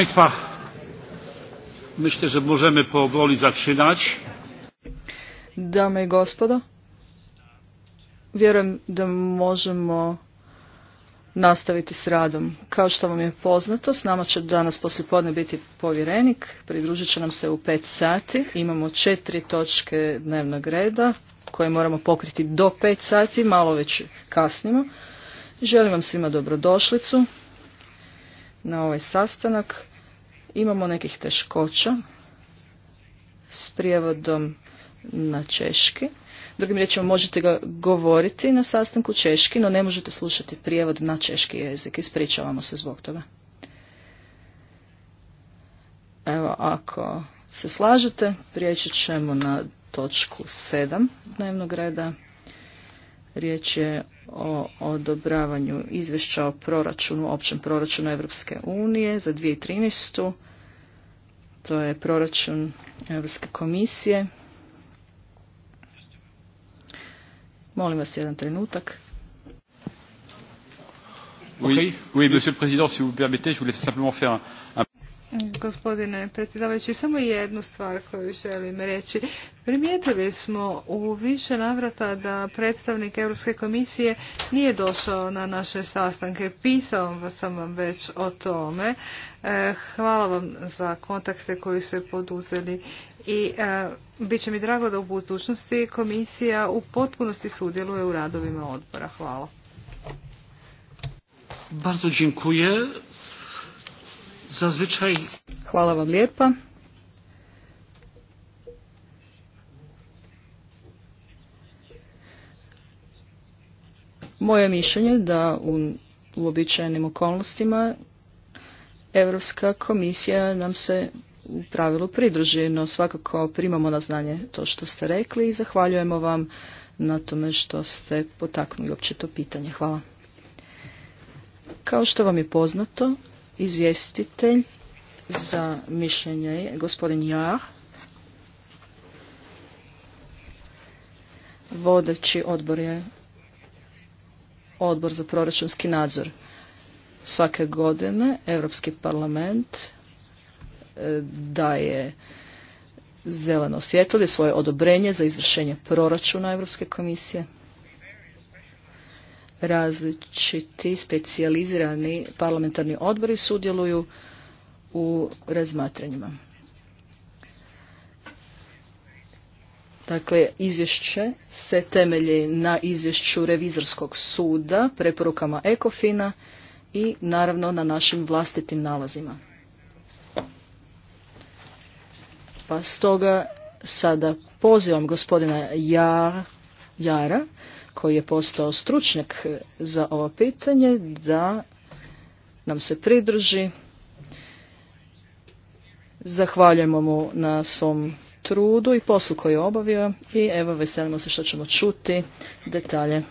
Państwa, myślę, że możemy powoli zaczynać. Dame i gospodo, vjerujem da možemo nastaviti s radom. Kao što vam je poznato, s nama će danas poslijepodne biti povjerenik, pridružit će nam se u pet sati. Imamo četiri točke dnevnog reda koje moramo pokriti do pet sati, malo već kasnimo. Želim vam svima dobrodošlicu na ovaj sastanak. Imamo nekih teškoća s prijevodom na češki. Drugim riječima možete ga govoriti na sastanku češki, no ne možete slušati prijevod na češki jezik. Ispričavamo se zbog toga. Evo, ako se slažete, prijeći ćemo na točku sedam dnevnog reda. Riječ je o odobravanju izvješća o proračunu, općem proračunu Europske unije za 2013. To je proračun Europske komisije. Molim vas jedan trenutak. Oui, oui, monsieur le président, si vous permettez, je voulais simplement faire un Gospodine predsjedavajući, samo jednu stvar koju želim reći. Primijetili smo u više navrata da predstavnik Europske komisije nije došao na naše sastanke. Pisao sam vam već o tome. E, hvala vam za kontakte koji ste poduzeli i e, bit će mi drago da u budućnosti komisija u potpunosti sudjeluje u radovima odbora. Hvala. Bardzo dziękuję zazwyczaj... Hvala vam lijepa. Moje mišljenje da u uobičajenim okolnostima Europska komisija nam se u pravilu pridruži, no svakako primamo na znanje to što ste rekli i zahvaljujemo vam na tome što ste potaknuli uopće to pitanje. Hvala. Kao što vam je poznato, Izvjestitelj za mišljenje je gospodin Jah. Vodeći odbor odbor za proračunski nadzor. Svake godine Europski parlament e, daje zeleno svjetlo svoje odobrenje za izvršenje proračuna Europske komisije različiti specijalizirani parlamentarni odbori sudjeluju u razmatranjima. Dakle, izvješće se temelji na izvješću revizorskog suda, preporukama Ekofina i naravno na našim vlastitim nalazima. Pa stoga sada pozivam gospodina Jara koji je postao stručnjak e, za ovo pitanje da nam se pridruži. Zahvaljujemo mu na svom trudu i poslu koji je obavio i evo veselimo se što ćemo čuti detalje.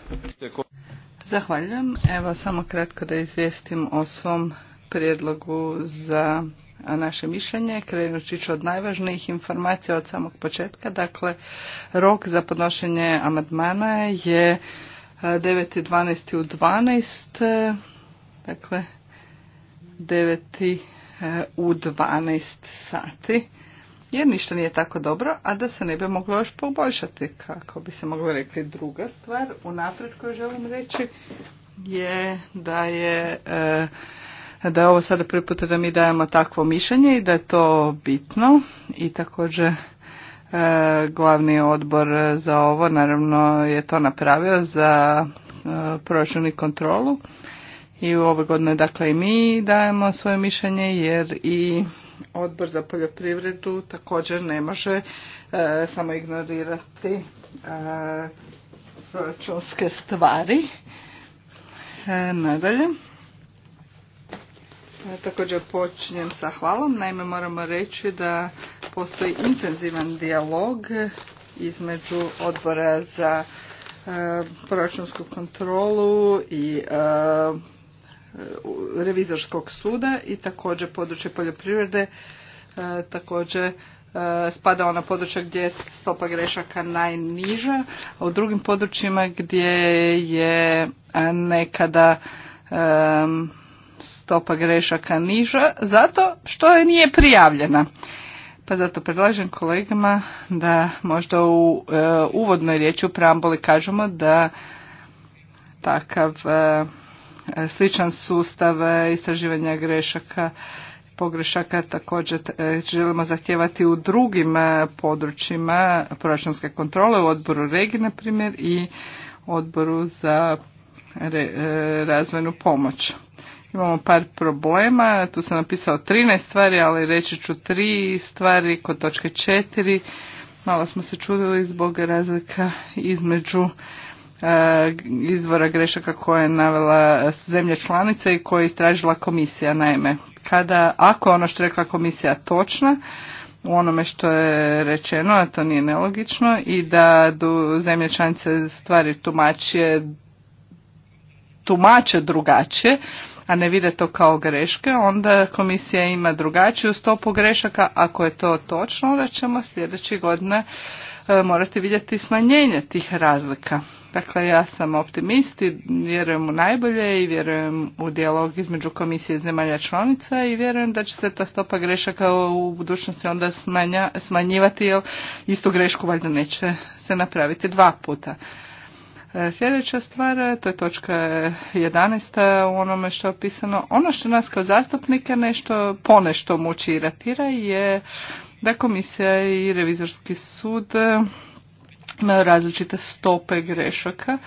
Zahvaljujem. Evo samo kratko da izvijestim o svom prijedlogu za naše mišljenje. Krenući ću od najvažnijih informacija od samog početka. Dakle, rok za podnošenje amadmana je 9.12. E, u 12. Dakle, 9. E, u 12 sati. Jer ništa nije tako dobro, a da se ne bi moglo još poboljšati. Kako bi se moglo rekli druga stvar, unaprijed koju želim reći je da je... E, da je ovo sada prvi put da mi dajemo takvo mišljenje i da je to bitno i također e, glavni odbor za ovo naravno je to napravio za e, proračun i kontrolu i u ove godine dakle i mi dajemo svoje mišljenje jer i odbor za poljoprivredu također ne može e, samo ignorirati proračunske stvari. nadalje. E, također počinjem sa hvalom. Naime, moramo reći da postoji intenzivan dijalog između odbora za e, proračunsku kontrolu i e, revizorskog suda i također područje poljoprivrede također spada ona područja gdje je stopa grešaka najniža, a u drugim područjima gdje je nekada stopa grešaka niža zato što je nije prijavljena. Pa zato predlažem kolegama da možda u e, uvodnoj riječi u preambuli kažemo da takav e, sličan sustav e, istraživanja grešaka pogrešaka također želimo zahtijevati u drugim područjima proračunske kontrole u odboru regije na primjer i odboru za re, razvojnu pomoć. Imamo par problema, tu sam napisao 13 stvari, ali reći ću tri stvari kod točke 4. Malo smo se čudili zbog razlika između e, izvora grešaka koje je navela zemlja članica i koje je istražila komisija. Naime, kada, ako je ono što je rekla komisija točna, u onome što je rečeno, a to nije nelogično, i da do zemlje članice stvari tumačije, tumače drugačije, a ne vide to kao greške, onda komisija ima drugačiju stopu grešaka. Ako je to točno, onda ćemo sljedeće godine e, morati vidjeti smanjenje tih razlika. Dakle, ja sam optimist i vjerujem u najbolje i vjerujem u dijalog između komisije zemalja članica i vjerujem da će se ta stopa grešaka u budućnosti onda smanja, smanjivati jer istu grešku valjda neće se napraviti dva puta. E, sljedeća stvar, to je točka 11. u onome što je opisano. Ono što nas kao zastupnike nešto ponešto muči i ratira je da komisija i revizorski sud imaju različite stope grešaka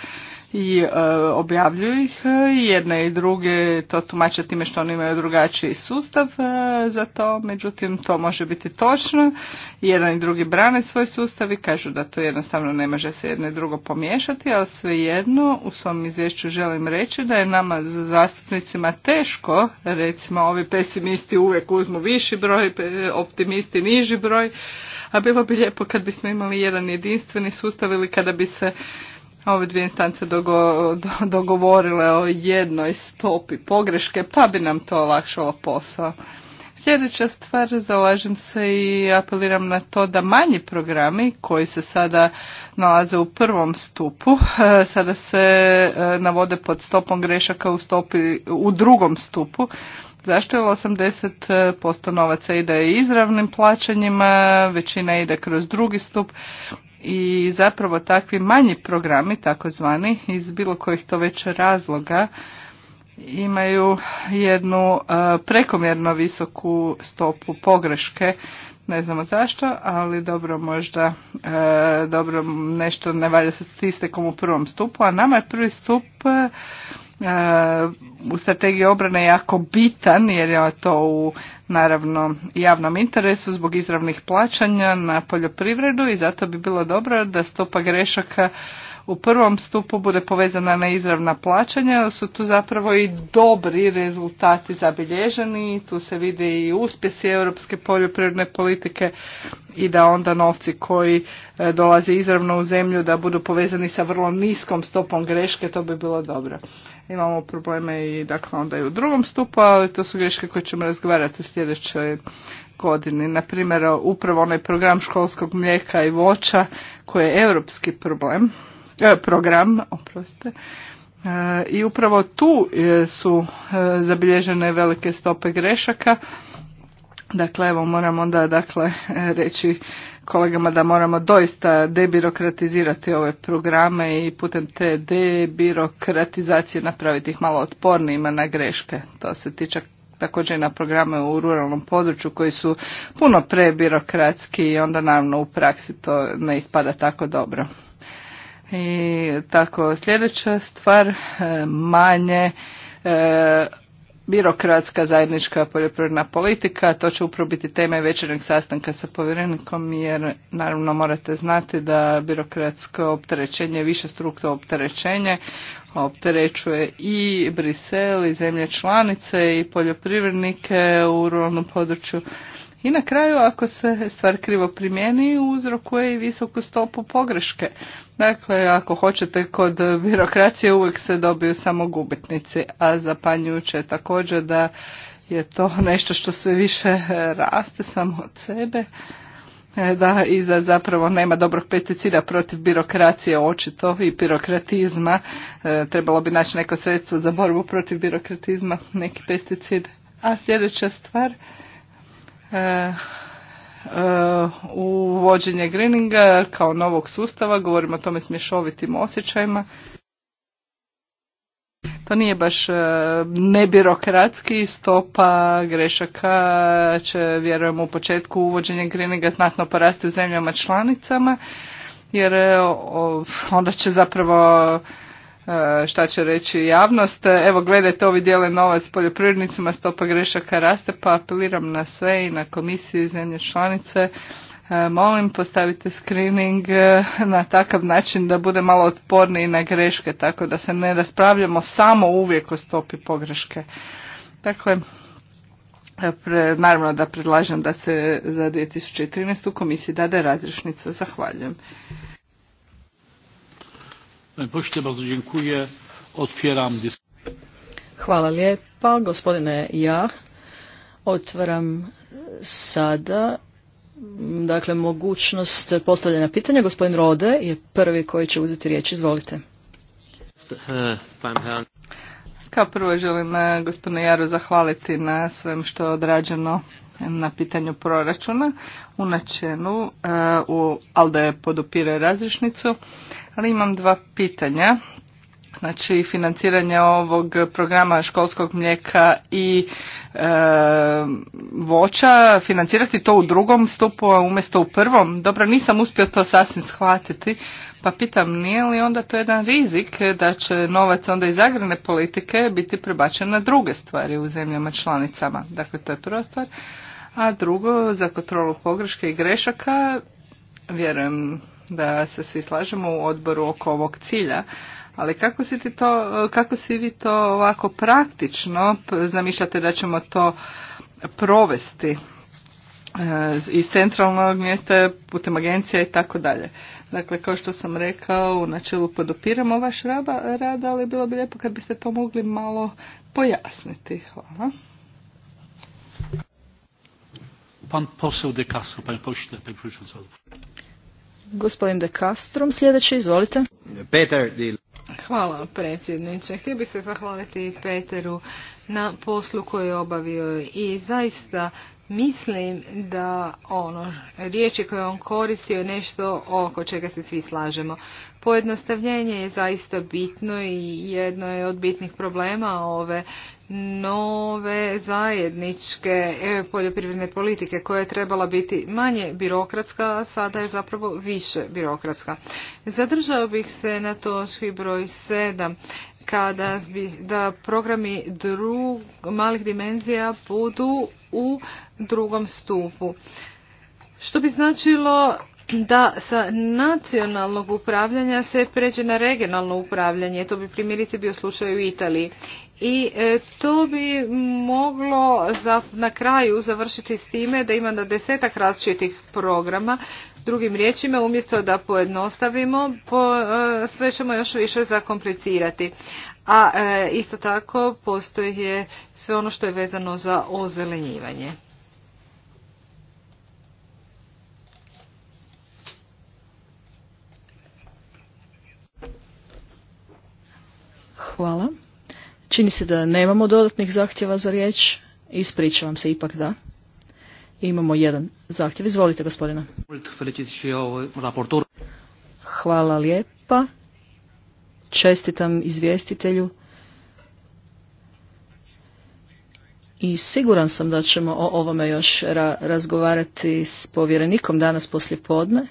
i e, objavljuju ih e, jedne i druge to tumače time što oni imaju drugačiji sustav e, za to međutim to može biti točno jedan i drugi brane svoj sustav i kažu da to jednostavno ne može se jedno i drugo pomiješati ali svejedno u svom izvješću želim reći da je nama zastupnicima teško recimo ovi pesimisti uvijek uzmu viši broj optimisti niži broj a bilo bi lijepo kad bismo imali jedan jedinstveni sustav ili kada bi se ove dvije instance dogovorile o jednoj stopi pogreške, pa bi nam to olakšalo posao. Sljedeća stvar, zalažem se i apeliram na to da manji programi koji se sada nalaze u prvom stupu, eh, sada se eh, navode pod stopom grešaka u, stopi, u drugom stupu, Zašto je 80% novaca ide izravnim plaćanjima, većina ide kroz drugi stup, i zapravo takvi manji programi, takozvani, iz bilo kojih to već razloga, imaju jednu e, prekomjerno visoku stopu pogreške. Ne znamo zašto, ali dobro možda e, dobro nešto ne valja sa statistikom u prvom stupu, a nama je prvi stup E, u strategiji obrane jako bitan jer je to u naravno javnom interesu zbog izravnih plaćanja na poljoprivredu i zato bi bilo dobro da stopa grešaka u prvom stupu bude povezana na izravna plaćanja, su tu zapravo i dobri rezultati zabilježeni, tu se vide i uspjesi europske poljoprivredne politike i da onda novci koji e, dolaze izravno u zemlju da budu povezani sa vrlo niskom stopom greške, to bi bilo dobro. Imamo probleme i dakle onda i u drugom stupu, ali to su greške koje ćemo razgovarati u sljedećoj godini. Naprimjer, upravo onaj program školskog mlijeka i voća koji je europski problem E, program, oprostite. E, I upravo tu e, su zabilježene velike stope grešaka. Dakle, evo moram onda dakle, reći kolegama da moramo doista debirokratizirati ove programe i putem te debirokratizacije napraviti ih malo otpornijima na greške. To se tiče također i na programe u ruralnom području koji su puno prebirokratski i onda naravno u praksi to ne ispada tako dobro. I tako, sljedeća stvar, e, manje e, birokratska zajednička poljoprivredna politika, to će upravo biti teme večernjeg sastanka sa povjerenikom jer naravno morate znati da birokratsko opterećenje, više strukto opterećenje, opterećuje i Brisel i zemlje članice i poljoprivrednike u ruralnom području. I na kraju, ako se stvar krivo primijeni, uzrokuje i visoku stopu pogreške. Dakle, ako hoćete, kod birokracije uvijek se dobiju samo gubitnici, a zapanjujuće je također da je to nešto što sve više raste samo od sebe, e, da i za zapravo nema dobrog pesticida protiv birokracije očito i birokratizma. E, trebalo bi naći neko sredstvo za borbu protiv birokratizma, neki pesticid. A sljedeća stvar, e, uvođenje greeninga kao novog sustava, govorimo o tome smješovitim osjećajima. To nije baš e, nebirokratski, stopa grešaka će, vjerujem, u početku uvođenje greeninga znatno porasti zemljama članicama, jer e, onda će zapravo E, šta će reći javnost. Evo gledajte, ovi dijele novac poljoprivrednicima, stopa grešaka raste, pa apeliram na sve i na komisije i zemlje članice. E, molim, postavite screening e, na takav način da bude malo otporniji na greške, tako da se ne raspravljamo samo uvijek o stopi pogreške. Dakle, naravno da predlažem da se za 2013. komisiji dade razrišnica. Zahvaljujem. Hvala lijepa, gospodine Ja. Otvaram sada dakle, mogućnost postavljanja pitanja. Gospodin Rode je prvi koji će uzeti riječ. Izvolite. Kao prvo želim eh, gospodine Jaru zahvaliti na svem što je odrađeno na pitanju proračuna. U načinu eh, u je podupire razrišnicu ali imam dva pitanja. Znači financiranje ovog programa školskog mlijeka i e, voća, financirati to u drugom stupu, a umjesto u prvom. Dobro, nisam uspio to sasvim shvatiti, pa pitam nije li onda to jedan rizik da će novac onda iz agrane politike biti prebačen na druge stvari u zemljama članicama. Dakle, to je prva stvar. A drugo, za kontrolu pogreške i grešaka, vjerujem da se svi slažemo u odboru oko ovog cilja, ali kako si, ti to, kako si vi to ovako praktično zamišljate da ćemo to provesti e, iz centralnog mjesta, putem agencija i tako dalje. Dakle, kao što sam rekao, u načelu podopiramo vaš rad, ali bilo bi lijepo kad biste to mogli malo pojasniti. Hvala. Pan de Castro, Gospodin De Castrom, sljedeći, izvolite. Peter Hvala predsjedniče. Htio bih se zahvaliti Peteru na poslu koju je obavio i zaista mislim da ono riječi koje on koristio je nešto oko čega se svi slažemo. Pojednostavljenje je zaista bitno i jedno je od bitnih problema ove nove zajedničke e, poljoprivredne politike koja je trebala biti manje birokratska, a sada je zapravo više birokratska. Zadržao bih se na točki broj 7 kada da programi drug, malih dimenzija budu u drugom stupu. Što bi značilo da sa nacionalnog upravljanja se pređe na regionalno upravljanje. To bi primjerice bio slučaj u Italiji. I e, to bi moglo za, na kraju završiti s time da ima na desetak različitih programa. Drugim riječima, umjesto da pojednostavimo, po, e, sve ćemo još više zakomplicirati. A e, isto tako postoji sve ono što je vezano za ozelenjivanje. Hvala. Čini se da nemamo dodatnih zahtjeva za riječ. Ispričavam se ipak da. Imamo jedan zahtjev. Izvolite gospodina. Hvala lijepa. Čestitam izvjestitelju. I siguran sam da ćemo o ovome još razgovarati s povjerenikom danas poslije podne.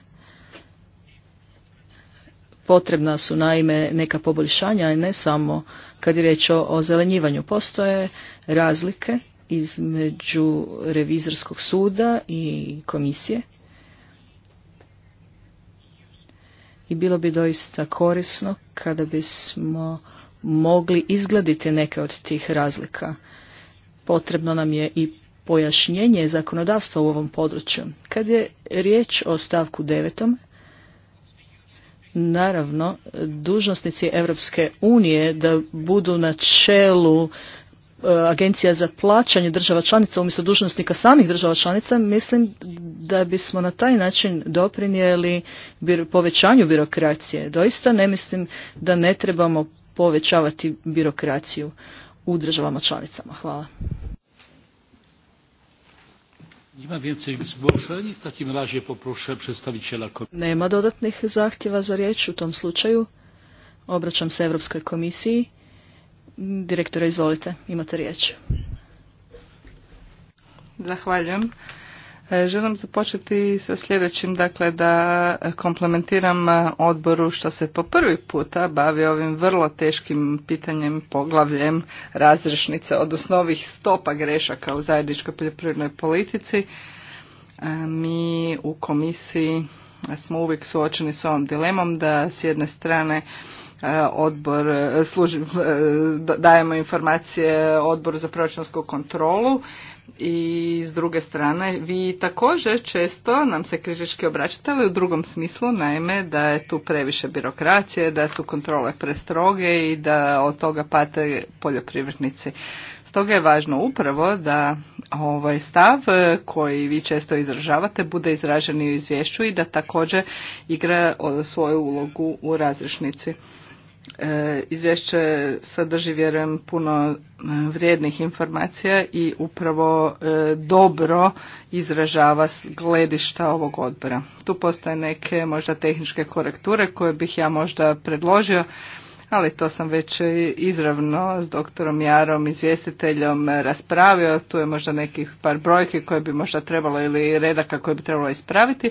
Potrebna su naime neka poboljšanja, ne samo kad je riječ o zelenjivanju, Postoje razlike između revizorskog suda i komisije. I bilo bi doista korisno kada bismo mogli izglediti neke od tih razlika. Potrebno nam je i pojašnjenje zakonodavstva u ovom području. Kad je riječ o stavku devetom, Naravno, dužnosnici Europske unije da budu na čelu e, agencija za plaćanje država članica umjesto dužnosnika samih država članica, mislim da bismo na taj način doprinijeli povećanju birokracije. Doista ne mislim da ne trebamo povećavati birokraciju u državama članicama. Hvala. Ima więcej zgłoszeń. W takim razie poproszę przedstawiciela komisji. Nema dodatnih zahtjeva za riječ u tom slučaju. Obraćam se Europskoj komisiji. Direktore, izvolite, imate riječ. Zahvaljujem. E, želim započeti sa sljedećim, dakle da komplementiram e, odboru što se po prvi puta bavi ovim vrlo teškim pitanjem, poglavljem razrešnice, odnosno ovih stopa grešaka u zajedničkoj poljoprivrednoj politici. E, mi u komisiji smo uvijek suočeni s ovom dilemom da s jedne strane odbor služi, dajemo informacije odboru za proračunsku kontrolu i s druge strane vi također često nam se kritički obraćate, ali u drugom smislu, naime da je tu previše birokracije, da su kontrole prestroge i da od toga pate poljoprivrednici. Stoga je važno upravo da ovaj stav e, koji vi često izražavate bude izražen i u izvješću i da također igra svoju ulogu u razrješnici. E, izvješće sadrži, vjerujem, puno e, vrijednih informacija i upravo e, dobro izražava gledišta ovog odbora. Tu postoje neke možda tehničke korekture koje bih ja možda predložio, ali to sam već izravno s doktorom Jarom, izvjestiteljom raspravio. Tu je možda nekih par brojki koje bi možda trebalo ili redaka koje bi trebalo ispraviti.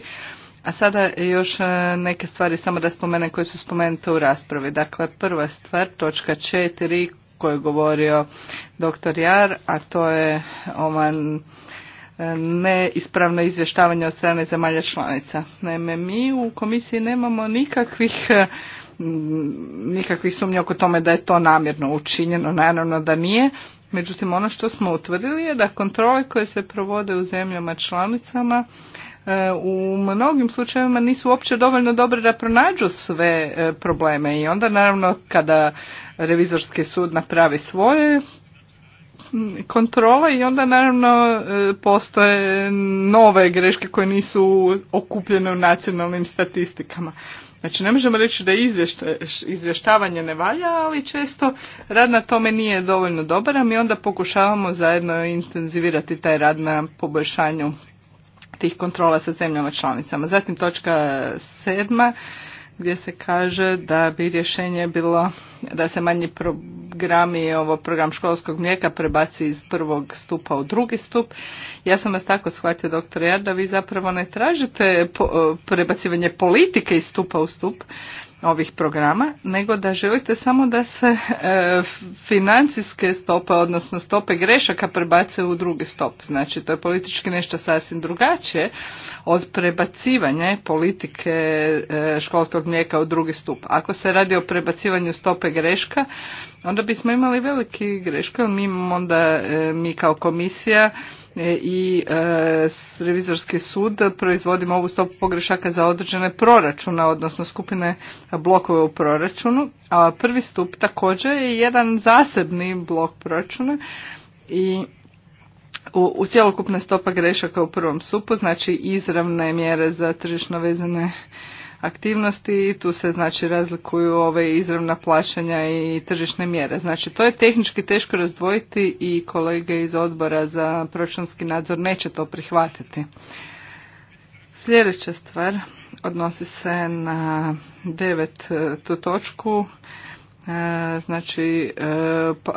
A sada još e, neke stvari samo da spomenem koje su spomenute u raspravi. Dakle, prva stvar, točka četiri koju je govorio doktor Jar, a to je ovan e, neispravno izvještavanje od strane zemalja članica. Naime, mi u komisiji nemamo nikakvih e, nikakvih sumnji oko tome da je to namjerno učinjeno, naravno da nije. Međutim, ono što smo utvrdili je da kontrole koje se provode u zemljama članicama E, u mnogim slučajevima nisu uopće dovoljno dobre da pronađu sve e, probleme i onda naravno kada revizorski sud napravi svoje kontrole i onda naravno e, postoje nove greške koje nisu okupljene u nacionalnim statistikama. Znači ne možemo reći da izvještavanje ne valja, ali često rad na tome nije dovoljno dobar, a mi onda pokušavamo zajedno intenzivirati taj rad na poboljšanju tih kontrola sa zemljama članicama. Zatim točka sedma gdje se kaže da bi rješenje bilo da se manji programi, ovo program školskog mlijeka prebaci iz prvog stupa u drugi stup. Ja sam vas tako shvatio, doktor Jarda da vi zapravo ne tražite eh, prebacivanje politike iz stupa u stup, ovih programa, nego da želite samo da se e, financijske stope, odnosno stope grešaka prebace u drugi stop. Znači, to je politički nešto sasvim drugačije od prebacivanja politike e, školskog mlijeka u drugi stup. Ako se radi o prebacivanju stope greška, onda bismo imali veliki greško, jer mi imamo onda, e, mi kao komisija, E, i e, revizorski sud proizvodimo ovu stopu pogrešaka za određene proračune, odnosno skupine blokove u proračunu. A prvi stup također je jedan zasebni blok proračuna i u, u cjelokupna stopa grešaka u prvom stupu, znači izravne mjere za tržišno vezane aktivnosti i tu se znači razlikuju ove izravna plaćanja i tržišne mjere. Znači to je tehnički teško razdvojiti i kolege iz odbora za proračunski nadzor neće to prihvatiti. Sljedeća stvar odnosi se na devet e, tu točku, e, znači e, pa,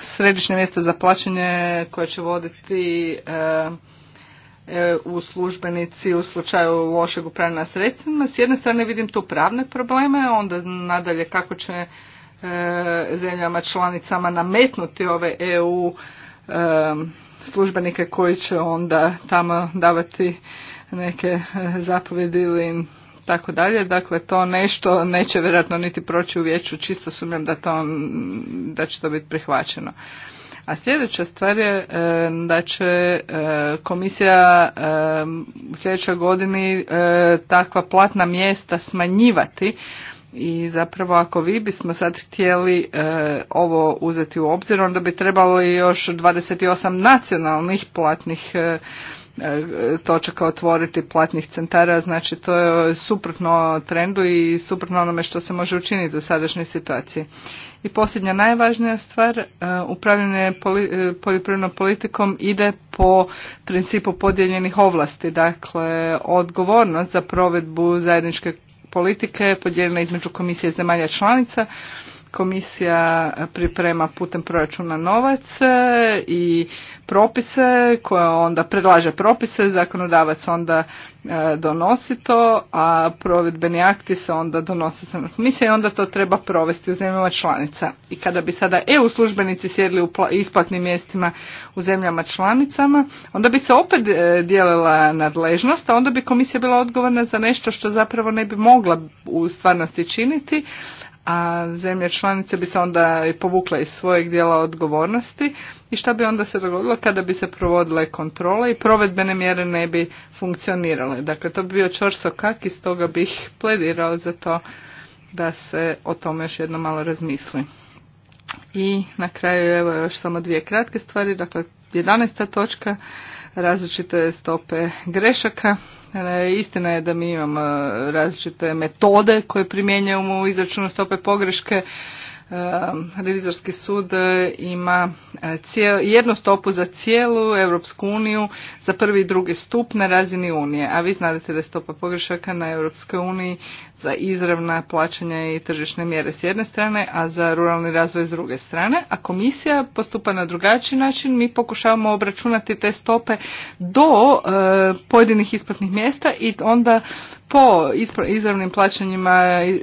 središnje mjesto za plaćanje koje će voditi E, u službenici u slučaju lošeg upravljanja sredstvima. S jedne strane vidim tu pravne probleme, onda nadalje kako će e, zemljama članicama nametnuti ove EU e, službenike koji će onda tamo davati neke zapovjedi ili tako dalje. Dakle, to nešto neće vjerojatno niti proći u vijeću, čisto sumnjam da, to, da će to biti prihvaćeno. A sljedeća stvar je e, da će e, komisija e, u sljedećoj godini takva platna mjesta smanjivati i zapravo ako vi bismo sad htjeli e, ovo uzeti u obzir, onda bi trebali još 28 nacionalnih platnih e, e, točaka otvoriti platnih centara, znači to je suprotno trendu i suprotno onome što se može učiniti u sadašnjoj situaciji. I posljednja najvažnija stvar, upravljanje poljoprivrednom politikom ide po principu podijeljenih ovlasti, dakle odgovornost za provedbu zajedničke politike podijeljena između komisije zemalja članica komisija priprema putem proračuna novac e, i propise koje onda predlaže propise, zakonodavac onda e, donosi to, a provedbeni akti se onda donose na komisije i onda to treba provesti u zemljama članica. I kada bi sada EU službenici sjedli u isplatnim mjestima u zemljama članicama, onda bi se opet e, dijelila nadležnost, a onda bi komisija bila odgovorna za nešto što zapravo ne bi mogla u stvarnosti činiti, a zemlje članice bi se onda i povukle iz svojeg dijela odgovornosti i šta bi onda se dogodilo kada bi se provodile kontrole i provedbene mjere ne bi funkcionirale. Dakle, to bi bio čorso kak i stoga bih pledirao za to da se o tome još jedno malo razmisli. I na kraju evo još samo dvije kratke stvari, dakle 11. točka različite stope grešaka. E, istina je da mi imamo različite metode koje primjenjujemo u izračunu stope pogreške. E, revizorski sud ima e, jednu stopu za cijelu Europsku uniju za prvi i drugi stup na razini Unije, a vi znate da je stopa pogrešaka na Europskoj uniji za izravna plaćanja i tržišne mjere s jedne strane, a za ruralni razvoj s druge strane. A komisija postupa na drugačiji način, mi pokušavamo obračunati te stope do e, pojedinih isplatnih mjesta i onda po izravnim plaćanjima, e,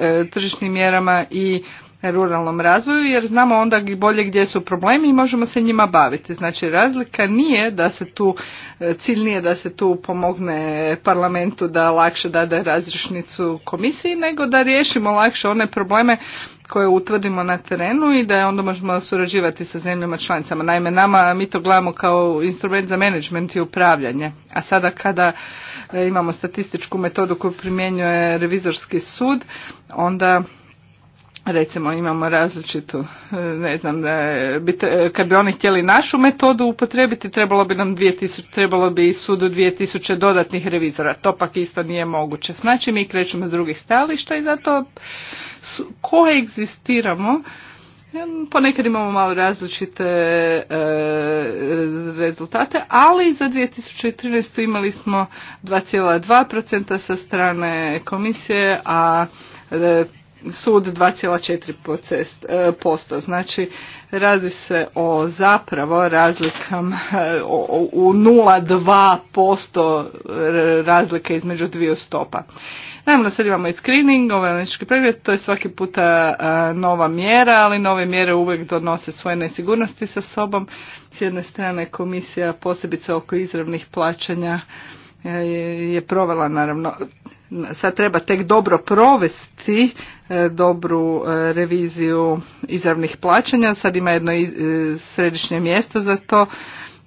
e, tržišnim mjerama i ruralnom razvoju jer znamo onda bolje gdje su problemi i možemo se njima baviti. Znači razlika nije da se tu, e, cilj nije da se tu pomogne parlamentu da lakše dade razrišnicu komisiji, nego da riješimo lakše one probleme koje utvrdimo na terenu i da onda možemo surađivati sa zemljama članicama. Naime, nama mi to gledamo kao instrument za menadžment i upravljanje. A sada kada e, imamo statističku metodu koju primjenjuje revizorski sud, onda recimo imamo različitu, e, ne znam, da je, kad bi oni htjeli našu metodu upotrijebiti, trebalo bi nam 2000, trebalo bi sudu 2000 dodatnih revizora. To pak isto nije moguće. Znači mi krećemo s drugih stajališta i zato koegzistiramo e, Ponekad imamo malo različite e, rezultate, ali za 2013. imali smo 2,2% sa strane komisije, a sud 2,4%. E, znači, radi se o zapravo razlikama e, u 0,2% e, razlike između dviju stopa. Naravno, sad imamo i screening, ovaj analitički pregled, to je svaki puta nova mjera, ali nove mjere uvijek donose svoje nesigurnosti sa sobom. S jedne strane, komisija posebice oko izravnih plaćanja je provela, naravno, sad treba tek dobro provesti e, dobru e, reviziju izravnih plaćanja. Sad ima jedno e, središnje mjesto za to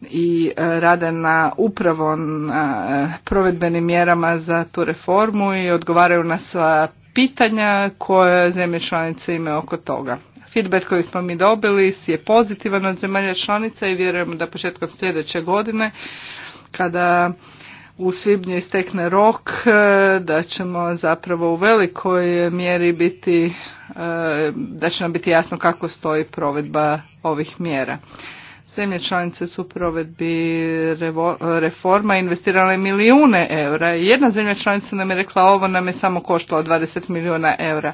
i rade na upravo na provedbenim mjerama za tu reformu i odgovaraju na sva pitanja koje zemlje članice imaju oko toga. Feedback koji smo mi dobili je pozitivan od zemalja članica i vjerujemo da početkom sljedeće godine kada u svibnju istekne rok, e, da ćemo zapravo u velikoj mjeri biti, e, da će nam biti jasno kako stoji provedba ovih mjera. Zemlje članice su provedbi reforma investirale milijune eura. Jedna zemlja članica nam je rekla ovo nam je samo koštalo 20 milijuna eura.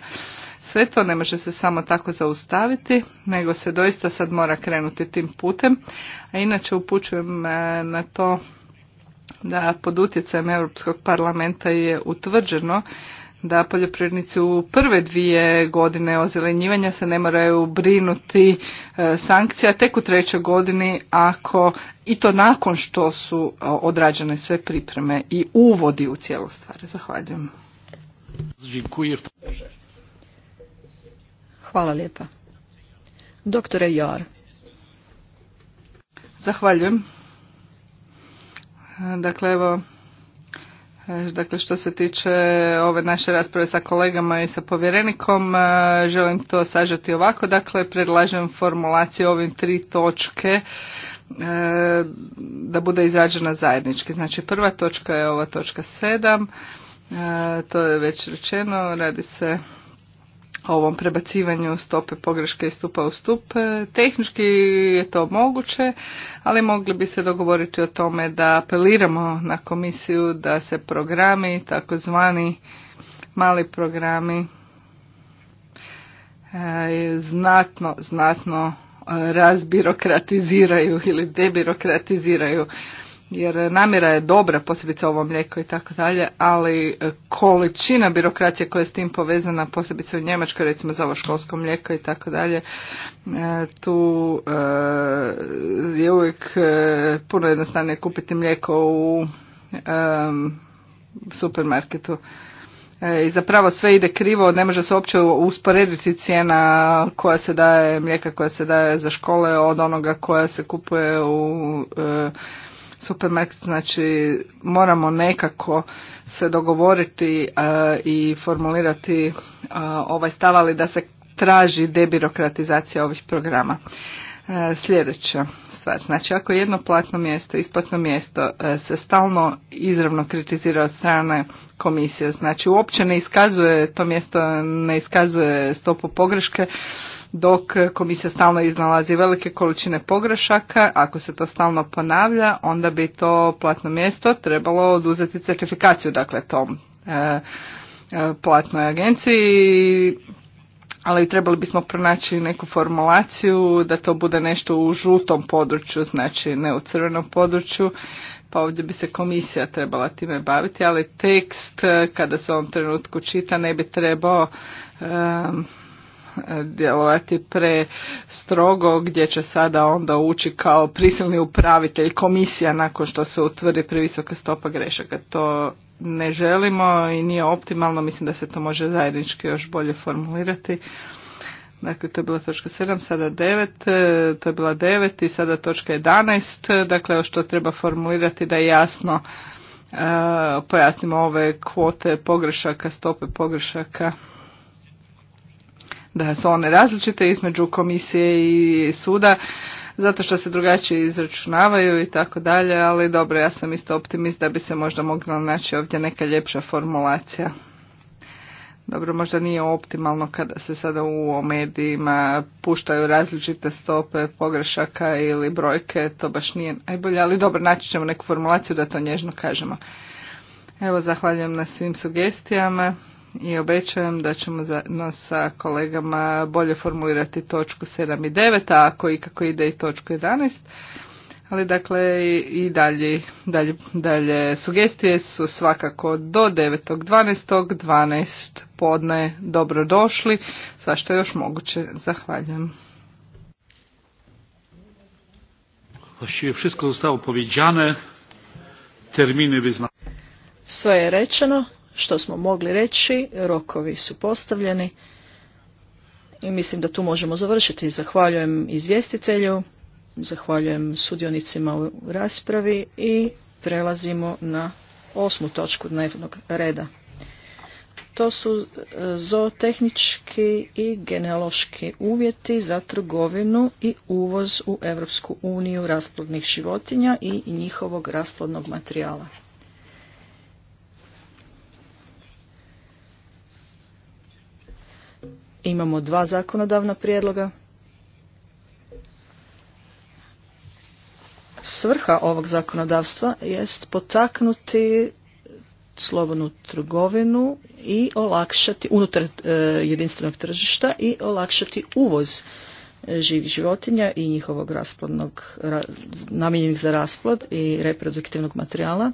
Sve to ne može se samo tako zaustaviti, nego se doista sad mora krenuti tim putem. A inače upućujem e, na to da pod utjecajem Europskog parlamenta je utvrđeno da poljoprivrednici u prve dvije godine ozelenjivanja se ne moraju brinuti e, sankcija tek u trećoj godini ako i to nakon što su e, odrađene sve pripreme i uvodi u cijelu stvar. Zahvaljujem. Hvala lijepa. Doktore Jor. Zahvaljujem. Dakle, evo, dakle što se tiče ove naše rasprave sa kolegama i sa povjerenikom, e, želim to sažeti ovako. Dakle, predlažem formulaciju ovim tri točke e, da bude izrađena zajednički. Znači, prva točka je ova točka 7, e, to je već rečeno, radi se ovom prebacivanju stope pogreške i stupa u stup. E, tehnički je to moguće, ali mogli bi se dogovoriti o tome da apeliramo na komisiju da se programi, takozvani mali programi, e, znatno, znatno e, razbirokratiziraju ili debirokratiziraju jer namjera je dobra, posebice ovo mlijeko i tako dalje, ali e, količina birokracije koja je s tim povezana, posebice u Njemačkoj, recimo za ovo školsko mlijeko i tako dalje, e, tu e, je uvijek puno jednostavnije kupiti mlijeko u supermarketu. I zapravo sve ide krivo, ne može se uopće usporediti cijena koja se daje, mlijeka koja se daje za škole od onoga koja se kupuje u supermarket, znači moramo nekako se dogovoriti e, i formulirati e, ovaj stav, ali da se traži debirokratizacija ovih programa. E, sljedeća stvar, znači ako jedno platno mjesto, isplatno mjesto se stalno izravno kritizira od strane komisije, znači uopće ne iskazuje to mjesto, ne iskazuje stopu pogreške, dok komisija stalno iznalazi velike količine pogrešaka, ako se to stalno ponavlja, onda bi to platno mjesto trebalo oduzeti certifikaciju, dakle tom e, e, platnoj agenciji, ali trebali bismo pronaći neku formulaciju da to bude nešto u žutom području, znači ne u crvenom području, pa ovdje bi se komisija trebala time baviti, ali tekst e, kada se u ovom trenutku čita ne bi trebao djelovati pre strogo gdje će sada onda ući kao prisilni upravitelj komisija nakon što se utvrdi previsoka stopa grešaka. To ne želimo i nije optimalno, mislim da se to može zajednički još bolje formulirati. Dakle, to je bila točka 7, sada 9, e, to je bila 9 i sada točka 11, dakle, što treba formulirati da jasno e, pojasnimo ove kvote pogrešaka, stope pogrešaka da su one različite između komisije i suda zato što se drugačije izračunavaju i tako dalje, ali dobro, ja sam isto optimist da bi se možda mogla naći ovdje neka ljepša formulacija. Dobro, možda nije optimalno kada se sada u medijima puštaju različite stope pogrešaka ili brojke, to baš nije najbolje, ali dobro, naći ćemo neku formulaciju da to nježno kažemo. Evo, zahvaljujem na svim sugestijama i obećajem da ćemo zajedno sa kolegama bolje formulirati točku 7 i 9, a ako kako ide i točku 11. Ali dakle i dalje, dalje, dalje sugestije su svakako do 9.12. 12 12 podne došli sva što je još moguće. Zahvaljujem. Właściwie wszystko zostało powiedziane, terminy wyznaczone. Sve je rečeno, što smo mogli reći, rokovi su postavljeni i mislim da tu možemo završiti. Zahvaljujem izvjestitelju, zahvaljujem sudionicima u raspravi i prelazimo na osmu točku dnevnog reda. To su e, zootehnički i genealoški uvjeti za trgovinu i uvoz u Europsku uniju rasplodnih životinja i njihovog rasplodnog materijala. Imamo dva zakonodavna prijedloga. Svrha ovog zakonodavstva jest potaknuti slobodnu trgovinu i olakšati unutar e, jedinstvenog tržišta i olakšati uvoz živih životinja i njihovog rasplodnog namijenjenih za rasplod i reproduktivnog materijala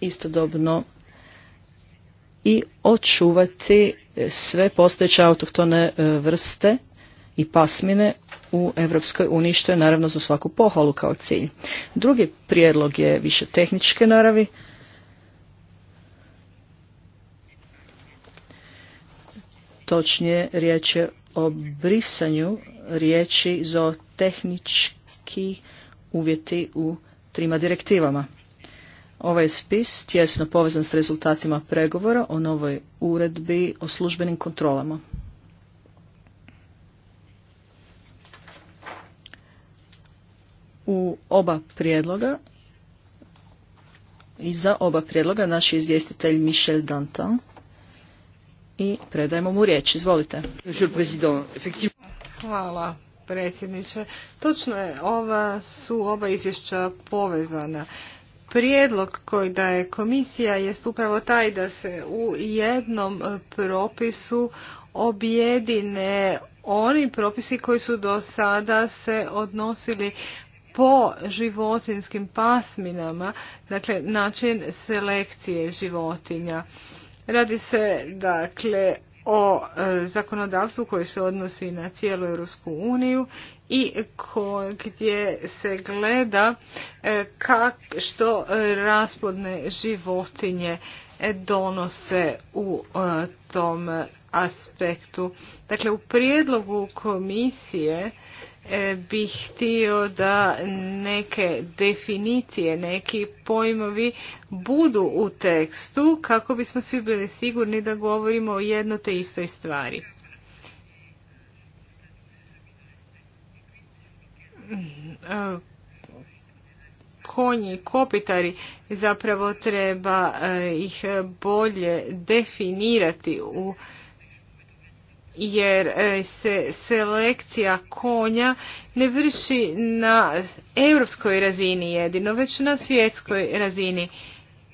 istodobno i očuvati sve postojeće autohtone e, vrste i pasmine u Europskoj uniji, što je naravno za svaku pohvalu kao cilj. Drugi prijedlog je više tehničke naravi. Točnije riječ je o brisanju riječi za tehnički uvjeti u trima direktivama. Ovaj spis tjesno povezan s rezultatima pregovora o novoj uredbi o službenim kontrolama. U oba prijedloga i za oba prijedloga naš je izvjestitelj Michel Danton i predajemo mu riječ. Izvolite. Hvala predsjedniče. Točno je, ova su oba izvješća povezana prijedlog koji daje komisija jest upravo taj da se u jednom e, propisu objedine oni propisi koji su do sada se odnosili po životinskim pasminama, dakle način selekcije životinja. Radi se dakle o e, zakonodavstvu koje se odnosi na cijelu Europsku uniju i gdje se gleda e, kak, što rasplodne životinje e, donose u tom aspektu. Dakle, u prijedlogu komisije E, bih htio da neke definicije, neki pojmovi budu u tekstu kako bismo svi bili sigurni da govorimo o jedno te istoj stvari. E, konji, kopitari, zapravo treba e, ih bolje definirati u jer e, se selekcija konja ne vrši na europskoj razini jedino, već na svjetskoj razini.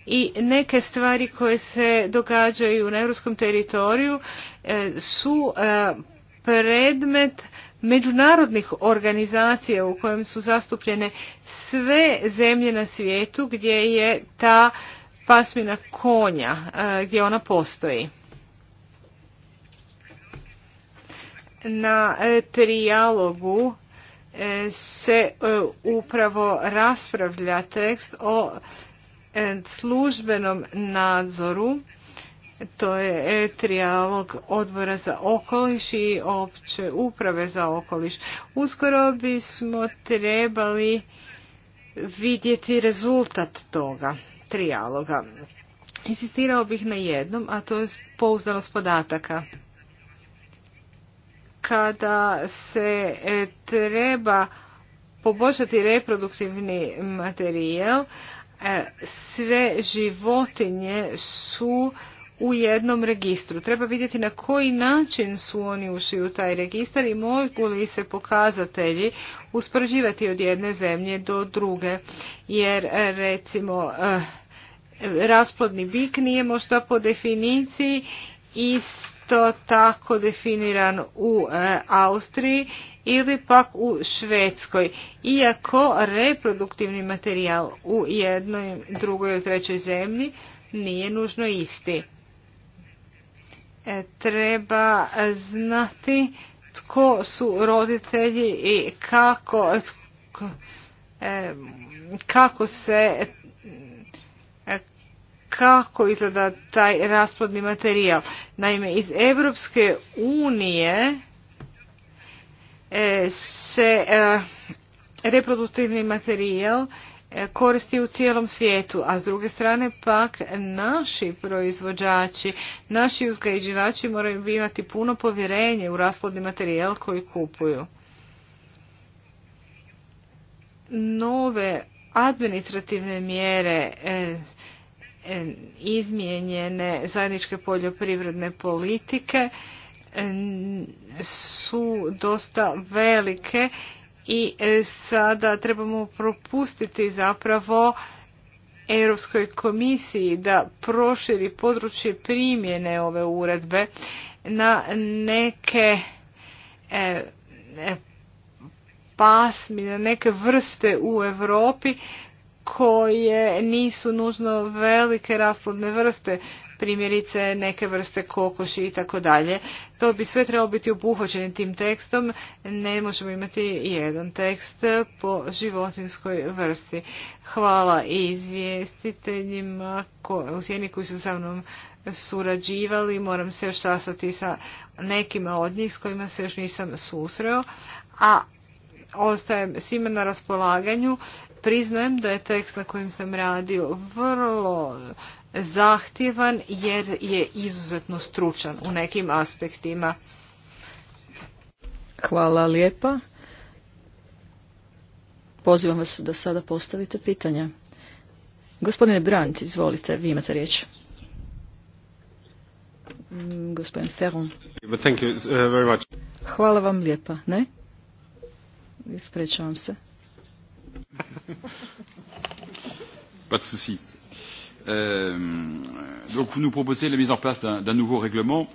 I neke stvari koje se događaju na europskom teritoriju e, su e, predmet međunarodnih organizacija u kojem su zastupljene sve zemlje na svijetu gdje je ta pasmina konja, gdje ona postoji. na e, trijalogu e, se e, upravo raspravlja tekst o službenom nadzoru to je trijalog odbora za okoliš i opće uprave za okoliš. Uskoro bismo trebali vidjeti rezultat toga trijaloga. Insistirao bih na jednom, a to je pouzdanost podataka kada se e, treba poboljšati reproduktivni materijal, e, sve životinje su u jednom registru. Treba vidjeti na koji način su oni ušli u taj registar i mogu li se pokazatelji uspoređivati od jedne zemlje do druge. Jer e, recimo rasplodni bik nije možda po definiciji iz to tako definiran u e, Austriji ili pak u Švedskoj, iako reproduktivni materijal u jednoj, drugoj ili trećoj zemlji nije nužno isti. E, treba znati tko su roditelji i kako, e, kako se kako izgleda taj rasplodni materijal. Naime, iz Europske unije e, se e, reproduktivni materijal e, koristi u cijelom svijetu, a s druge strane pak naši proizvođači, naši uzgajivači moraju imati puno povjerenje u rasplodni materijal koji kupuju. Nove administrativne mjere izmijenjene zajedničke poljoprivredne politike su dosta velike i e, sada trebamo propustiti zapravo Europskoj komisiji da proširi područje primjene ove uredbe na neke e, e, na neke vrste u Europi koje nisu nužno velike rasplodne vrste, primjerice neke vrste kokoši i tako dalje. To bi sve trebalo biti obuhvaćeno tim tekstom, ne možemo imati jedan tekst po životinskoj vrsti. Hvala izvjestiteljima u sjeni koji su sa mnom surađivali, moram se još sastati sa nekima od njih s kojima se još nisam susreo, a ostajem svima na raspolaganju. Priznajem da je tekst na kojim sam radio vrlo zahtjevan jer je izuzetno stručan u nekim aspektima. Hvala lijepa. Pozivam vas da sada postavite pitanja. Gospodine Brandt, izvolite, vi imate riječ. Mm, gospodin Ferron. Uh, Hvala vam lijepa. Ne? Ispričavam se. Pas de souci. Euh, donc vous nous proposez la mise en place d'un nouveau règlement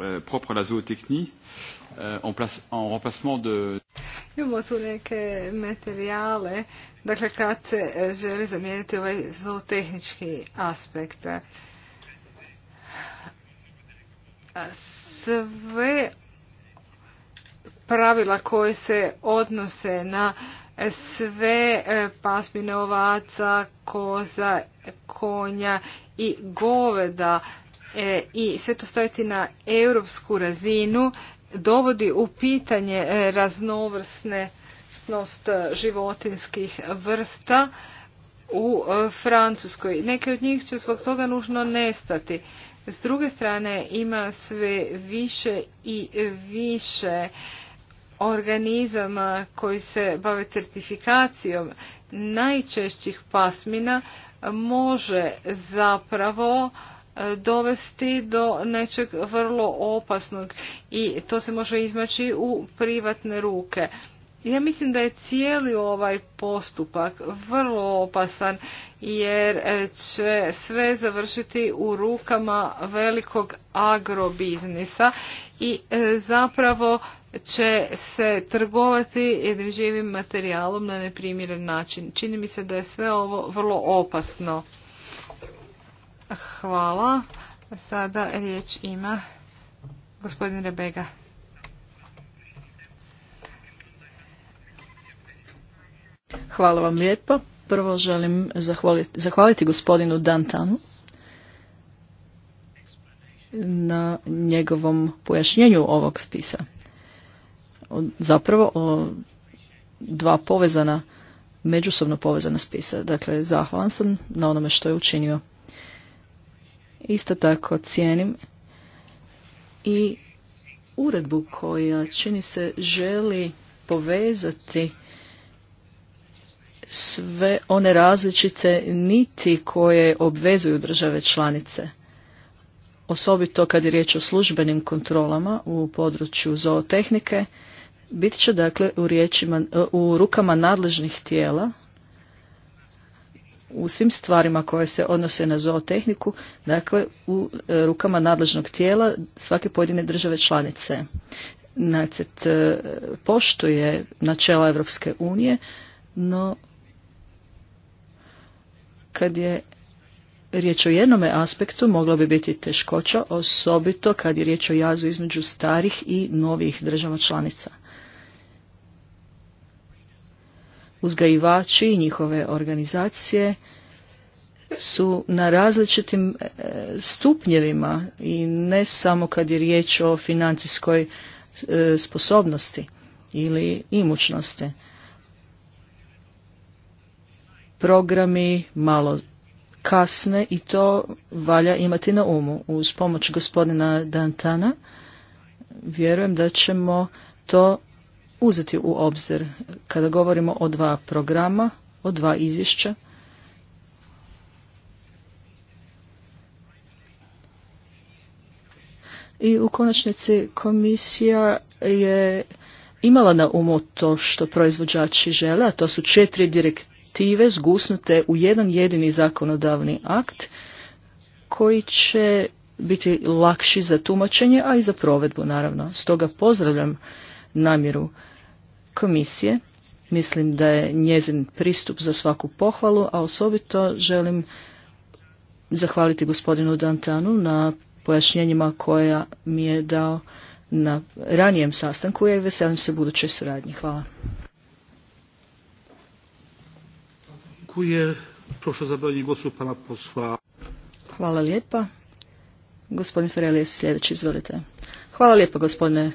euh, propre à la zootechnie euh, en, place, en remplacement de... Imamo tu neke materijale, dakle kad se e, želi zamijeniti ovaj zootehnički aspekt. Sve pravila koje se odnose na sve e, pasmine ovaca, koza, konja i goveda e, i sve to staviti na europsku razinu dovodi u pitanje e, raznovrsne životinjskih životinskih vrsta u Francuskoj. Neke od njih će zbog toga nužno nestati. S druge strane ima sve više i više organizama koji se bave certifikacijom najčešćih pasmina može zapravo dovesti do nečeg vrlo opasnog i to se može izmaći u privatne ruke. Ja mislim da je cijeli ovaj postupak vrlo opasan jer e, će sve završiti u rukama velikog agrobiznisa i e, zapravo će se trgovati jednim živim materijalom na neprimjeren način. Čini mi se da je sve ovo vrlo opasno. Hvala. Sada riječ ima gospodin Rebega. Hvala vam lijepo. Prvo želim zahvaliti, zahvaliti gospodinu Dantanu na njegovom pojašnjenju ovog spisa zapravo dva povezana, međusobno povezana spisa. Dakle, zahvalan sam na onome što je učinio. Isto tako cijenim i uredbu koja čini se želi povezati sve one različite niti koje obvezuju države članice. Osobito kad je riječ o službenim kontrolama u području zootehnike, bit će dakle u, riječima, e, u rukama nadležnih tijela u svim stvarima koje se odnose na zootehniku, dakle u e, rukama nadležnog tijela svake pojedine države članice. Nacet e, poštuje načela Europske unije, no kad je riječ o jednome aspektu mogla bi biti teškoća, osobito kad je riječ o jazu između starih i novih država članica. uzgajivači i njihove organizacije su na različitim e, stupnjevima i ne samo kad je riječ o financijskoj e, sposobnosti ili imućnosti. Programi malo kasne i to valja imati na umu. Uz pomoć gospodina Dantana vjerujem da ćemo to uzeti u obzir kada govorimo o dva programa, o dva izvješća. I u konačnici komisija je imala na umu to što proizvođači žele, a to su četiri direktive zgusnute u jedan jedini zakonodavni akt koji će biti lakši za tumačenje, a i za provedbu naravno. Stoga pozdravljam namjeru komisije. Mislim da je njezin pristup za svaku pohvalu, a osobito želim zahvaliti gospodinu Dantanu na pojašnjenjima koja mi je dao na ranijem sastanku i veselim se budućoj suradnji. Hvala. Hvala lijepa. Gospodin Fereli sljedeći, izvolite. Hvala lijepa gospodine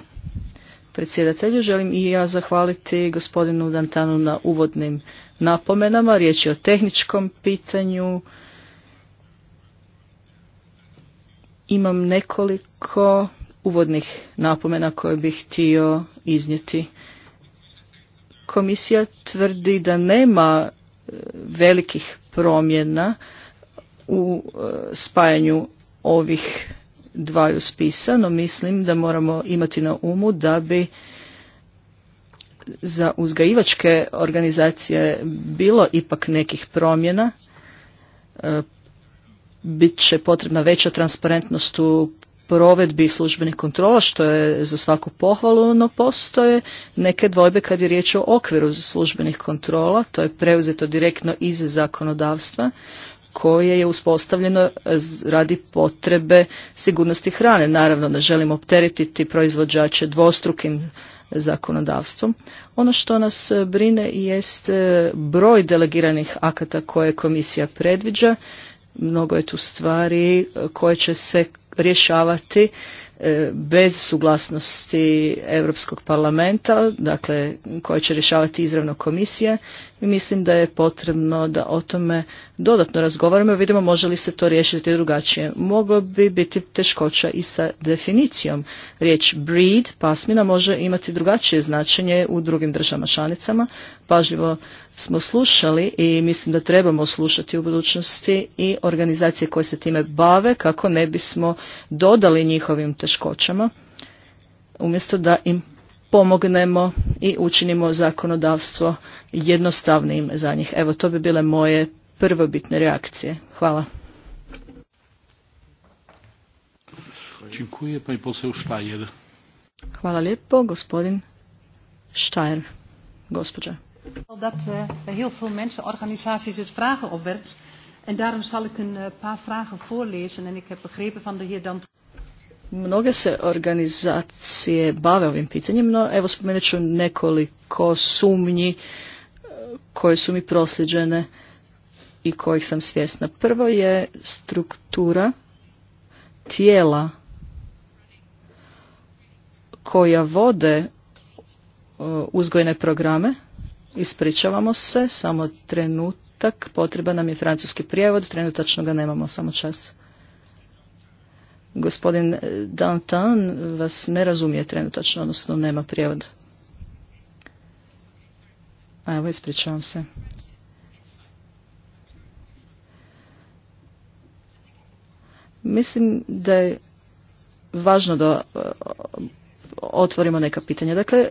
predsjedatelju. Želim i ja zahvaliti gospodinu Dantanu na uvodnim napomenama. Riječ je o tehničkom pitanju. Imam nekoliko uvodnih napomena koje bih htio iznijeti. Komisija tvrdi da nema e, velikih promjena u e, spajanju ovih dvaju spisa, no mislim da moramo imati na umu da bi za uzgajivačke organizacije bilo ipak nekih promjena, e, bit će potrebna veća transparentnost u provedbi službenih kontrola, što je za svaku pohvalu, no postoje neke dvojbe kad je riječ o okviru službenih kontrola, to je preuzeto direktno iz zakonodavstva koje je uspostavljeno radi potrebe sigurnosti hrane. Naravno ne želimo opteretiti proizvođače dvostrukim zakonodavstvom. Ono što nas e, brine jest e, broj delegiranih akata koje komisija predviđa. Mnogo je tu stvari e, koje će se rješavati E, bez suglasnosti Europskog parlamenta, dakle koje će rješavati izravno komisije, i mislim da je potrebno da o tome dodatno razgovaramo i vidimo može li se to riješiti drugačije. Moglo bi biti teškoća i sa definicijom. Riječ breed pasmina može imati drugačije značenje u drugim državama članicama. Pažljivo smo slušali i mislim da trebamo slušati u budućnosti i organizacije koje se time bave kako ne bismo dodali njihovim teškoćama umjesto da im pomognemo i učinimo zakonodavstvo jednostavnijim za njih. Evo, to bi bile moje prvobitne reakcije. Hvala. Hvala lijepo, gospodin Štajer, gospođa. Dat eh, bij heel veel mensen, organisaties het vragen opwerpt. En daarom zal ik een eh, paar vragen voorlezen. En ik heb begrepen van de heer Dant. Mnoge se organizacije bave ovim pitanjem, no evo spomenut ću nekoliko sumnji eh, koje su mi prosljeđene i kojih sam svjesna. Prvo je struktura tijela koja vode uzgojne programe Ispričavamo se, samo trenutak, potreba nam je francuski prijevod, trenutačno ga nemamo, samo čas. Gospodin Dantan vas ne razumije trenutačno, odnosno nema prijevod. A evo, ispričavam se. Mislim da je važno da otvorimo neka pitanja. Dakle, e,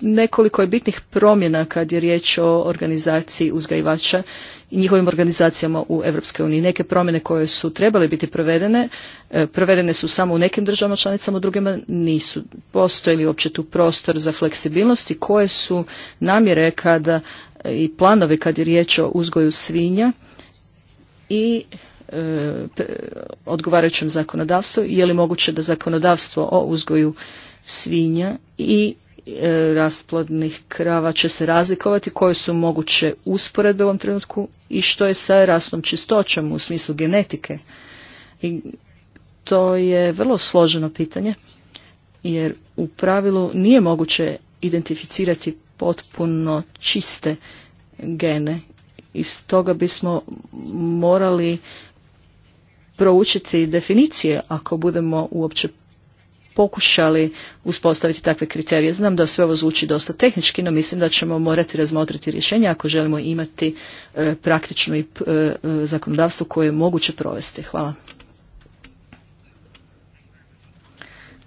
nekoliko je bitnih promjena kad je riječ o organizaciji uzgajivača i njihovim organizacijama u EU. Neke promjene koje su trebale biti provedene, e, provedene su samo u nekim državama članicama, u drugima nisu. Postoji li uopće tu prostor za fleksibilnost i koje su namjere kada i planove kad je riječ o uzgoju svinja i E, odgovarajućem zakonodavstvu, je li moguće da zakonodavstvo o uzgoju svinja i e, rasplodnih krava će se razlikovati, koje su moguće usporedbe u ovom trenutku i što je sa rasnom čistoćom u smislu genetike. I to je vrlo složeno pitanje, jer u pravilu nije moguće identificirati potpuno čiste gene. I stoga bismo morali proučiti definicije ako budemo uopće pokušali uspostaviti takve kriterije. Znam da sve ovo zvuči dosta tehnički, no mislim da ćemo morati razmotriti rješenja ako želimo imati e, praktično i e, e, zakonodavstvo koje je moguće provesti. Hvala.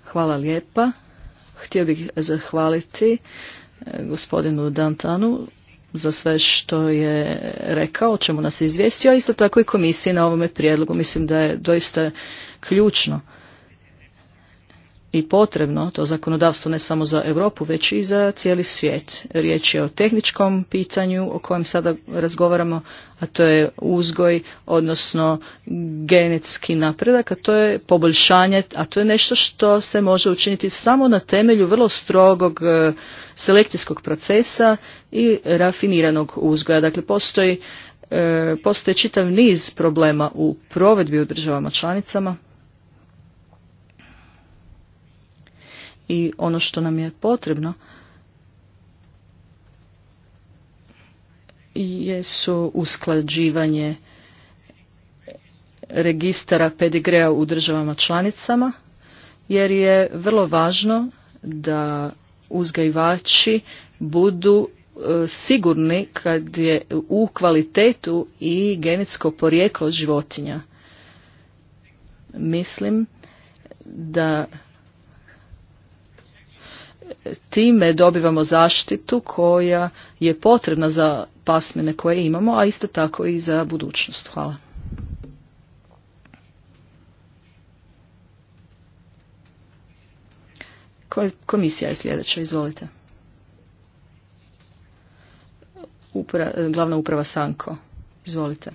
Hvala lijepa. Htio bih zahvaliti gospodinu Dantanu za sve što je rekao, o čemu nas je izvijestio, a isto tako i komisiji na ovome prijedlogu. Mislim da je doista ključno i potrebno to zakonodavstvo ne samo za Europu već i za cijeli svijet. Riječ je o tehničkom pitanju o kojem sada razgovaramo, a to je uzgoj, odnosno genetski napredak, a to je poboljšanje, a to je nešto što se može učiniti samo na temelju vrlo strogog e, selekcijskog procesa i rafiniranog uzgoja. Dakle, postoji, e, postoji čitav niz problema u provedbi u državama članicama i ono što nam je potrebno jesu usklađivanje registara pedigreja u državama članicama jer je vrlo važno da uzgajivači budu e, sigurni kad je u kvalitetu i genetsko porijeklo životinja. Mislim da time dobivamo zaštitu koja je potrebna za pasmine koje imamo, a isto tako i za budućnost. Hvala. Komisija je sljedeća, izvolite. glavna uprava Sanko, izvolite.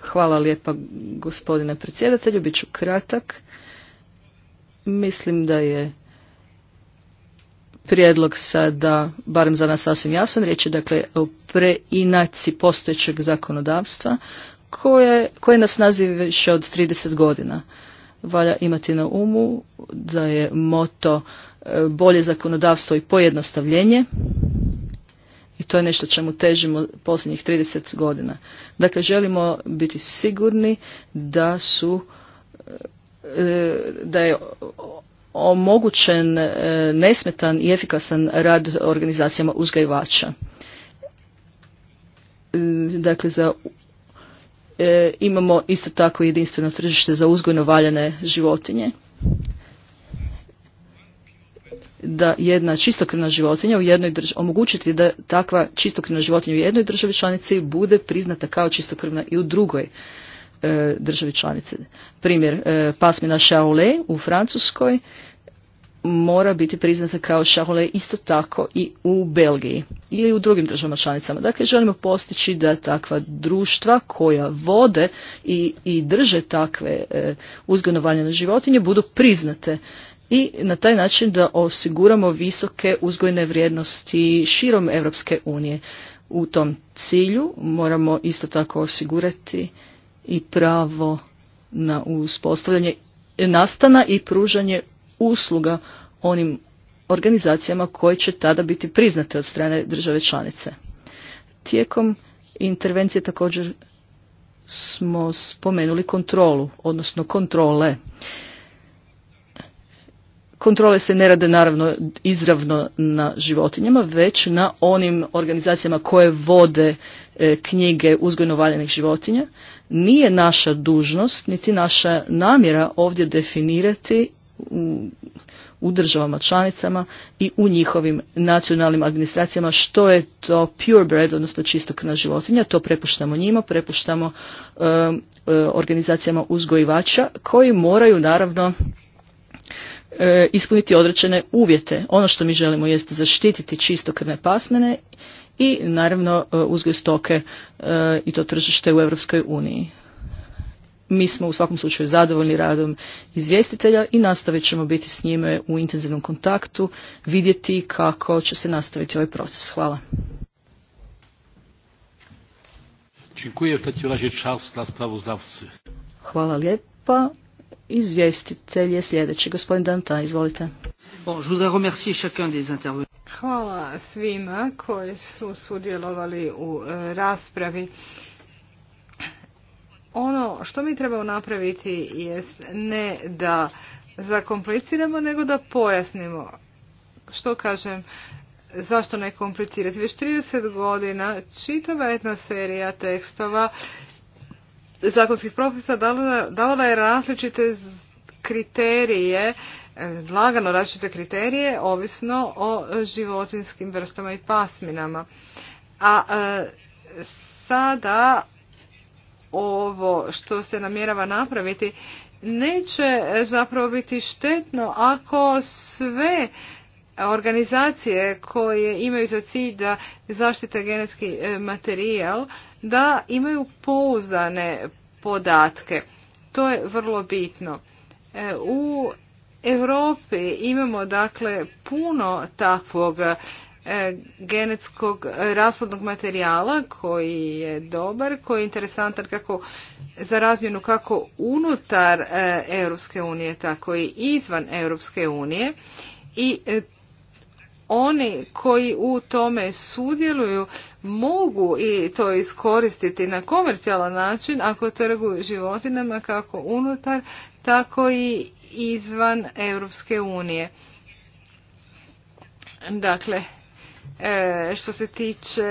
Hvala lijepa gospodine predsjedatelju, bit ću kratak. Mislim da je prijedlog sada, barem za nas sasvim jasan, riječ je dakle o preinaci postojećeg zakonodavstva koje, koje nas nazive više od 30 godina. Valja imati na umu da je moto e, bolje zakonodavstvo i pojednostavljenje i to je nešto čemu težimo posljednjih 30 godina. Dakle, želimo biti sigurni da su E, da je omogućen e, nesmetan i efikasan rad organizacijama uzgajivača. E, dakle, imamo isto tako jedinstveno tržište za uzgojno valjane životinje. Da jedna čistokrvna životinja u jednoj državi, omogućiti da takva čistokrvna životinja u jednoj državi članici bude priznata kao čistokrvna i u drugoj. E, državi članice. Primjer, e, pasmina Charolais u Francuskoj mora biti priznata kao Charolais isto tako i u Belgiji ili u drugim državama članicama. Dakle, želimo postići da takva društva koja vode i, drže takve e, na životinje budu priznate i na taj način da osiguramo visoke uzgojne vrijednosti širom Europske unije. U tom cilju moramo isto tako osigurati i pravo na uspostavljanje nastana i pružanje usluga onim organizacijama koje će tada biti priznate od strane države članice. Tijekom intervencije također smo spomenuli kontrolu, odnosno kontrole. Kontrole se ne rade naravno izravno na životinjama, već na onim organizacijama koje vode e, knjige uzgojno valjenih životinja, nije naša dužnost, niti naša namjera ovdje definirati u, državama članicama i u njihovim nacionalnim administracijama što je to purebred, odnosno čistokrna životinja. To prepuštamo njima, prepuštamo um, uh, organizacijama uzgojivača koji moraju naravno uh, ispuniti određene uvjete. Ono što mi želimo jest zaštititi čistokrvne pasmene i naravno e, uzgoj stoke e, i to tržište u Europskoj uniji. Mi smo u svakom slučaju zadovoljni radom izvjestitelja i nastavit ćemo biti s njime u intenzivnom kontaktu, vidjeti kako će se nastaviti ovaj proces. Hvala. Hvala lijepa. Izvjestitelj je sljedeći. Gospodin Danta, izvolite. Bon, je vous Hvala svima koji su sudjelovali u e, raspravi. Ono što mi trebamo napraviti jest ne da zakompliciramo, nego da pojasnimo. Što kažem, zašto ne komplicirati? Već 30 godina čitava jedna serija tekstova zakonskih propisa davala je različite kriterije lagano različite kriterije ovisno o životinskim vrstama i pasminama. A e, sada ovo što se namjerava napraviti neće zapravo biti štetno ako sve organizacije koje imaju za cilj da zaštite genetski e, materijal da imaju pouzdane podatke. To je vrlo bitno. E, u Europi imamo dakle puno takvog e, genetskog rasplodnog materijala koji je dobar, koji je interesantan kako za razmjenu kako unutar e, Europske unije, tako i izvan Europske unije i e, oni koji u tome sudjeluju mogu i to iskoristiti na komercijalan način ako trguju životinama kako unutar tako i izvan Europske unije. Dakle, e, što se tiče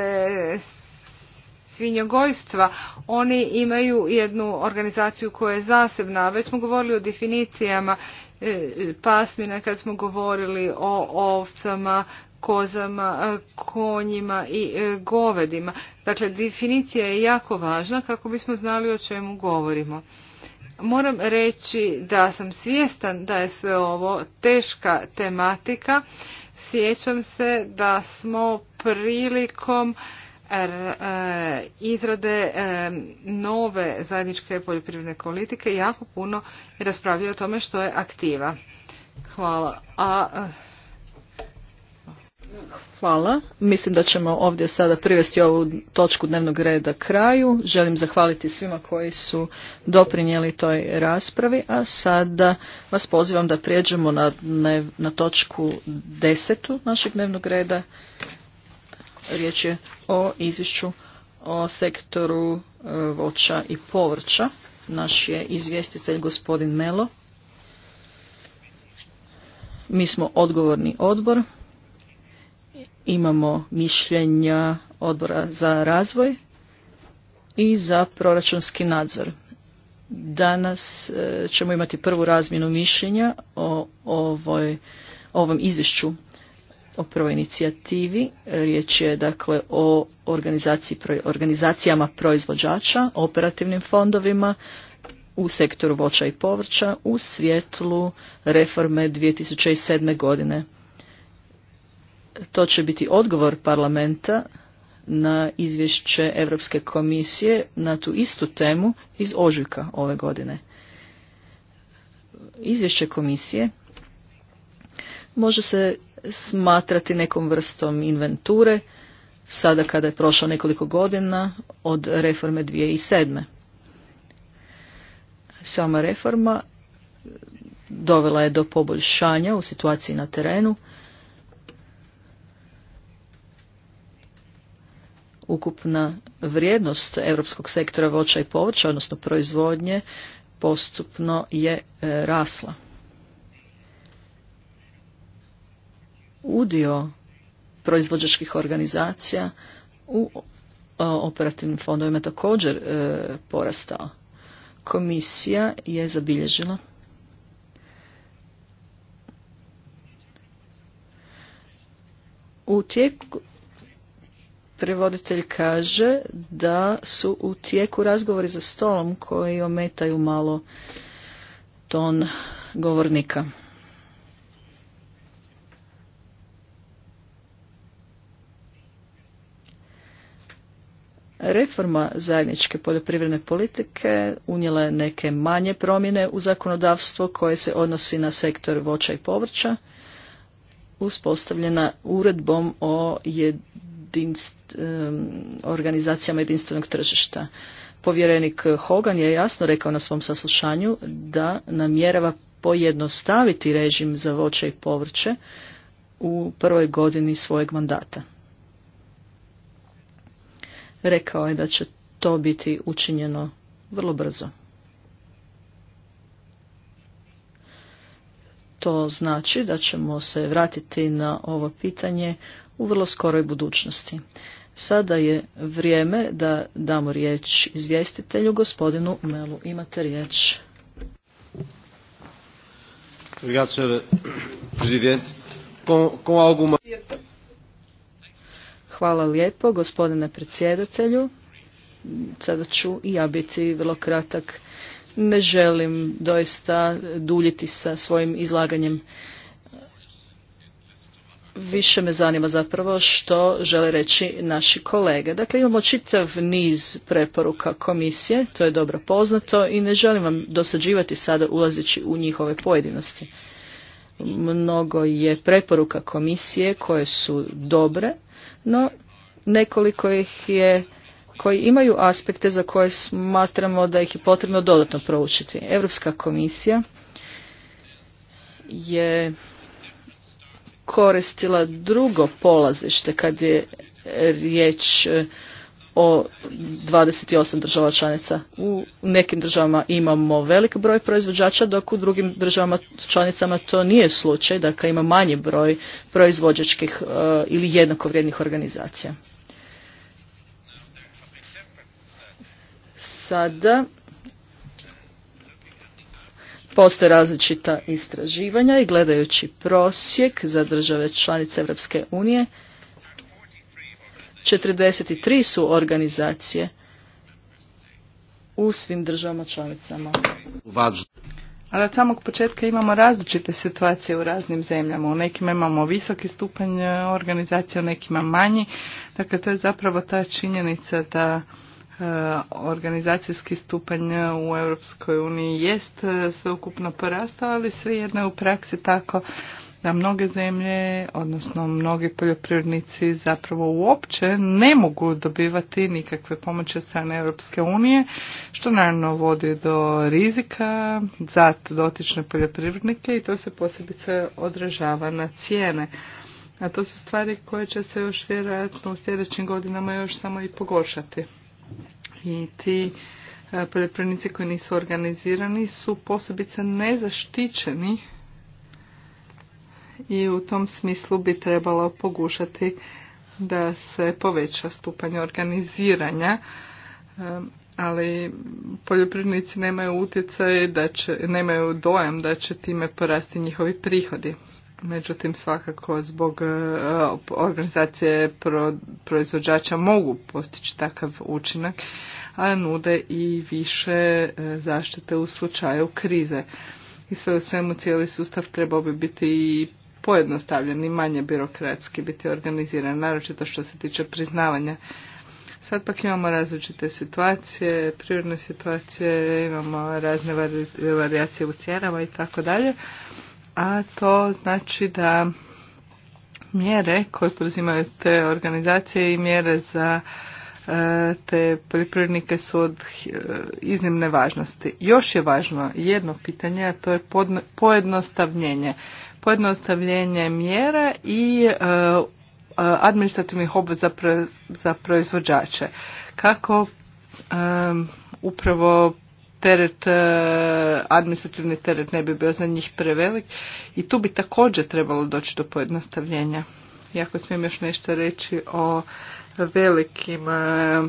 svinjogojstva, oni imaju jednu organizaciju koja je zasebna. Već smo govorili o definicijama e, pasmina kad smo govorili o ovcama, kozama, e, konjima i govedima. Dakle, definicija je jako važna kako bismo znali o čemu govorimo. Moram reći da sam svjestan da je sve ovo teška tematika. Sjećam se da smo prilikom er, eh, izrade eh, nove zajedničke poljoprivredne politike jako puno raspravljali o tome što je aktiva. Hvala. A eh, Hvala. Mislim da ćemo ovdje sada privesti ovu točku dnevnog reda kraju. Želim zahvaliti svima koji su doprinijeli toj raspravi, a sada vas pozivam da prijeđemo na, na točku desetu našeg dnevnog reda. Riječ je o izvješću o sektoru e, voća i povrća. Naš je izvjestitelj gospodin Melo. Mi smo odgovorni odbor imamo mišljenja odbora za razvoj i za proračunski nadzor. Danas e, ćemo imati prvu razmjenu mišljenja o ovoj, ovom izvješću o prvoj inicijativi. Riječ je dakle o organizaciji, organizacijama proizvođača, operativnim fondovima u sektoru voća i povrća u svjetlu reforme 2007. godine. To će biti odgovor parlamenta na izvješće Europske komisije na tu istu temu iz ožujka ove godine. Izvješće komisije može se smatrati nekom vrstom inventure sada kada je prošlo nekoliko godina od reforme 2007. Sama reforma dovela je do poboljšanja u situaciji na terenu ukupna vrijednost europskog sektora voća i povrća, odnosno proizvodnje, postupno je e, rasla. Udio proizvođačkih organizacija u operativnim fondovima također e, porastao. Komisija je zabilježila u tijeku Prevoditelj kaže da su u tijeku razgovori za stolom koji ometaju malo ton govornika. Reforma zajedničke poljoprivredne politike unijela je neke manje promjene u zakonodavstvo koje se odnosi na sektor voća i povrća, uspostavljena uredbom o je jedinst, organizacijama jedinstvenog tržišta. Povjerenik Hogan je jasno rekao na svom saslušanju da namjerava pojednostaviti režim za voće i povrće u prvoj godini svojeg mandata. Rekao je da će to biti učinjeno vrlo brzo. To znači da ćemo se vratiti na ovo pitanje u vrlo skoroj budućnosti. Sada je vrijeme da damo riječ izvjestitelju gospodinu Melu. Imate riječ. Hvala lijepo gospodine predsjedatelju. Sada ću i ja biti vrlo kratak. Ne želim doista duljiti sa svojim izlaganjem više me zanima zapravo što žele reći naši kolege. Dakle, imamo čitav niz preporuka komisije, to je dobro poznato i ne želim vam dosađivati sada ulazeći u njihove pojedinosti. Mnogo je preporuka komisije koje su dobre, no nekoliko ih je koji imaju aspekte za koje smatramo da ih je potrebno dodatno proučiti. Europska komisija je koristila drugo polazište kad je riječ e, o 28 država članica. U nekim državama imamo velik broj proizvođača, dok u drugim državama članicama to nije slučaj, dakle ima manji broj proizvođačkih e, ili ili vrijednih organizacija. Sada Postoje različita istraživanja i gledajući prosjek za države članice Europske unije, 43 su organizacije u svim državama članicama. Ali od samog početka imamo različite situacije u raznim zemljama. U nekima imamo visoki stupanj e, organizacije, u nekima manji. Dakle, to je zapravo ta činjenica da E, organizacijski stupanj u Europskoj uniji jest e, sveukupno porastao, ali svejedno je u praksi tako da mnoge zemlje, odnosno mnogi poljoprivrednici zapravo uopće ne mogu dobivati nikakve pomoći od strane Europske unije, što naravno vodi do rizika za dotične poljoprivrednike i to se posebice odražava na cijene. A to su stvari koje će se još vjerojatno u sljedećim godinama još samo i pogoršati i ti e, poljoprivrednici koji nisu organizirani su posebice nezaštićeni i u tom smislu bi trebalo pogušati da se poveća stupanje organiziranja, e, ali poljoprivrednici nemaju utjecaj, da će, nemaju dojam da će time porasti njihovi prihodi međutim svakako zbog e, organizacije proizvođača mogu postići takav učinak, a nude i više e, zaštite u slučaju krize. I sve u svemu cijeli sustav trebao bi biti i pojednostavljen i manje birokratski biti organiziran, naročito što se tiče priznavanja. Sad pak imamo različite situacije, prirodne situacije, imamo razne varijacije u cijenama i tako dalje a to znači da mjere koje poduzimaju te organizacije i mjere za e, te poljoprivrednike su od e, iznimne važnosti. Još je važno jedno pitanje, a to je pojednostavljenje. Pojednostavljenje mjera i e, administrativnih obveza za proizvođače. Kako upravo teret, e, administrativni teret ne bi bio za njih prevelik i tu bi također trebalo doći do pojednostavljenja. iako smijem još nešto reći o velikim e, e,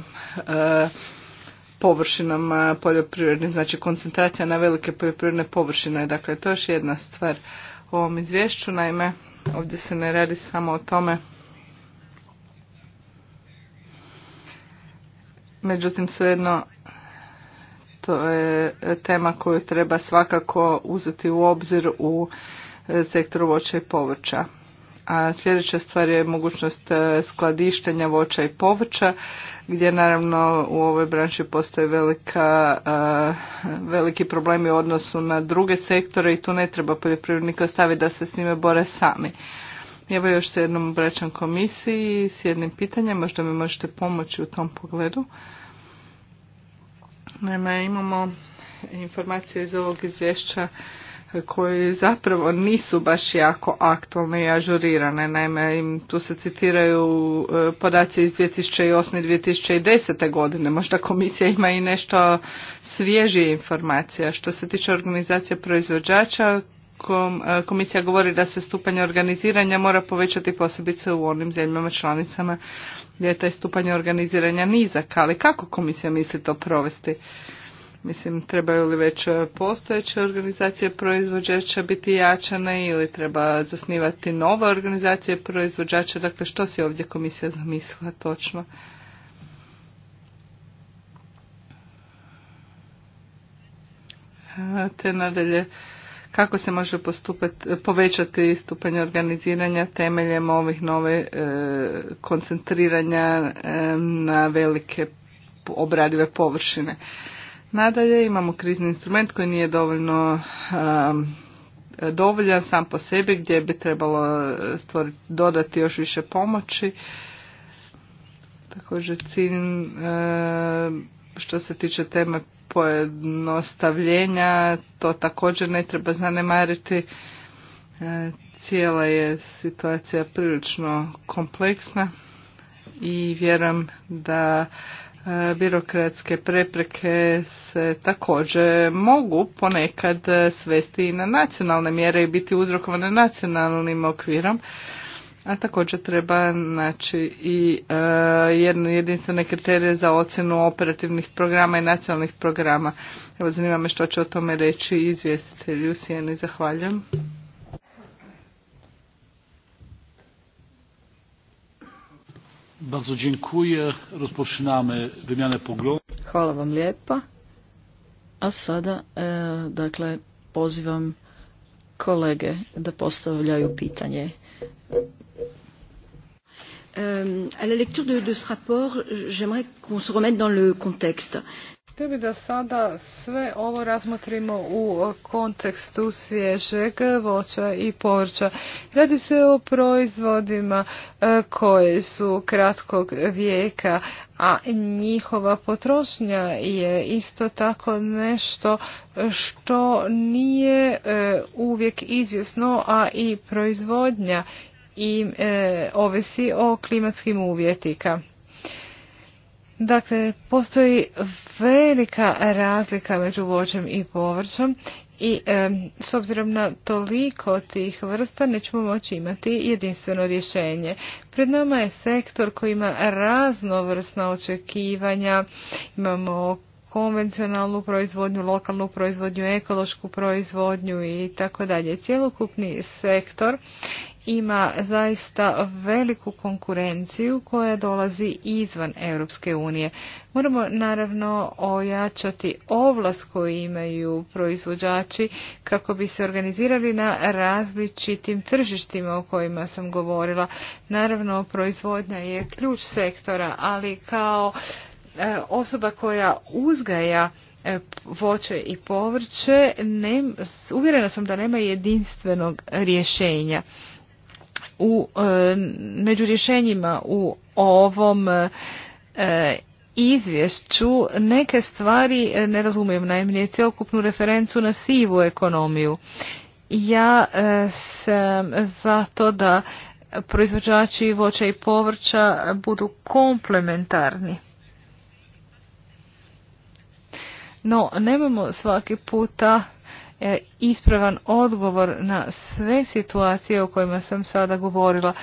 površinama poljoprivrednim, znači koncentracija na velike poljoprivredne površine. Dakle, to je još jedna stvar u ovom izvješću. Naime, ovdje se ne radi samo o tome međutim svejedno to je tema koju treba svakako uzeti u obzir u e, sektoru voća i povrća. A sljedeća stvar je mogućnost e, skladištenja voća i povrća, gdje naravno u ovoj branši postoje velika, e, veliki problemi u odnosu na druge sektore i tu ne treba poljoprivrednika ostaviti da se s njime bore sami. Evo još se jednom obraćam komisiji s jednim pitanjem, možda mi možete pomoći u tom pogledu. Naime, imamo informacije iz ovog izvješća koje zapravo nisu baš jako aktualne i ažurirane. Naime, tu se citiraju e, podaci iz 2008. i 2010. godine. Možda komisija ima i nešto svježije informacije. Što se tiče organizacije proizvođača, e, komisija govori da se stupanje organiziranja mora povećati posebice u onim zemljama članicama gdje je taj stupanj organiziranja nizak, ali kako komisija misli to provesti? Mislim, trebaju li već e, postojeće organizacije proizvođača biti jačane ili treba zasnivati nove organizacije proizvođača? Dakle, što si ovdje komisija zamislila točno? E, te nadalje, kako se može povećati stupanj organiziranja temeljem ovih nove e, koncentriranja e, na velike obradive površine. Nadalje imamo krizni instrument koji nije dovoljno dovoljan sam po sebi gdje bi trebalo stvoriti, dodati još više pomoći. Također cilj e, što se tiče teme pojednostavljenja, to također ne treba zanemariti. E, cijela je situacija prilično kompleksna i vjerujem da e, birokratske prepreke se također mogu ponekad svesti i na nacionalne mjere i biti uzrokovane nacionalnim okvirom a također treba naći i e, jedinstvene kriterije za ocjenu operativnih programa i nacionalnih programa. Evo zanima me što će o tome reći izvjestitelji u Sijeni. Zahvaljujem. Bardzo dziękuję. Rozpoczynamy wymianę poglądów. Hvala vam lijepa. A sada, e, dakle, pozivam kolege da postavljaju pitanje Euh, à la lecture de, de ce rapport, j'aimerais qu'on se remette dans le contexte. Htio bi da sada sve ovo razmotrimo u kontekstu svježeg voća i povrća. Radi se o proizvodima e, koje su kratkog vijeka, a njihova potrošnja je isto tako nešto što nije e, uvijek izvjesno, a i proizvodnja i e, ovisi o klimatskim uvjetika. Dakle, postoji velika razlika među voćem i povrćom i e, s obzirom na toliko tih vrsta nećemo moći imati jedinstveno rješenje. Pred nama je sektor koji ima raznovrsna očekivanja, imamo konvencionalnu proizvodnju, lokalnu proizvodnju, ekološku proizvodnju i tako dalje. Cjelokupni sektor ima zaista veliku konkurenciju koja dolazi izvan Europske unije. Moramo naravno ojačati ovlast koju imaju proizvođači kako bi se organizirali na različitim tržištima o kojima sam govorila. Naravno proizvodnja je ključ sektora, ali kao E, osoba koja uzgaja e, voće i povrće, uvjerena sam da nema jedinstvenog rješenja. U, e, među rješenjima u ovom izvješću neke stvari ne razumijem, je cjelokupnu referencu na sivu ekonomiju. Ja sam za to da proizvođači voća i povrća budu komplementarni. No, nemamo svaki puta e, ispravan odgovor na sve situacije o kojima sam sada govorila.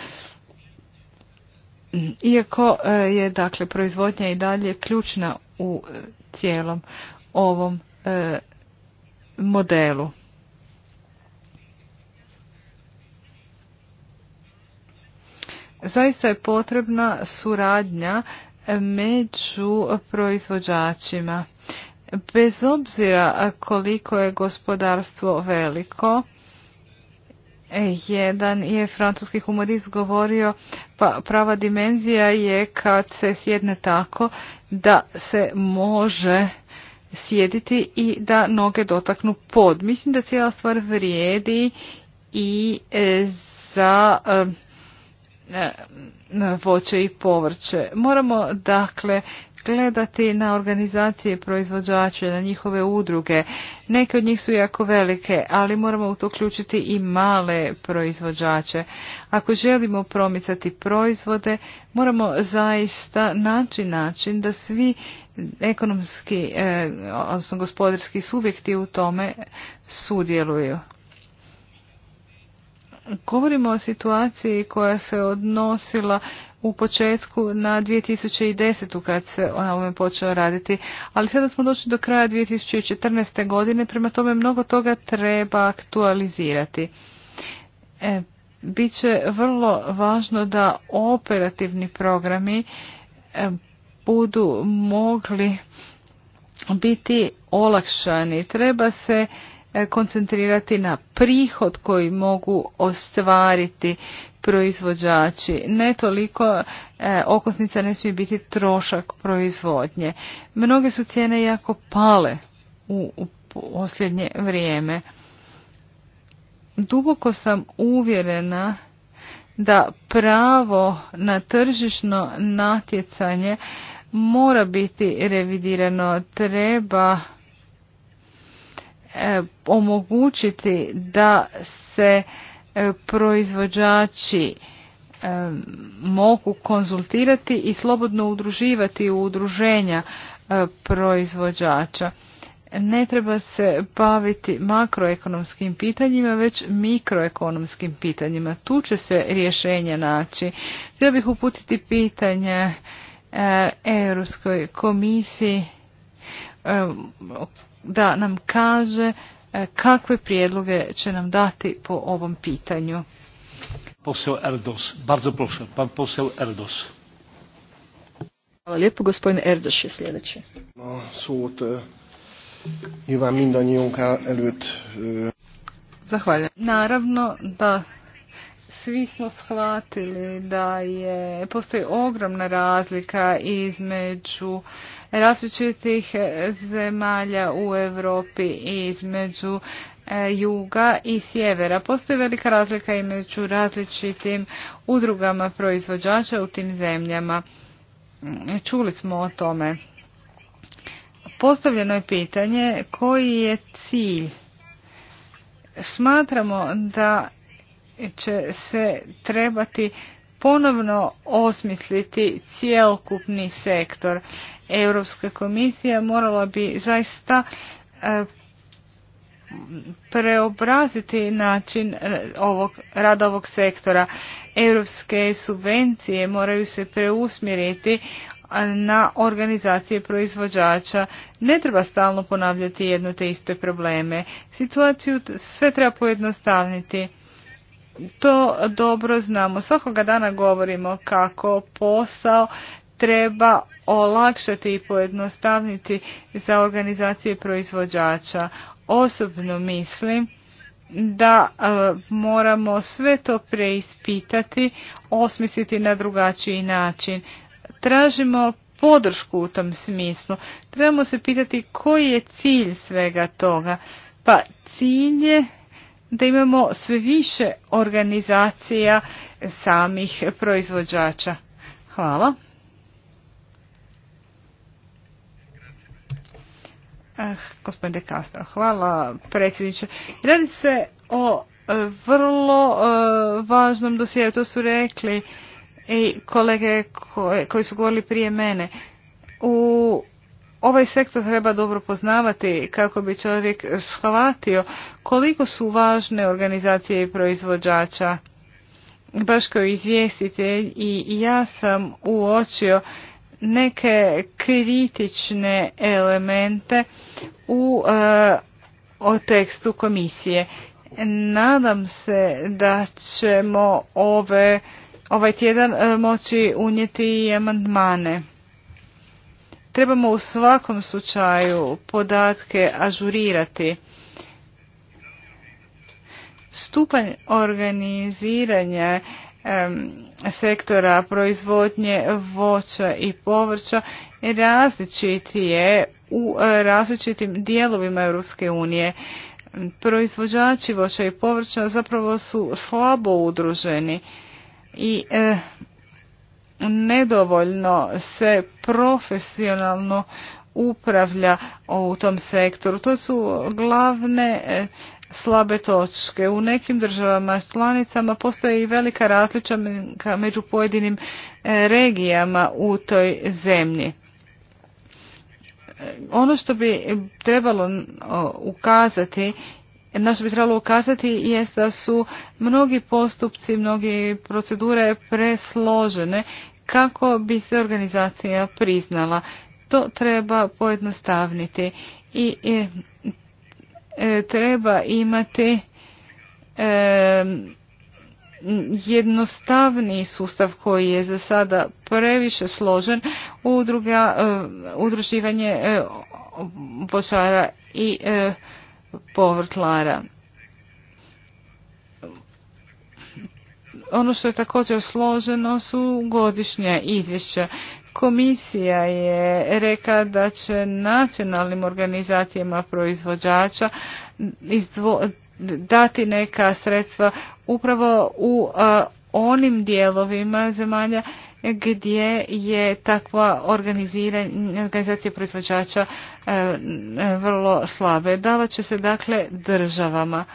Iako e, je dakle proizvodnja i dalje ključna u e, cijelom ovom modelu. Zaista je potrebna suradnja među proizvođačima. Bez obzira koliko je gospodarstvo veliko, jedan je francuski humorist govorio pa prava dimenzija je kad se sjedne tako da se može sjediti i da noge dotaknu pod. Mislim da cijela stvar vrijedi i e, za e, e, voće i povrće. Moramo dakle gledati na organizacije proizvođače, na njihove udruge. Neke od njih su jako velike, ali moramo u to uključiti i male proizvođače. Ako želimo promicati proizvode, moramo zaista naći način da svi ekonomski, e, odnosno gospodarski subjekti u tome sudjeluju. Govorimo o situaciji koja se odnosila u početku na 2010. kad se ona ovome počeo raditi. Ali sada smo došli do kraja 2014. godine, prema tome mnogo toga treba aktualizirati. E, Biće vrlo važno da operativni programi e, budu mogli biti olakšani. Treba se e, koncentrirati na prihod koji mogu ostvariti proizvođači. Ne toliko e, okosnica ne smije biti trošak proizvodnje. Mnoge su cijene jako pale u, posljednje vrijeme. Duboko sam uvjerena da pravo na tržišno natjecanje mora biti revidirano, treba e, omogućiti da se E, proizvođači e, mogu konzultirati i slobodno udruživati u udruženja e, proizvođača. Ne treba se baviti makroekonomskim pitanjima, već mikroekonomskim pitanjima. Tu će se rješenje naći. Htio bih uputiti pitanje Europskoj komisiji da nam kaže E, kakve prijedloge će nam dati po ovom pitanju. Posel Erdos, bardzo proszę, pan poseł Erdos. Hvala lijepo, gospodin Erdos je sljedeći. No, szót, nyilván előtt... Zahvaljujem. Naravno da svi smo shvatili da je, postoji ogromna razlika između različitih e, zemalja u Europi između e, juga i sjevera. Postoji velika razlika između različitim udrugama proizvođača u tim zemljama. Čuli smo o tome. Postavljeno je pitanje koji je cilj. Smatramo da će se trebati ponovno osmisliti cjelokupni sektor Europska komisija morala bi zaista e, preobraziti način e, ovog, rada ovog sektora. Europske subvencije moraju se preusmjeriti na organizacije proizvođača. Ne treba stalno ponavljati jedno te iste probleme. Situaciju sve treba pojednostavniti. To dobro znamo. Svakoga dana govorimo kako posao treba olakšati i pojednostavniti za organizacije proizvođača. Osobno mislim da e, moramo sve to preispitati, osmisliti na drugačiji način. Tražimo podršku u tom smislu. Trebamo se pitati koji je cilj svega toga. Pa cilj je da imamo sve više organizacija samih proizvođača. Hvala. Ah, gospodine Castro, hvala predsjedniče. Radi se o e, vrlo e, važnom dosjeu, to su rekli i kolege koji su govorili prije mene. U ovaj sektor treba dobro poznavati kako bi čovjek shvatio koliko su važne organizacije i proizvođača. Baš kao izvjestitelj i ja sam uočio neke kritične elemente u eh, o tekstu komisije. Nadam se da ćemo ove, ovaj tjedan eh, moći unijeti i amandmane. Trebamo u svakom slučaju podatke ažurirati. Stupanj organiziranja sektora proizvodnje voća i povrća različiti je u različitim dijelovima Europske unije. Proizvođači voća i povrća zapravo su slabo udruženi i eh, nedovoljno se profesionalno upravlja u tom sektoru. To su glavne eh, slabe točke. U nekim državama članicama postoji i velika različa među pojedinim e, regijama u toj zemlji. E, ono što bi trebalo ukazati na što bi trebalo ukazati jest da su mnogi postupci, mnogi procedure presložene kako bi se organizacija priznala. To treba pojednostavniti i E, treba imati e, jednostavni sustav koji je za sada previše složen udruga, e, udruživanje pošara i povrtlara. Ono što je također složeno su godišnja izvješća. Komisija je reka da će nacionalnim organizacijama proizvođača dati neka sredstva upravo u onim dijelovima zemalja gdje je takva organizacija proizvođača e, vrlo slabe. Davat će se dakle državama.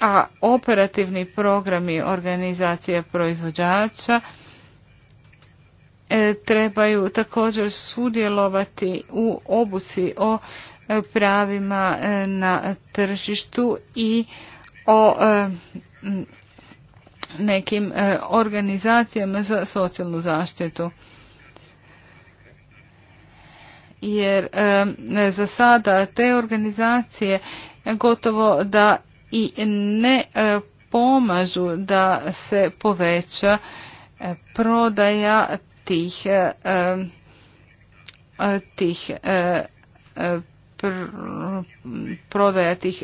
A operativni programi organizacije proizvođača E, trebaju također sudjelovati u obuci o e, pravima e, na tržištu i o nekim organizacijama za socijalnu zaštitu. Jer za sada te organizacije gotovo da i ne pomažu da se poveća prodaja tih e, e, e, tih prodaja tih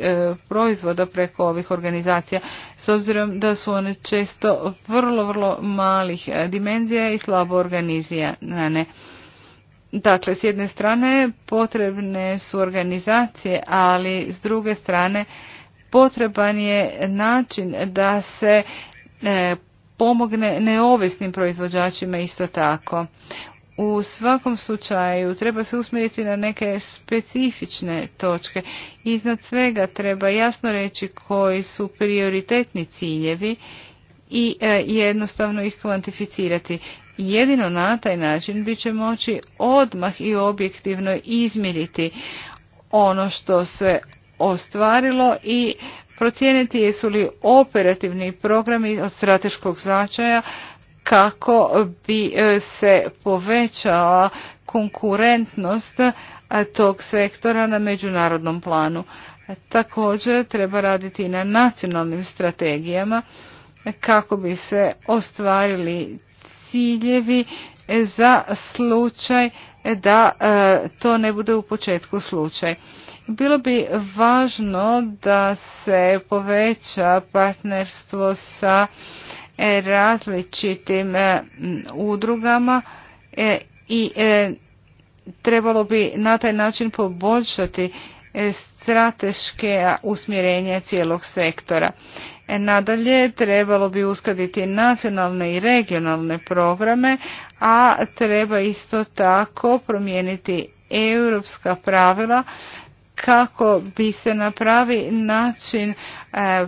proizvoda preko ovih organizacija s obzirom da su one često vrlo, vrlo malih dimenzija i slabo organizirane. Dakle, s jedne strane potrebne su organizacije, ali s druge strane potreban je način da se pomogne neovisnim proizvođačima isto tako. U svakom slučaju treba se usmjeriti na neke specifične točke. Iznad svega treba jasno reći koji su prioritetni ciljevi i e, jednostavno ih kvantificirati. Jedino na taj način bit će moći odmah i objektivno izmiriti ono što se ostvarilo i procijeniti jesu li operativni programi od strateškog značaja kako bi e, se povećala konkurentnost tog sektora na međunarodnom planu. Također treba raditi i na nacionalnim strategijama kako bi se ostvarili ciljevi za slučaj da e, to ne bude u početku slučaj. Bilo bi važno da se poveća partnerstvo sa e, različitim e, udrugama e, i trebalo bi na taj način poboljšati strateške usmjerenje cijelog sektora. Nadalje, trebalo bi uskladiti nacionalne i regionalne programe, a treba isto tako promijeniti europska pravila kako bi se na pravi način e, e,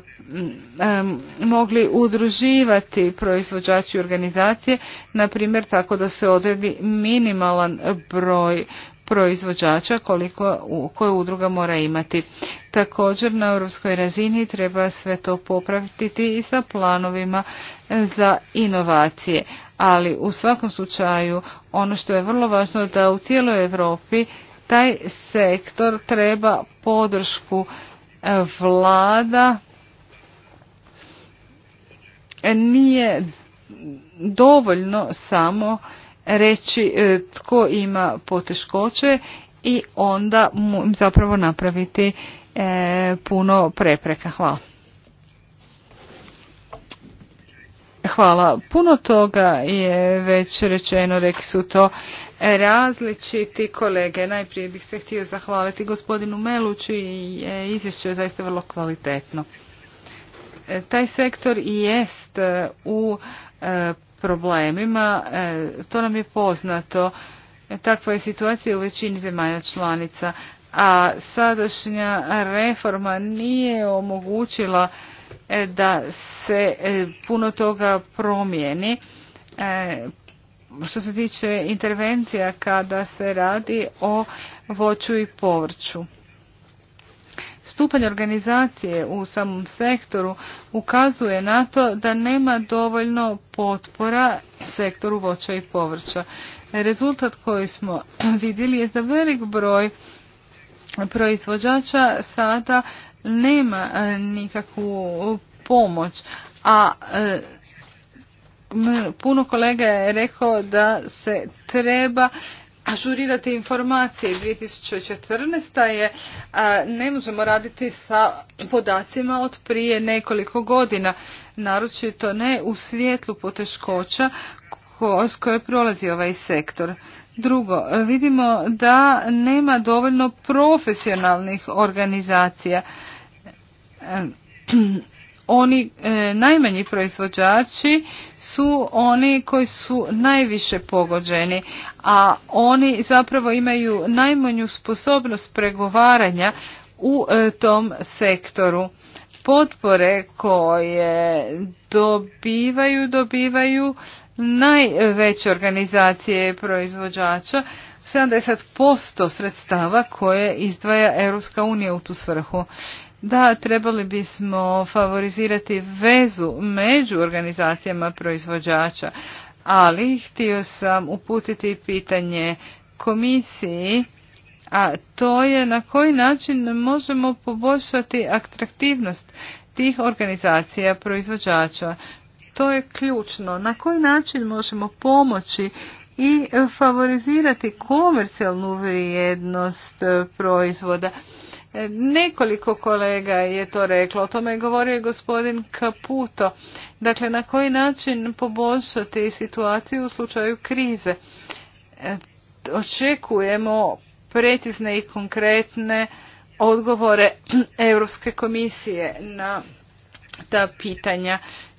mogli udruživati proizvođači organizacije, na primjer tako da se odredi minimalan broj proizvođača koliko udruga mora imati. Također na europskoj razini treba sve to popraviti i sa planovima e, za inovacije. Ali u svakom slučaju ono što je vrlo važno da u cijeloj Europi taj sektor treba podršku e, vlada e, nije dovoljno samo reći e, tko ima poteškoće i onda mu zapravo napraviti puno prepreka. Hvala. Hvala. Puno toga je već rečeno, rekli su to različiti kolege. Najprije bih se htio zahvaliti gospodinu Melući i izvješće je zaista vrlo kvalitetno. E, taj sektor i jest e, u e, problemima, to nam je poznato. Takva je situacija u većini zemalja članica, a sadašnja reforma nije omogućila E, da se e, puno toga promijeni e, što se tiče intervencija kada se radi o voću i povrću. Stupanj organizacije u samom sektoru ukazuje na to da nema dovoljno potpora sektoru voća i povrća. Rezultat koji smo vidjeli je da velik broj proizvođača sada nema e, nikakvu pomoć, a e, puno kolega je rekao da se treba ažurirati informacije. 2014. je ne možemo raditi sa podacima od prije nekoliko godina, naročito ne u svijetlu poteškoća s koje prolazi ovaj sektor. Drugo, vidimo da nema dovoljno profesionalnih organizacija. Oni e, najmanji proizvođači su oni koji su najviše pogođeni, a oni zapravo imaju najmanju sposobnost pregovaranja u e, tom sektoru. Potpore koje dobivaju, dobivaju najveće organizacije proizvođača 70% sredstava koje izdvaja Europska unija u tu svrhu. Da, trebali bismo favorizirati vezu među organizacijama proizvođača, ali htio sam uputiti pitanje komisiji, a to je na koji način možemo poboljšati atraktivnost tih organizacija proizvođača. To je ključno. Na koji način možemo pomoći i favorizirati komercijalnu vrijednost e, proizvoda? E, nekoliko kolega je to reklo, o tome je govorio gospodin Kaputo. Dakle, na koji način poboljšati situaciju u slučaju krize? E, očekujemo precizne i konkretne odgovore Europske komisije na ta pitanja.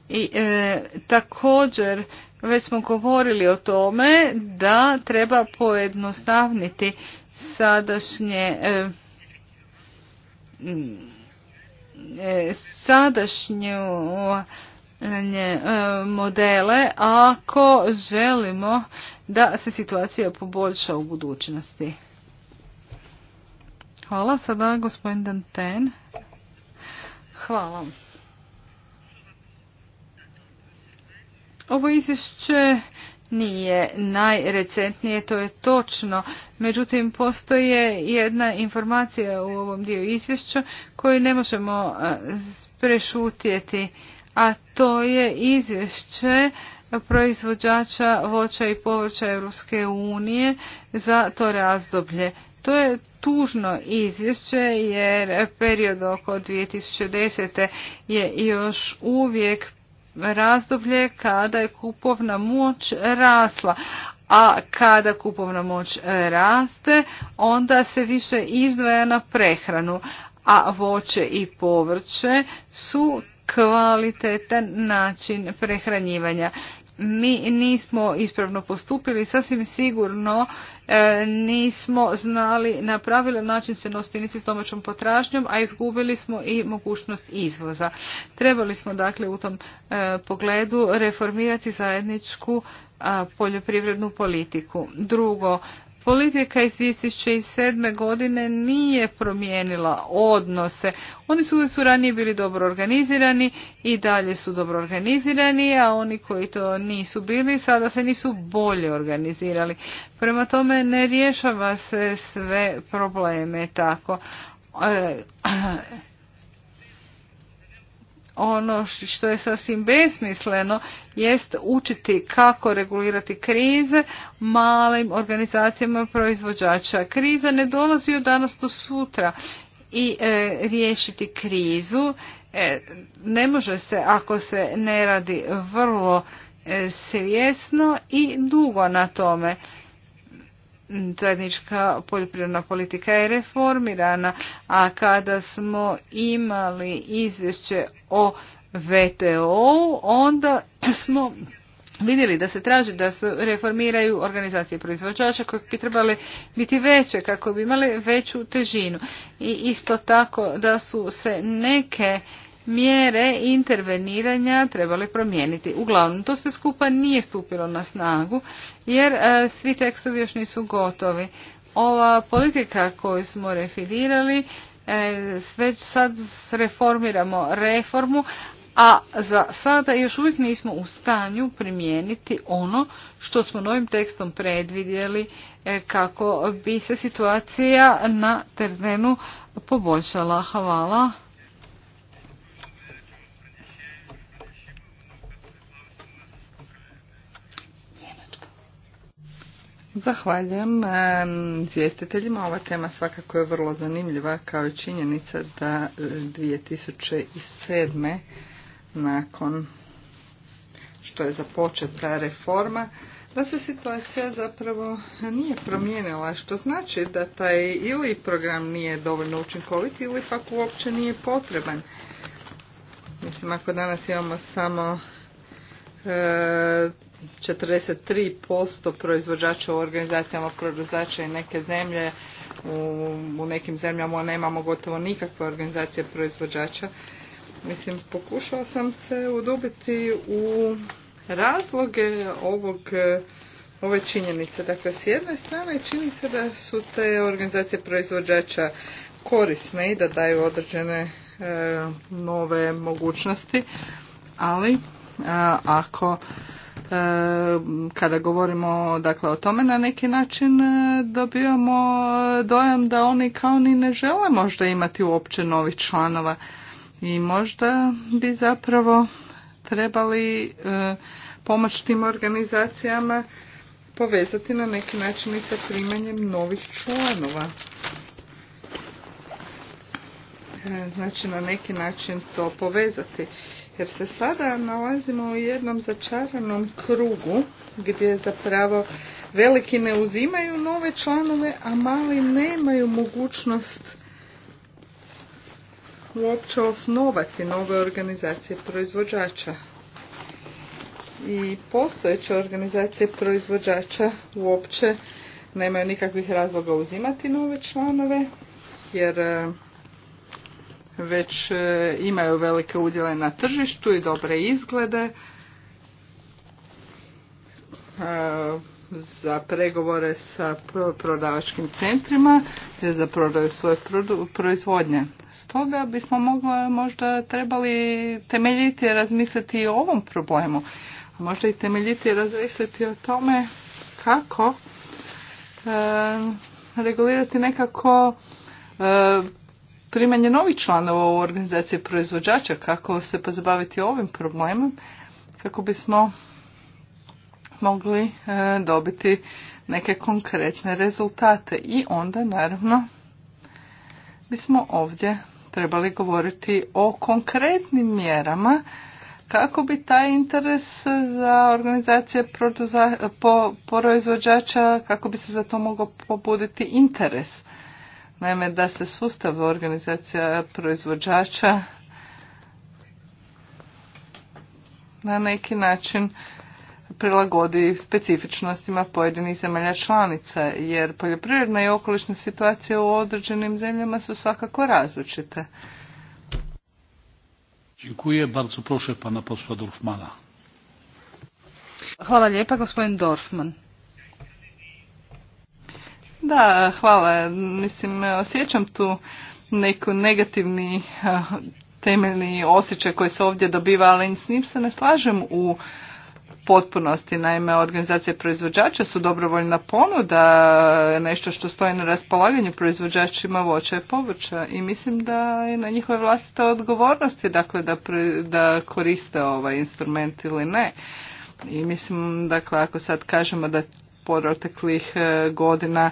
I e, također već smo govorili o tome da treba pojednostavniti e, e, sadašnje e, modele ako želimo da se situacija poboljša u budućnosti. Hvala. Sada gospodin Danten. Hvala. Ovo izvješće nije najrecentnije, to je točno. Međutim, postoje jedna informacija u ovom dio izvješća koju ne možemo prešutjeti, a to je izvješće proizvođača voća i povrća Europske unije za to razdoblje. To je tužno izvješće jer period oko 2010. je još uvijek razdoblje kada je kupovna moć rasla. A kada kupovna moć raste, onda se više izdvaja na prehranu, a voće i povrće su kvalitetan način prehranjivanja mi nismo ispravno postupili, sasvim sigurno e, nismo znali na pravilan način se nositi s domaćom potražnjom, a izgubili smo i mogućnost izvoza. Trebali smo dakle u tom e, pogledu reformirati zajedničku poljoprivrednu politiku. Drugo, Politika iz 2007. godine nije promijenila odnose. Oni su, su ranije bili dobro organizirani i dalje su dobro organizirani, a oni koji to nisu bili sada se nisu bolje organizirali. Prema tome ne rješava se sve probleme tako. E, ono što je sasvim besmisleno jest učiti kako regulirati krize malim organizacijama proizvođača. Kriza ne dolazi od danas do sutra i e, riješiti krizu e, ne može se ako se ne radi vrlo e, svjesno i dugo na tome zajednička poljoprivredna politika je reformirana, a kada smo imali izvješće o VTO, onda smo vidjeli da se traži da se reformiraju organizacije proizvođača koje bi trebale biti veće kako bi imale veću težinu. I isto tako da su se neke mjere interveniranja trebali promijeniti. Uglavnom, to sve skupa nije stupilo na snagu jer e, svi tekstovi još nisu gotovi. Ova politika koju smo referirali, e, već sad reformiramo reformu, a za sada još uvijek nismo u stanju primijeniti ono što smo novim tekstom predvidjeli e, kako bi se situacija na terenu poboljšala. Hvala. Zahvaljujem izvjestiteljima. Ova tema svakako je vrlo zanimljiva kao i činjenica da 2007. E, nakon što je započeta reforma, da se situacija zapravo nije promijenila, što znači da taj ili program nije dovoljno učinkovit ili pak uopće nije potreban. Mislim, ako danas imamo samo e, 43% proizvođača u organizacijama proizvođača i neke zemlje u, nekim zemljama nemamo gotovo nikakve organizacije proizvođača. Mislim, pokušao sam se udubiti u razloge ovog ove činjenice. Dakle, s jedne strane čini se da su te organizacije proizvođača korisne i da daju određene e, nove mogućnosti, ali ako E, kada govorimo dakle o tome na neki način e, dobivamo dojam da oni kao ni ne žele možda imati uopće novih članova i možda bi zapravo trebali e, pomoć tim organizacijama povezati na neki način i sa primanjem novih članova. Znači na neki način to povezati. Jer se sada nalazimo u jednom začaranom krugu gdje zapravo veliki ne uzimaju nove članove, a mali nemaju mogućnost uopće osnovati nove organizacije proizvođača. I postojeće organizacije proizvođača uopće nemaju nikakvih razloga uzimati nove članove, jer već e, imaju velike udjele na tržištu i dobre izglede e, za pregovore sa prodavačkim centrima za prodaju svoje proizvodnje. Stoga bismo mogli, možda trebali temeljiti razmisliti i o ovom problemu, možda i temeljiti razmisliti o tome kako e, regulirati nekako e, primanje novih članova u organizaciji proizvođača, kako se pozabaviti ovim problemom, kako bismo mogli e, dobiti neke konkretne rezultate. I onda naravno bismo ovdje trebali govoriti o konkretnim mjerama kako bi taj interes za organizacije proizvođača, kako bi se za to mogao pobuditi interes. Naime, da se sustav organizacija proizvođača na neki način prilagodi specifičnostima pojedinih zemalja članica, jer poljoprivredna i okolišna situacija u određenim zemljama su svakako različite. Dziękuję. Bardzo proszę pana posła Hvala lijepa, gospodin Dorfman. Da, hvala. Mislim, osjećam tu neku negativni eh, temeljni osjećaj koji se ovdje dobiva, ali s njim se ne slažem u potpunosti. Naime, organizacije proizvođača su dobrovoljna ponuda, nešto što stoji na raspolaganju proizvođačima voća i povrća i mislim da je na njihove vlastite odgovornosti dakle, da, da koriste ovaj instrument ili ne. I mislim, dakle, ako sad kažemo da proteklih e, godina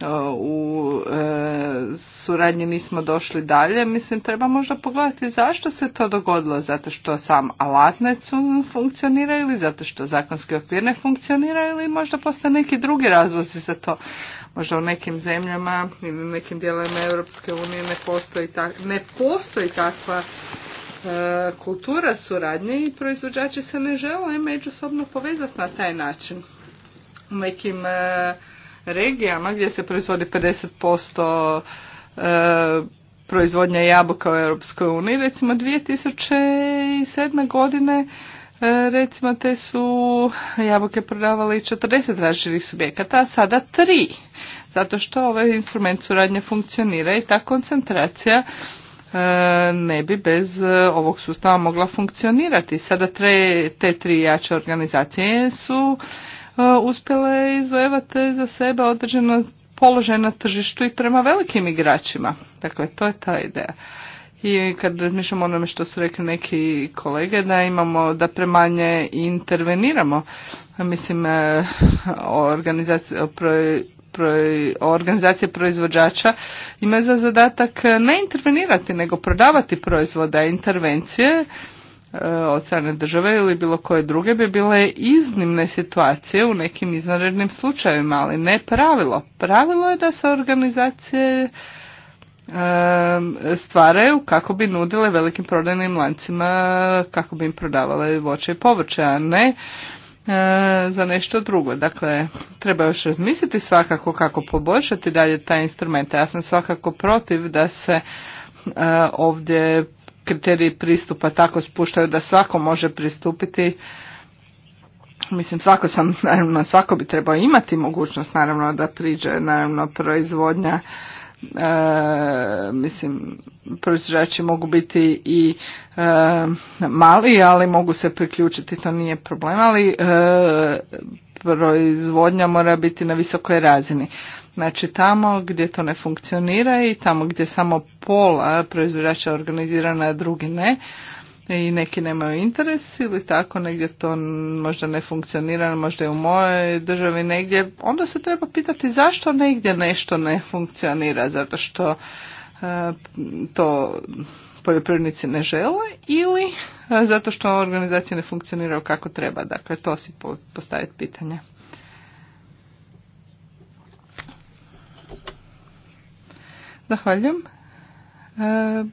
e, u e, suradnji nismo došli dalje, mislim treba možda pogledati zašto se to dogodilo, zato što sam alat funkcionira ili zato što zakonski okvir ne funkcionira ili možda postoje neki drugi razlozi za to. Možda u nekim zemljama ili nekim dijelovima Europske unije ne postoji, ta, ne postoji takva kultura suradnje i proizvođači se ne žele međusobno povezati na taj način u nekim e, regijama gdje se proizvodi 50% e, proizvodnja jabuka u Europskoj uniji. Recimo 2007. godine e, recimo te su jabuke prodavali 40 različitih subjekata, a sada tri. Zato što ovaj instrument suradnje funkcionira i ta koncentracija ne bi bez ovog sustava mogla funkcionirati. Sada tre, te tri jače organizacije su Uh, je izvojevati za sebe određeno položaj na tržištu i prema velikim igračima. Dakle, to je ta ideja. I kad razmišljamo onome što su rekli neki kolege, da imamo, da premanje interveniramo. Mislim, uh, o organizacije proizvođača ima za zadatak ne intervenirati, nego prodavati proizvoda intervencije E, od strane države ili bilo koje druge bi bile iznimne situacije u nekim izvanrednim slučajevima, ali ne pravilo. Pravilo je da se organizacije e, stvaraju kako bi nudile velikim prodajnim lancima, kako bi im prodavale voće i povrće, a ne e, za nešto drugo. Dakle, treba još razmisliti svakako kako poboljšati dalje taj instrument. Ja sam svakako protiv da se ovdje kriteriji pristupa tako spuštaju da svako može pristupiti. Mislim, svako sam, naravno, svako bi trebao imati mogućnost, naravno, da priđe, naravno, proizvodnja. E, mislim, proizvođači mogu biti i e, mali, ali mogu se priključiti, to nije problem, ali e, proizvodnja mora biti na visokoj razini. Znači tamo gdje to ne funkcionira i tamo gdje samo pola proizvođača organizirana, a drugi ne, i neki nemaju interes ili tako negdje to možda ne funkcionira, možda je u mojoj državi negdje, onda se treba pitati zašto negdje nešto ne funkcionira, zato što e, to poljoprivrednici ne žele ili e, zato što organizacija ne funkcionira kako treba. Dakle, to si postaviti pitanje. Zahvaljujem. E,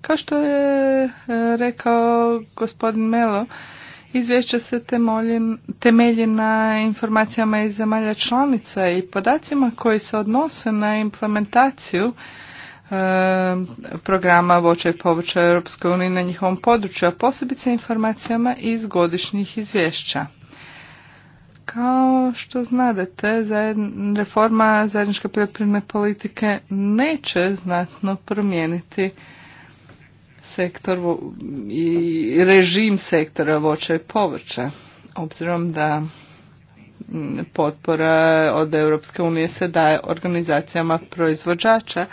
kao što je e, rekao gospodin Melo, izvješće se temelji na informacijama iz zemalja članica i podacima koji se odnose na implementaciju e, programa voća i povrća Europske unije na njihovom području, a posebice informacijama iz godišnjih izvješća. Kao što znadete, reforma zajedničke poljoprivredne politike neće znatno promijeniti sektor i režim sektora voća i povrća, obzirom da potpora od Europske unije se daje organizacijama proizvođača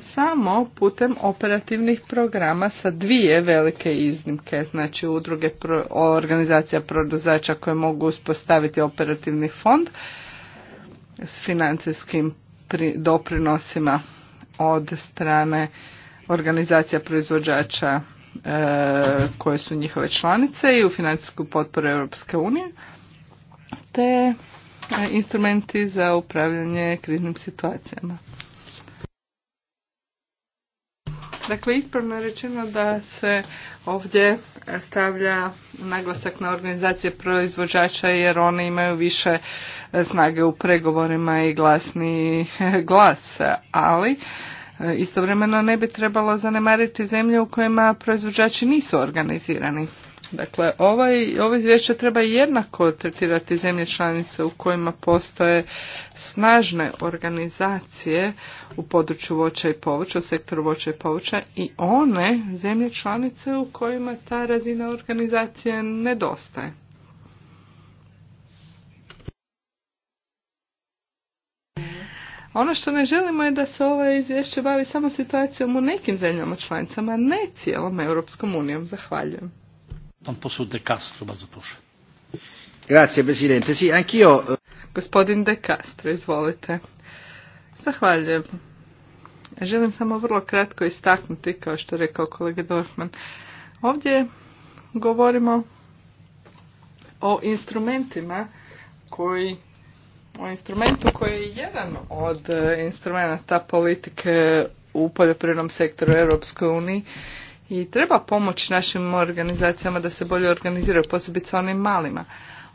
samo putem operativnih programa sa dvije velike iznimke, znači udruge organizacija produzača koje mogu uspostaviti operativni fond s financijskim doprinosima od strane organizacija proizvođača e, koje su njihove članice i u financijsku potporu Europske unije, te e, instrumenti za upravljanje kriznim situacijama. Dakle, ispravno je rečeno da se ovdje stavlja naglasak na organizacije proizvođača jer one imaju više snage u pregovorima i glasni glas, ali e, istovremeno ne bi trebalo zanemariti zemlje u kojima proizvođači nisu organizirani. Dakle, ovaj, ovo izvješće treba jednako tretirati zemlje članice u kojima postoje snažne organizacije u području voća i povrća, u sektoru voća i povrća i one zemlje članice u kojima ta razina organizacije nedostaje. Ono što ne želimo je da se ovo izvješće bavi samo situacijom u nekim zemljama članicama, ne cijelom Europskom unijom. Zahvaljujem. Pan De eh, Gospodin De Castro, izvolite. Zahvaljujem. Želim samo vrlo kratko istaknuti, kao što je rekao kolega Dorfman. Ovdje govorimo o instrumentima koji o instrumentu koji je jedan od eh, instrumenta politike u poljoprivrednom sektoru Europskoj uniji i treba pomoć našim organizacijama da se bolje organiziraju, posebice onim malima.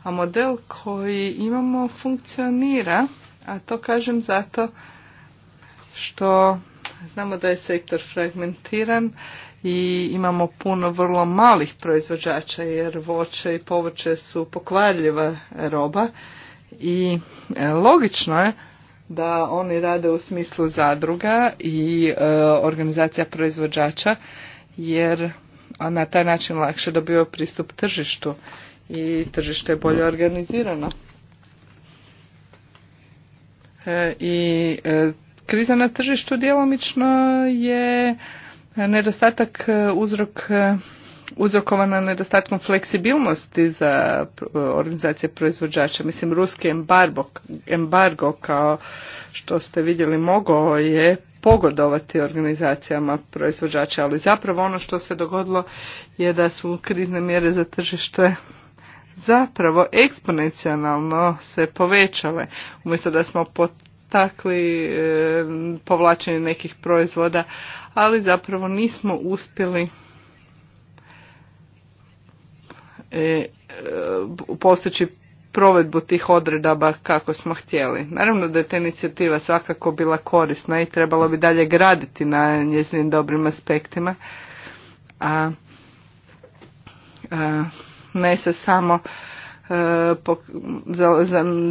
A model koji imamo funkcionira, a to kažem zato što znamo da je sektor fragmentiran i imamo puno vrlo malih proizvođača jer voće i povrće su pokvarljiva roba i e, logično je da oni rade u smislu zadruga i e, organizacija proizvođača jer na taj način lakše dobivaju pristup tržištu i tržište je bolje organizirano. E, I e, kriza na tržištu djelomično je nedostatak e, uzrok uzrokovana nedostatkom fleksibilnosti za organizacije proizvođača. Mislim, ruski embargo, embargo kao što ste vidjeli mogao je pogodovati organizacijama proizvođača, ali zapravo ono što se dogodilo je da su krizne mjere za tržište zapravo eksponencijalno se povećale. Umjesto da smo potakli e, povlačenje nekih proizvoda, ali zapravo nismo uspjeli e, e postići provedbu tih odredaba kako smo htjeli. Naravno da je ta inicijativa svakako bila korisna i trebalo bi dalje graditi na njezinim dobrim aspektima, a, ne se samo e,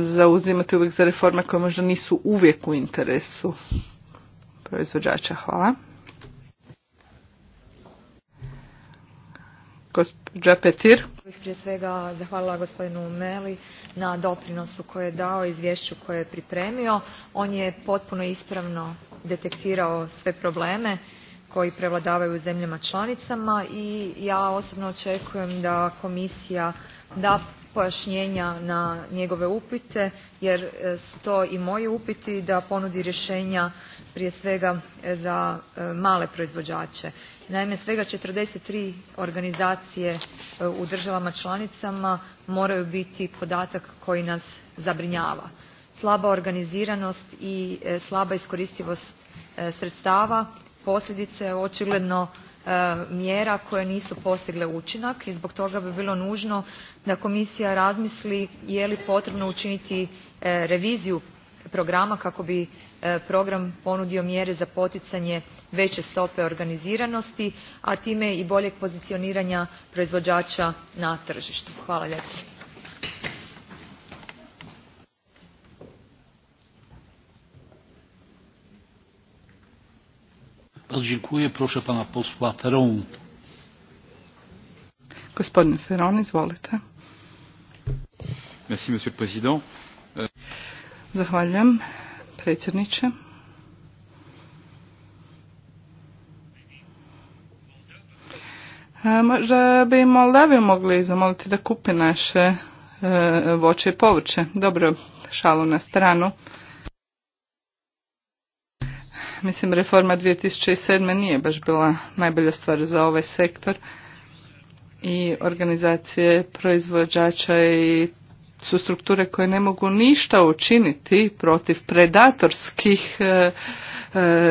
zauzimati uvijek za reforme koje možda nisu uvijek u interesu proizvođača. Hvala. Gospođa Petir. Prije svega zahvalila gospodinu Meli na doprinosu koje je dao izvješću koje je pripremio. On je potpuno ispravno detektirao sve probleme koji prevladavaju u zemljama članicama i ja osobno očekujem da komisija da pojašnjenja na njegove upite jer e, su to i moji upiti da ponudi rješenja prije svega e, za e, male proizvođače. Naime, svega 43 organizacije e, u državama članicama moraju biti podatak koji nas zabrinjava. Slaba organiziranost i slaba iskoristivost sredstava posljedice je očigledno mjera koje nisu postigle učinak i zbog toga bi bilo nužno da komisija razmisli je li potrebno učiniti reviziju programa kako bi E, program ponudio mjere za poticanje veće stope organiziranosti a time i boljeg pozicioniranja proizvođača na tržištu. Hvala Gospodine Ferron, predsjedniče. E, možda bi Moldaviju mogli zamoliti da kupi naše e, voće i povrće. Dobro, šalu na stranu. Mislim, reforma 2007. nije baš bila najbolja stvar za ovaj sektor i organizacije proizvođača i su strukture koje ne mogu ništa učiniti protiv predatorskih e, e,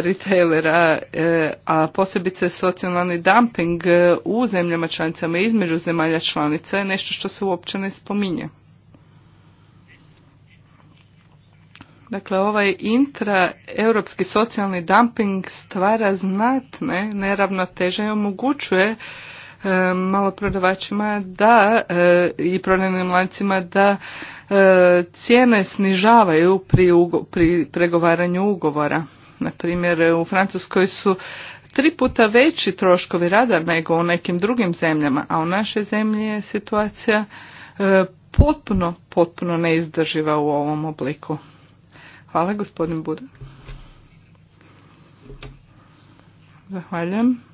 retailera, e, a posebice socijalni dumping u zemljama članicama između zemalja članica je nešto što se uopće ne spominje. Dakle, ovaj intraeuropski socijalni dumping stvara znatne neravnoteže i omogućuje E, maloprodavačima da e, i prodajnim lancima da e, cijene snižavaju pri, pri pregovaranju ugovora. Na primjer, u Francuskoj su tri puta veći troškovi rada nego u nekim drugim zemljama, a u našoj zemlji je situacija potpuno, potpuno neizdrživa u ovom obliku. Hvala gospodin Buda. Zahvaljujem.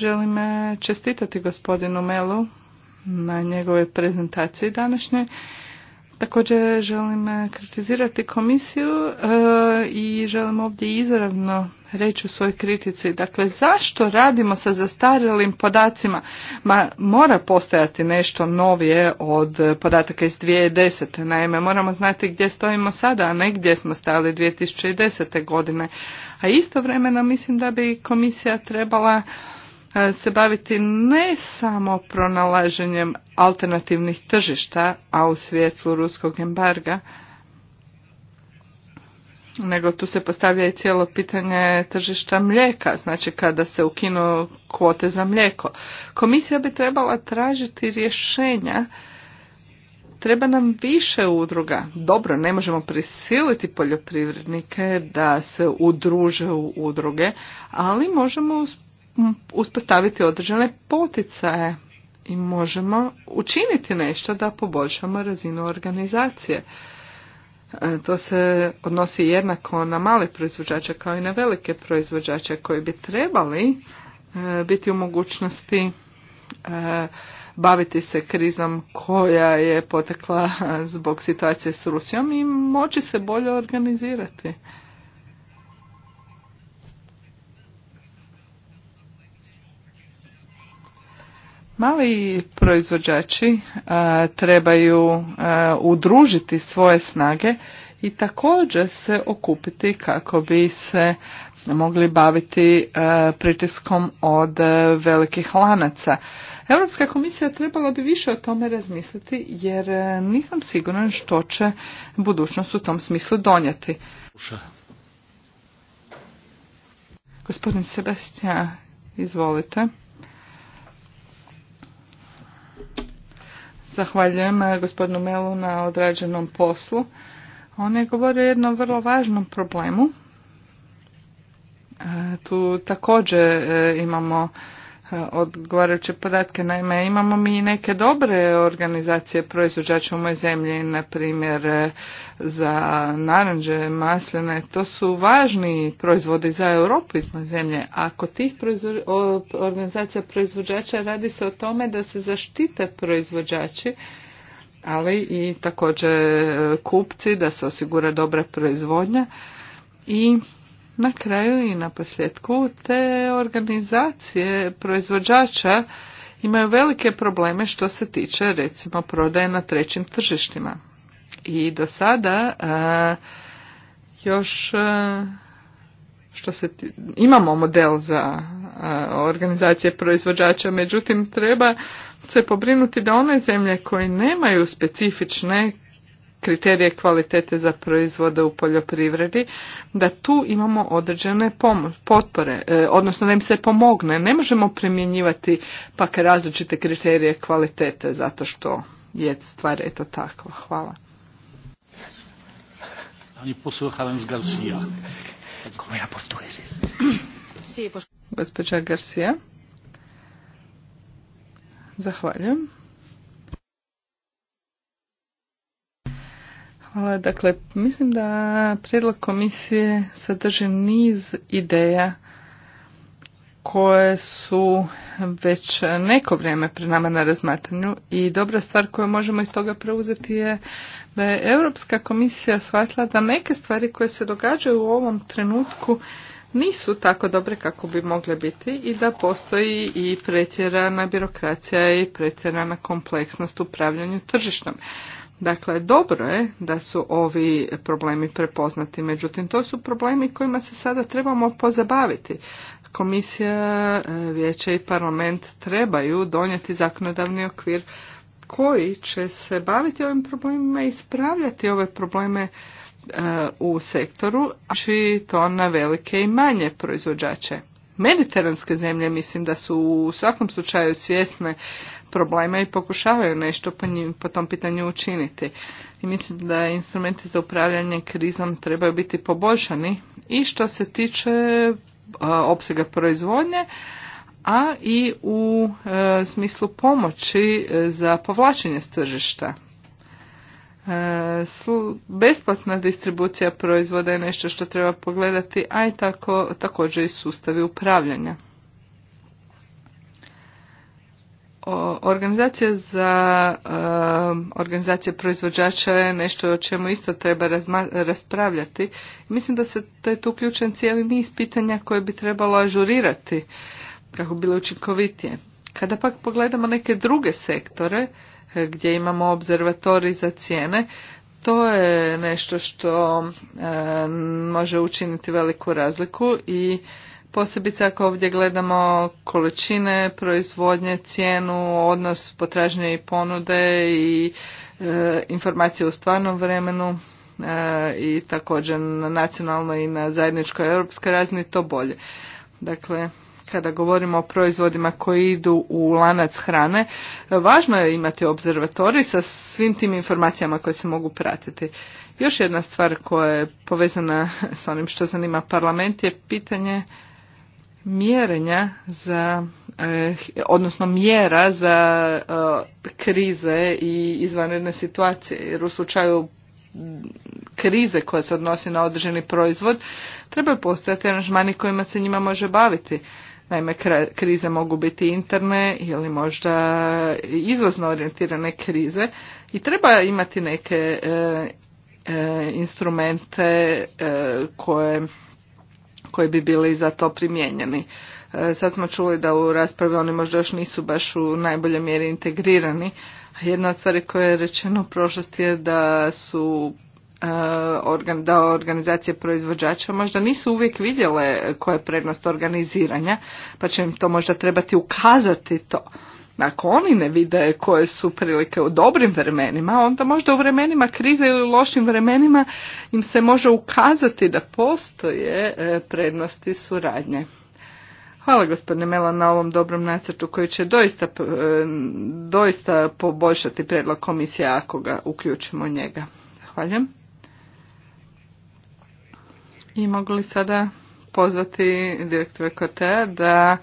Želim e, čestitati gospodinu Melu na njegovoj prezentaciji današnje. Također želim e, kritizirati komisiju e, i želim ovdje izravno reći u svojoj kritici. Dakle, zašto radimo sa zastarjelim podacima? Ma, mora postojati nešto novije od podataka iz 2010. Naime, moramo znati gdje stojimo sada, a ne gdje smo stali 2010. godine. A istovremeno mislim da bi komisija trebala se baviti ne samo pronalaženjem alternativnih tržišta, a u svjetlu ruskog embarga, nego tu se postavlja i cijelo pitanje tržišta mlijeka, znači kada se ukinu kvote za mlijeko. Komisija bi trebala tražiti rješenja, treba nam više udruga. Dobro, ne možemo prisiliti poljoprivrednike da se udruže u udruge, ali možemo uspostaviti određene poticaje i možemo učiniti nešto da poboljšamo razinu organizacije. E, to se odnosi jednako na male proizvođače kao i na velike proizvođače koji bi trebali e, biti u mogućnosti e, baviti se krizom koja je potekla zbog situacije s Rusijom i moći se bolje organizirati. Mali proizvođači e, trebaju e, udružiti svoje snage i također se okupiti kako bi se mogli baviti e, pritiskom od velikih lanaca. Europska komisija trebala bi više o tome razmisliti jer nisam siguran što će budućnost u tom smislu donijeti. Gospodin Sebastian, izvolite. Zahvaljujem eh, gospodinu Melu na odrađenom poslu. On je govorio o jednom vrlo važnom problemu. Eh, tu također eh, imamo E, odgovarajuće podatke. Naime, imamo mi i neke dobre organizacije proizvođača u mojoj zemlji, na primjer e, za naranđe, masljene. To su važni proizvodi za Europu iz moje zemlje. Ako tih organizacija proizvođača radi se o tome da se zaštite proizvođači, ali i također e, kupci, da se osigura dobra proizvodnja i na kraju i na posljedku te organizacije proizvođača imaju velike probleme što se tiče recimo prodaje na trećim tržištima. I do sada još što se imamo model za organizacije proizvođača, međutim treba se pobrinuti da one zemlje koje nemaju specifične kriterije kvalitete za proizvode u poljoprivredi, da tu imamo određene potpore, e, odnosno da im se pomogne. Ne možemo primjenjivati pak različite kriterije kvalitete zato što je stvar eto takva. Hvala. Gospođa Garcia. Zahvaljujem. Hvala. Dakle, mislim da prijedlog komisije sadrži niz ideja koje su već neko vrijeme pred nama na razmatranju i dobra stvar koju možemo iz toga preuzeti je da je Europska komisija shvatila da neke stvari koje se događaju u ovom trenutku nisu tako dobre kako bi mogle biti i da postoji i pretjerana birokracija i pretjerana kompleksnost u upravljanju tržištom. Dakle, dobro je da su ovi problemi prepoznati, međutim, to su problemi kojima se sada trebamo pozabaviti. Komisija, e, vijeće i parlament trebaju donijeti zakonodavni okvir koji će se baviti ovim problemima i ispravljati ove probleme e, u sektoru, a to na velike i manje proizvođače mediteranske zemlje mislim da su u svakom slučaju svjesne problema i pokušavaju nešto po, tom pitanju učiniti. I mislim da instrumenti za upravljanje krizom trebaju biti poboljšani i što se tiče opsega proizvodnje, a i u e, smislu pomoći e, za povlačenje s tržišta. E, besplatna distribucija proizvoda je nešto što treba pogledati, a i tako, također i sustavi upravljanja. Organizacija za e, organizacije proizvođača je nešto o čemu isto treba raspravljati. Mislim da se je tu uključen cijeli niz pitanja koje bi trebalo ažurirati kako bile učinkovitije. Kada pak pogledamo neke druge sektore e, gdje imamo observatori za cijene, to je nešto što e, može učiniti veliku razliku i Posebice ako ovdje gledamo količine proizvodnje, cijenu, odnos potražnje i ponude i e, informacije u stvarnom vremenu e, i također na nacionalnoj i na zajedničkoj europskoj razini to bolje. Dakle, kada govorimo o proizvodima koji idu u lanac hrane, važno je imati observatori sa svim tim informacijama koje se mogu pratiti. Još jedna stvar koja je povezana s onim što zanima parlament je pitanje mjerenja za, eh, odnosno mjera za eh, krize i izvanredne situacije. Jer u slučaju krize koja se odnosi na određeni proizvod, treba postojati aranžmani kojima se njima može baviti. Naime, krize mogu biti interne ili možda izvozno orijentirane krize i treba imati neke eh, instrumente koje koji bi bili za to primijenjeni. E, sad smo čuli da u raspravi oni možda još nisu baš u najboljoj mjeri integrirani. Jedna od stvari koja je rečeno u prošlosti je da su e, da organizacije proizvođača možda nisu uvijek vidjele koja je prednost organiziranja, pa će im to možda trebati ukazati to. Ako oni ne vide koje su prilike u dobrim vremenima, onda možda u vremenima krize ili u lošim vremenima im se može ukazati da postoje e, prednosti suradnje. Hvala gospodine Mela na ovom dobrom nacrtu koji će doista, e, doista poboljšati predlog komisije ako ga uključimo njega. Zahvaljujem. I mogu li sada pozvati direktora Kotea da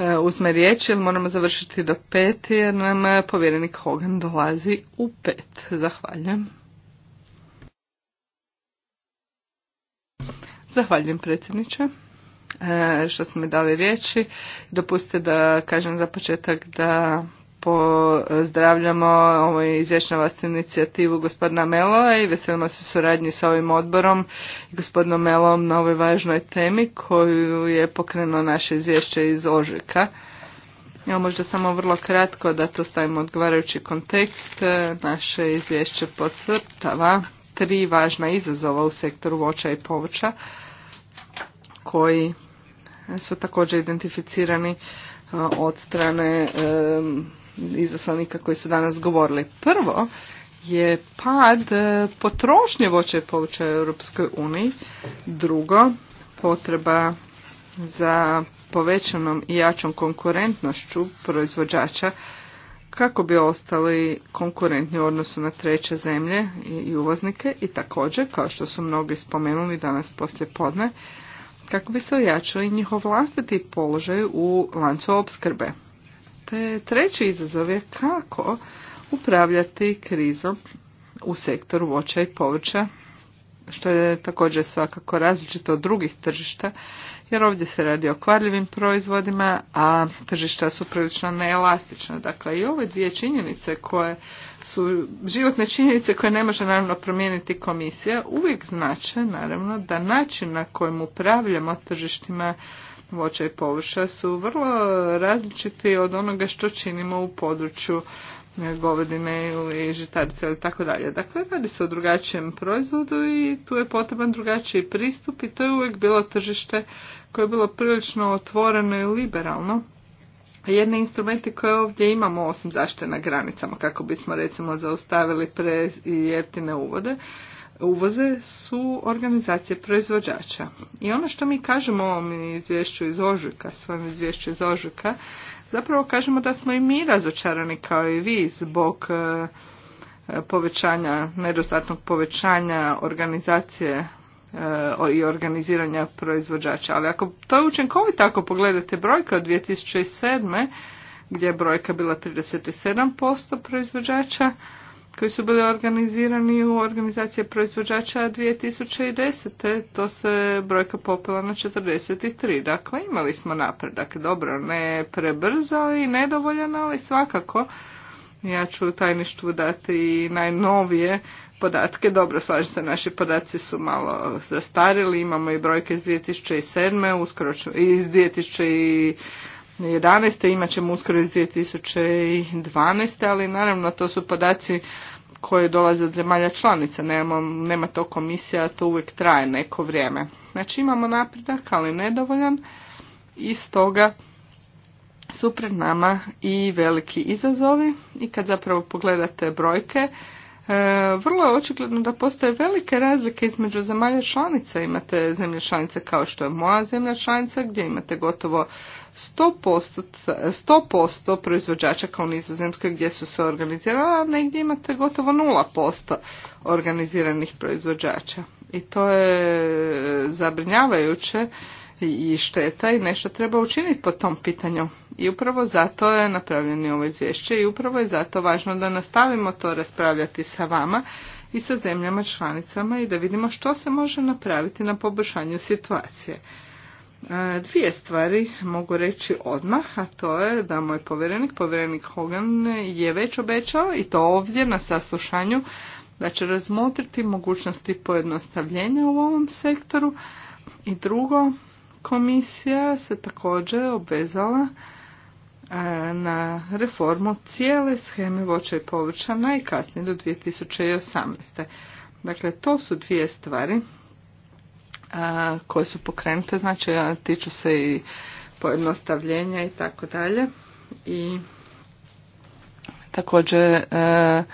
E, uzme riječ jer moramo završiti do pet jer nam e, povjerenik Hogan dolazi u pet. Zahvaljujem. Zahvaljujem predsjedniče e, što ste mi dali riječi. Dopustite da kažem za početak da pozdravljamo ovo je inicijativu gospodina Meloa i veselimo se suradnji sa ovim odborom i gospodinom Melom na ovoj važnoj temi koju je pokrenuo naše izvješće iz Ožujka. Evo možda samo vrlo kratko da to stavimo odgovarajući kontekst. Naše izvješće podcrtava tri važna izazova u sektoru voća i povrća koji su također identificirani e, od strane izaslanika koji su danas govorili. Prvo je pad e, potrošnje voća i u Europskoj uniji. Drugo, potreba za povećanom i jačom konkurentnošću proizvođača kako bi ostali konkurentni u odnosu na treće zemlje i uvoznike i također, kao što su mnogi spomenuli danas poslje podne, kako bi se ojačali njihov vlastiti položaj u lancu opskrbe. Te treći izazov je kako upravljati krizom u sektoru voća i povrća, što je također svakako različito od drugih tržišta, jer ovdje se radi o kvarljivim proizvodima, a tržišta su prilično neelastična. Dakle, i ove dvije činjenice koje su životne činjenice koje ne može naravno promijeniti komisija, uvijek znače naravno da način na kojem upravljamo tržištima voća i površa su vrlo različiti od onoga što činimo u području e, govedine ili žitarice ili tako dalje. Dakle, radi se o drugačijem proizvodu i tu je potreban drugačiji pristup i to je uvijek bilo tržište koje je bilo prilično otvoreno i liberalno. Jedne instrumenti koje ovdje imamo, osim zaštite na granicama, kako bismo recimo zaustavili pre jeftine uvode, uvoze su organizacije proizvođača. I ono što mi kažemo u ovom izvješću iz Ožujka, svojem izvješću iz Ožujka, zapravo kažemo da smo i mi razočarani kao i vi zbog e, povećanja, nedostatnog povećanja organizacije e, i organiziranja proizvođača. Ali ako to je učinkovito, ako pogledate brojke od 2007. gdje je brojka bila 37% proizvođača, koji su bili organizirani u organizacije proizvođača 2010. To se brojka popela na 43. Dakle, imali smo napredak. Dobro, ne prebrzo i nedovoljan, ali svakako. Ja ću tajništvu dati najnovije podatke. Dobro, slažem se, naši podaci su malo zastarili. Imamo i brojke iz 2007. Uskoro ću, iz 2000 2011. imat ćemo uskoro iz 2012. ali naravno to su podaci koji dolaze od zemalja članica. Nema, nema to komisija, to uvijek traje neko vrijeme. Znači imamo napredak, ali nedovoljan i stoga su pred nama i veliki izazovi i kad zapravo pogledate brojke, e, vrlo je očigledno da postoje velike razlike između zemalja članica. Imate zemlje članice kao što je moja zemlja članica gdje imate gotovo 100%, 100 proizvođača kao u Nizozemskoj gdje su se organizirali, a negdje imate gotovo 0% organiziranih proizvođača. I to je zabrinjavajuće i šteta i nešto treba učiniti po tom pitanju. I upravo zato je napravljeno ovo izvješće i upravo je zato važno da nastavimo to raspravljati sa vama i sa zemljama članicama i da vidimo što se može napraviti na poboljšanju situacije. E, dvije stvari mogu reći odmah, a to je da moj povjerenik, povjerenik Hogan je već obećao i to ovdje na saslušanju da će razmotriti mogućnosti pojednostavljenja u ovom sektoru. I drugo, komisija se također obvezala e, na reformu cijele scheme voća i povrća najkasnije do 2018. Dakle, to su dvije stvari koje su pokrenute, znači tiču se i pojednostavljenja i tako dalje. I također e, e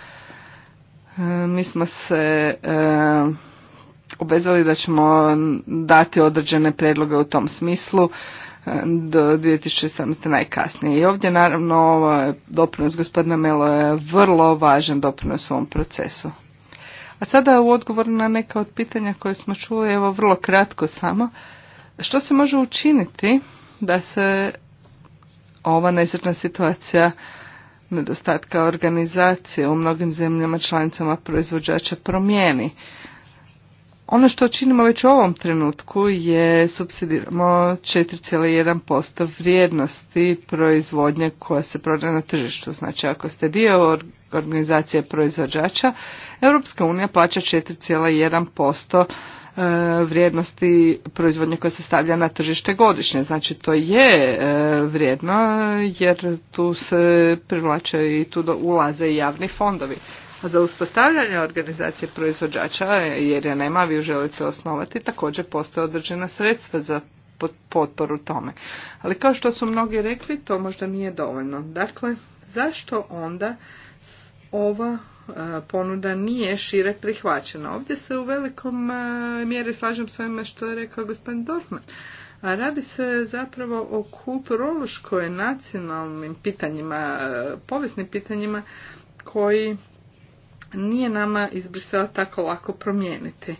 mi smo se e, obvezali da ćemo dati određene predloge u tom smislu e, do 2017. najkasnije. I ovdje naravno ovaj doprinos gospodina Melo je vrlo važan doprinos u ovom procesu. A sada u odgovor na neka od pitanja koje smo čuli, evo vrlo kratko samo, što se može učiniti da se ova nesretna situacija nedostatka organizacije u mnogim zemljama članicama proizvođača promijeni? Ono što činimo već u ovom trenutku je subsidiramo 4,1% vrijednosti proizvodnje koja se prodaje na tržištu. Znači ako ste dio organizacije proizvođača, Europska unija plaća 4,1% e, vrijednosti proizvodnje koja se stavlja na tržište godišnje. Znači to je e, vrijedno jer tu se privlače i tu ulaze i javni fondovi za uspostavljanje organizacije proizvođača, jer je nema, vi želite osnovati, također postoje određena sredstva za potporu tome. Ali kao što su mnogi rekli, to možda nije dovoljno. Dakle, zašto onda ova e, ponuda nije šire prihvaćena. Ovdje se u velikom e, mjeri slažem s ovime što je rekao gospodin Dorfman. A radi se zapravo o kulturološkoj nacionalnim pitanjima, e, povijesnim pitanjima koji nije nama iz Brisela tako lako promijeniti.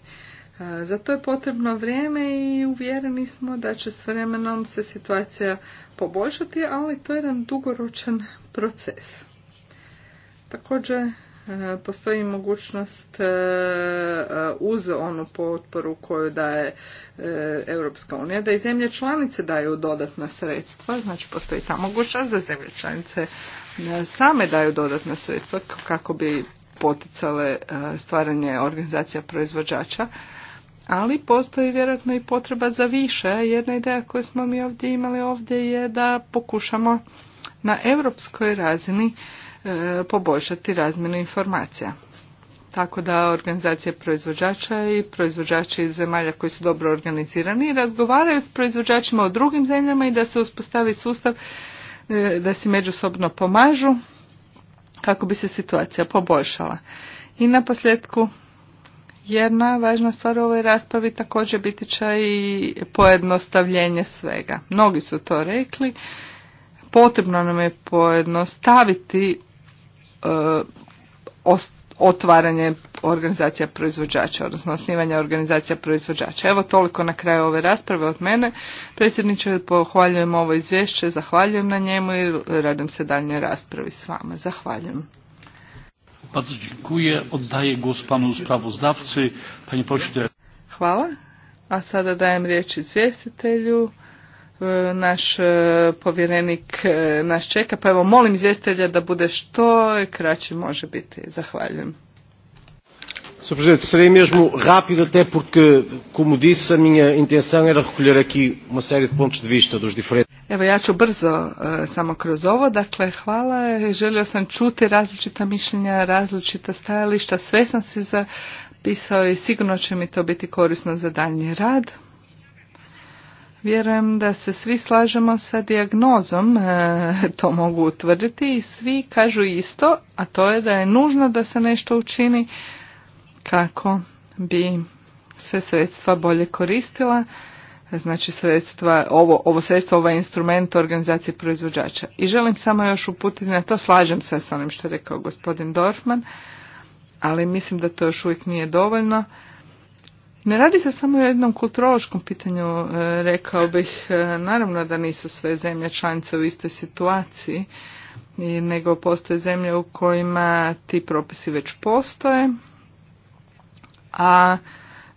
E, za to je potrebno vrijeme i uvjereni smo da će s vremenom se situacija poboljšati, ali to je jedan dugoročan proces. Također e, postoji mogućnost e, uz onu potporu koju daje Europska unija da i zemlje članice daju dodatna sredstva, znači postoji ta mogućnost da zemlje članice same daju dodatna sredstva kako bi poticale e, stvaranje organizacija proizvođača, ali postoji vjerojatno i potreba za više. Jedna ideja koju smo mi ovdje imali ovdje je da pokušamo na europskoj razini e, poboljšati razmjenu informacija. Tako da organizacije proizvođača i proizvođači iz zemalja koji su dobro organizirani razgovaraju s proizvođačima u drugim zemljama i da se uspostavi sustav e, da si međusobno pomažu kako bi se situacija poboljšala. I na posljedku jedna važna stvar u ovoj raspravi također biti će i pojednostavljenje svega. Mnogi su to rekli. Potrebno nam je pojednostaviti e, otvaranje organizacija proizvođača, odnosno osnivanje organizacija proizvođača. Evo toliko na kraju ove rasprave od mene. Predsjedniče, pohvaljujem ovo izvješće, zahvaljujem na njemu i radim se daljnjoj raspravi s vama. Zahvaljujem. Bardzo dziękuję. głos panu sprawozdawcy. Hvala. A sada dajem riječ izvjestitelju. E, naš e, povjerenik e, nas čeka, pa evo molim izvjestitelja da bude što kraći može biti. Zahvaljujem. Sr. Presidente, serei rápido, até porque, como disse, a minha intenção era recolher aqui Evo, ja ću brzo samo kroz ovo. Dakle, hvala. Želio sam čuti različita mišljenja, različita stajališta. Sve sam se zapisao i sigurno će mi to biti korisno za daljnji rad. Vjerujem da se svi slažemo sa dijagnozom, e, to mogu utvrditi i svi kažu isto, a to je da je nužno da se nešto učini kako bi se sredstva bolje koristila, znači sredstva, ovo, ovo sredstvo, ovaj instrument organizacije proizvođača. I želim samo još uputiti na to, slažem se sa onim što je rekao gospodin Dorfman, ali mislim da to još uvijek nije dovoljno ne radi se samo o jednom kulturološkom pitanju, e, rekao bih, e, naravno da nisu sve zemlje članice u istoj situaciji, nego postoje zemlje u kojima ti propisi već postoje, a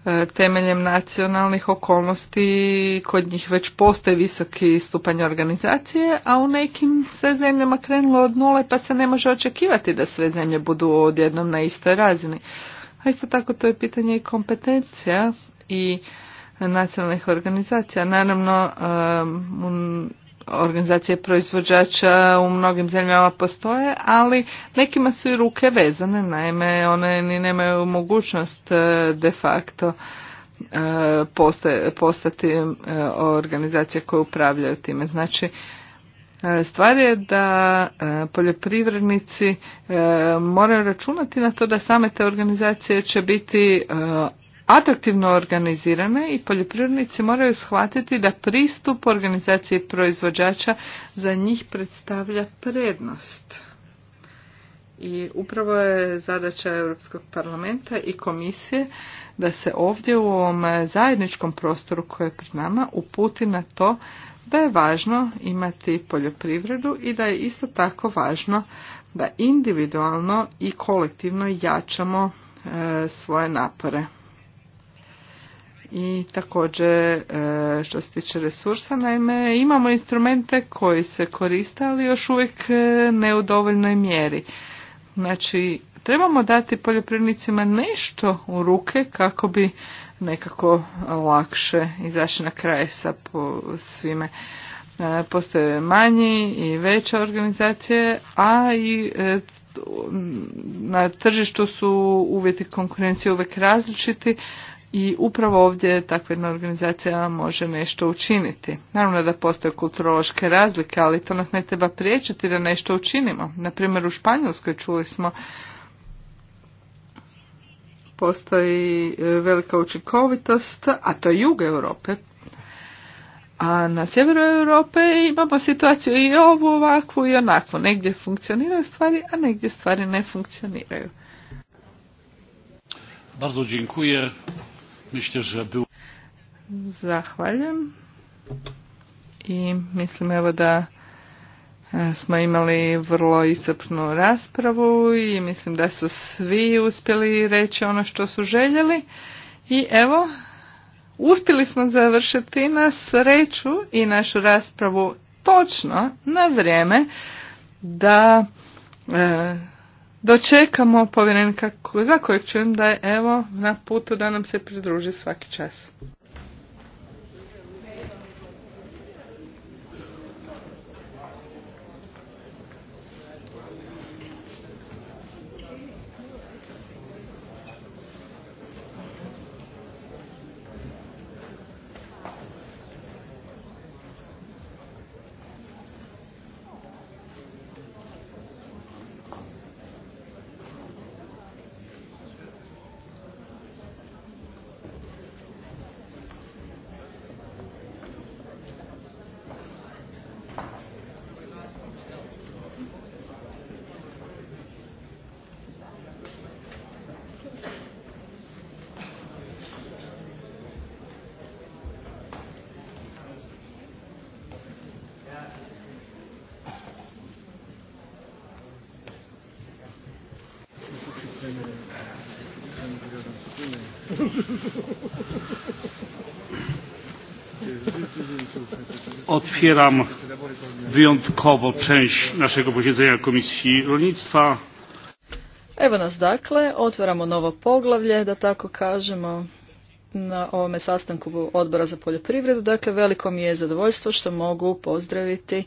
e, temeljem nacionalnih okolnosti kod njih već postoje visoki stupanj organizacije, a u nekim se zemljama krenulo od nule pa se ne može očekivati da sve zemlje budu odjednom na istoj razini. A isto tako to je pitanje i kompetencija i nacionalnih organizacija. Naravno, um, organizacije proizvođača u mnogim zemljama postoje, ali nekima su i ruke vezane, naime one ni nemaju mogućnost uh, de facto uh, postati uh, organizacije koje upravljaju time. Znači, E, stvar je da e, poljoprivrednici e, moraju računati na to da same te organizacije će biti atraktivno organizirane i poljoprivrednici moraju shvatiti da pristup organizaciji proizvođača za njih predstavlja prednost. I upravo je zadaća Europskog parlamenta i komisije da se ovdje u ovom zajedničkom prostoru koje je pred nama uputi na to da je važno imati poljoprivredu i da je isto tako važno da individualno i kolektivno jačamo e, svoje napore. I također e, što se tiče resursa, naime imamo instrumente koji se koriste, ali još uvijek e, ne u dovoljnoj mjeri. Znači, trebamo dati poljoprivrednicima nešto u ruke kako bi nekako lakše izaći na kraj sa po svime. E, postoje manji i veće organizacije, a i e, na tržištu su uvjeti konkurencije uvijek različiti i upravo ovdje takva jedna organizacija može nešto učiniti. Naravno da postoje kulturološke razlike, ali to nas ne treba priječiti da nešto učinimo. Na primjer u Španjolskoj čuli smo postoji e, velika učinkovitost, a to je jug Europe. A na sjeveru Europe imamo situaciju i ovu ovakvu i onakvu. Negdje funkcioniraju stvari, a negdje stvari ne funkcioniraju. Bardzo dziękuję. Myślę, że był... Zahvaljujem. I mislim evo da smo imali vrlo iscrpnu raspravu i mislim da su svi uspjeli reći ono što su željeli. I evo, uspjeli smo završiti na sreću i našu raspravu točno na vrijeme da e, dočekamo povjerenika za kojeg čujem da je evo na putu da nam se pridruži svaki čas. otwieram wyjątkowo część naszego posiedzenia Komisji Rolnictwa. Evo nas dakle, otvaramo novo poglavlje, da tako kažemo, na ovome sastanku odbora za poljoprivredu. Dakle, veliko mi je zadovoljstvo što mogu pozdraviti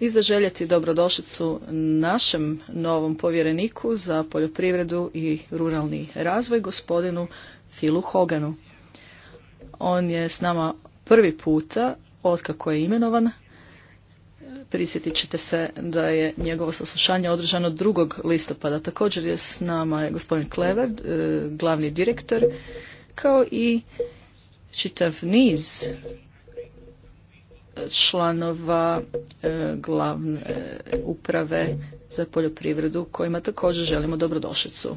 i zaželjeti dobrodošlicu našem novom povjereniku za poljoprivredu i ruralni razvoj, gospodinu Filu Hoganu. On je s nama prvi puta otkako je imenovan. Prisjetit ćete se da je njegovo saslušanje održano 2. listopada. Također je s nama gospodin Klever, e, glavni direktor, kao i čitav niz članova e, glavne uprave za poljoprivredu kojima također želimo dobrodošlicu.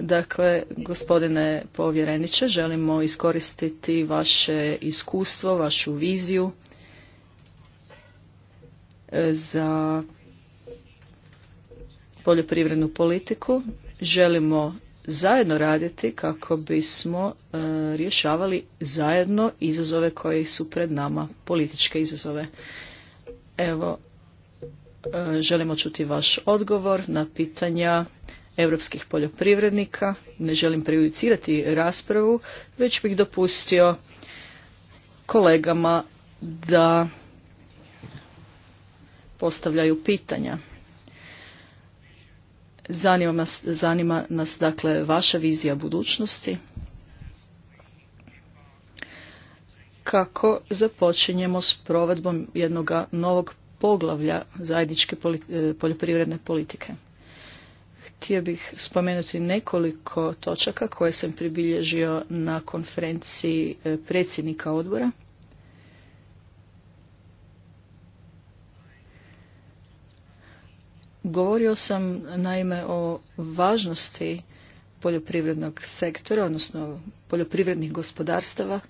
Dakle, gospodine povjereniče, želimo iskoristiti vaše iskustvo, vašu viziju e, za poljoprivrednu politiku. Želimo zajedno raditi kako bismo e, rješavali zajedno izazove koji su pred nama, političke izazove. Evo, e, želimo čuti vaš odgovor na pitanja europskih poljoprivrednika. Ne želim prejudicirati raspravu, već bih dopustio kolegama da postavljaju pitanja. Zanima nas, zanima nas dakle vaša vizija budućnosti. Kako započinjemo s provedbom jednog novog poglavlja zajedničke eh, poljoprivredne politike. Htio bih spomenuti nekoliko točaka koje sam pribilježio na konferenciji e, predsjednika odbora. Govorio sam naime o važnosti poljoprivrednog sektora, odnosno poljoprivrednih gospodarstava,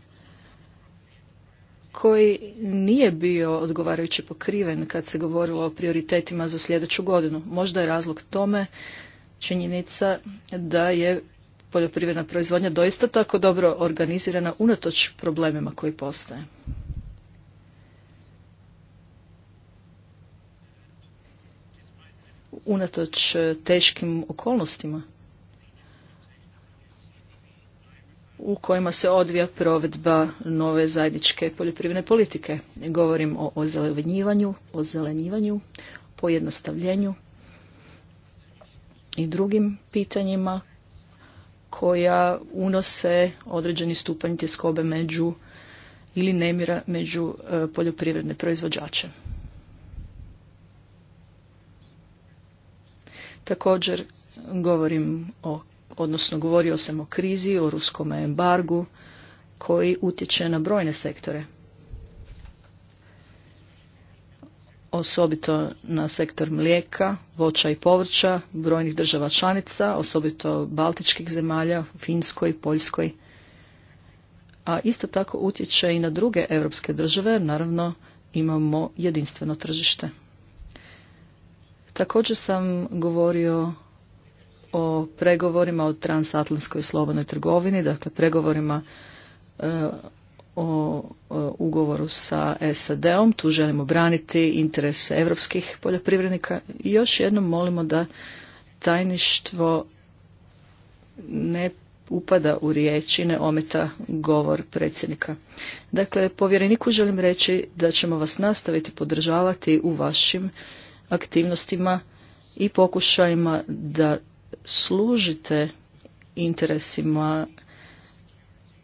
koji nije bio odgovarajuće pokriven kad se govorilo o prioritetima za sljedeću godinu. Možda je razlog tome činjenica da je poljoprivredna proizvodnja doista tako dobro organizirana unatoč problemima koji postoje. Unatoč teškim okolnostima u kojima se odvija provedba nove zajedničke poljoprivredne politike. Govorim o ozelenjivanju, o pojednostavljenju, i drugim pitanjima koja unose određeni stupanj tjeskobe među ili nemira među e, poljoprivredne proizvođače. Također govorim o, odnosno govorio sam o krizi, o ruskom embargu koji utječe na brojne sektore. osobito na sektor mlijeka, voća i povrća, brojnih država članica, osobito baltičkih zemalja, Finskoj, Poljskoj, a isto tako utječe i na druge europske države, naravno imamo jedinstveno tržište. Također sam govorio o pregovorima o transatlantskoj slobodnoj trgovini, dakle pregovorima e, o ugovoru sa SAD-om. Tu želimo braniti interese evropskih poljoprivrednika i još jednom molimo da tajništvo ne upada u riječ i ne ometa govor predsjednika. Dakle, povjereniku želim reći da ćemo vas nastaviti podržavati u vašim aktivnostima i pokušajima da služite interesima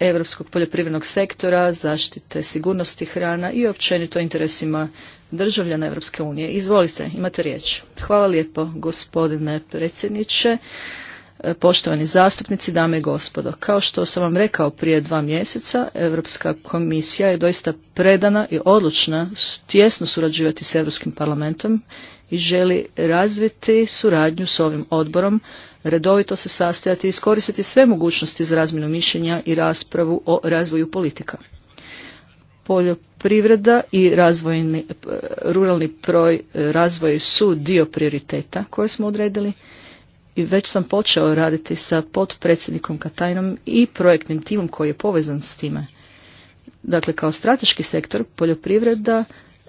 europskog poljoprivrednog sektora, zaštite sigurnosti hrana i općenito interesima državljana Europske unije. Izvolite, imate riječ. Hvala lijepo, gospodine predsjedniče, e, poštovani zastupnici, dame i gospodo. Kao što sam vam rekao prije dva mjeseca, Europska komisija je doista predana i odlučna tjesno surađivati s Europskim parlamentom i želi razviti suradnju s ovim odborom redovito se sastajati i iskoristiti sve mogućnosti za razmjenu mišljenja i raspravu o razvoju politika. Poljoprivreda i razvojni, e, ruralni proj, e, razvoj su dio prioriteta koje smo odredili i već sam počeo raditi sa potpredsjednikom Katajnom i projektnim timom koji je povezan s time. Dakle, kao strateški sektor poljoprivreda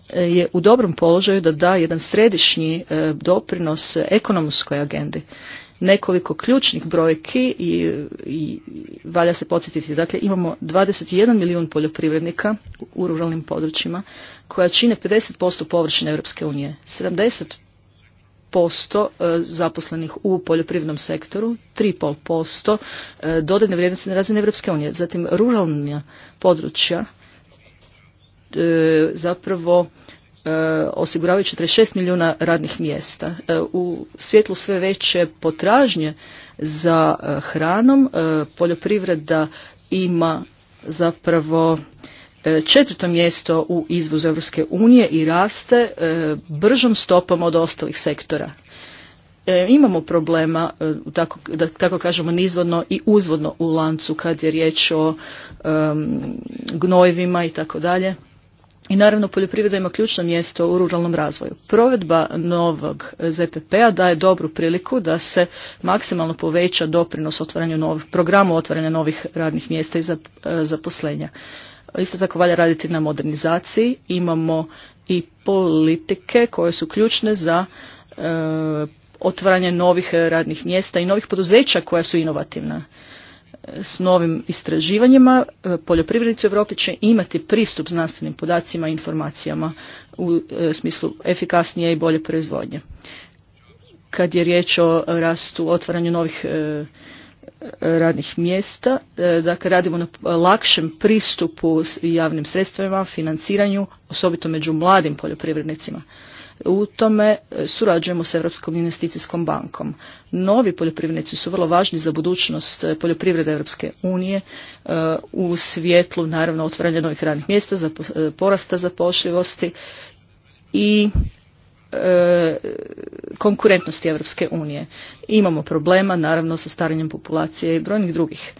e, je u dobrom položaju da da jedan središnji doprinos ekonomskoj agendi nekoliko ključnih brojki i, i valja se podsjetiti. Dakle, imamo 21 milijun poljoprivrednika u ruralnim područjima koja čine 50% površine Europske unije, 70% e, zaposlenih u poljoprivrednom sektoru, 3,5% e, dodane vrijednosti na razini Europske unije. Zatim ruralna područja e, zapravo E, osiguravaju 36 milijuna radnih mjesta. E, u svjetlu sve veće potražnje za e, hranom poljoprivreda ima zapravo četvrto mjesto u izvozu Europske unije i raste bržom stopom od ostalih sektora. Imamo problema, tako, da tako kažemo, nizvodno i uzvodno u lancu kad je riječ o gnojivima i tako dalje i naravno poljoprivreda ima ključno mjesto u ruralnom razvoju. Provedba novog ZPP-a daje dobru priliku da se maksimalno poveća doprinos otvaranju novih, programu otvaranja novih radnih mjesta i e, zaposlenja. Isto tako valja raditi na modernizaciji. Imamo i politike koje su ključne za e, otvaranje novih radnih mjesta i novih poduzeća koja su inovativna s novim istraživanjima e, poljoprivrednici u Europi će imati pristup znanstvenim podacima i informacijama u e, smislu efikasnije i bolje proizvodnje. Kad je riječ o rastu otvaranju novih e, radnih mjesta, dakle radimo na lakšem pristupu javnim sredstvima, financiranju, osobito među mladim poljoprivrednicima u tome e, surađujemo s Europskom investicijskom bankom. Novi poljoprivrednici su vrlo važni za budućnost e, poljoprivrede Europske unije e, u svijetlu naravno otvaranja novih radnih mjesta, za porasta zapošljivosti i konkurentnosti Europske unije. Imamo problema naravno sa starenjem populacije i brojnih drugih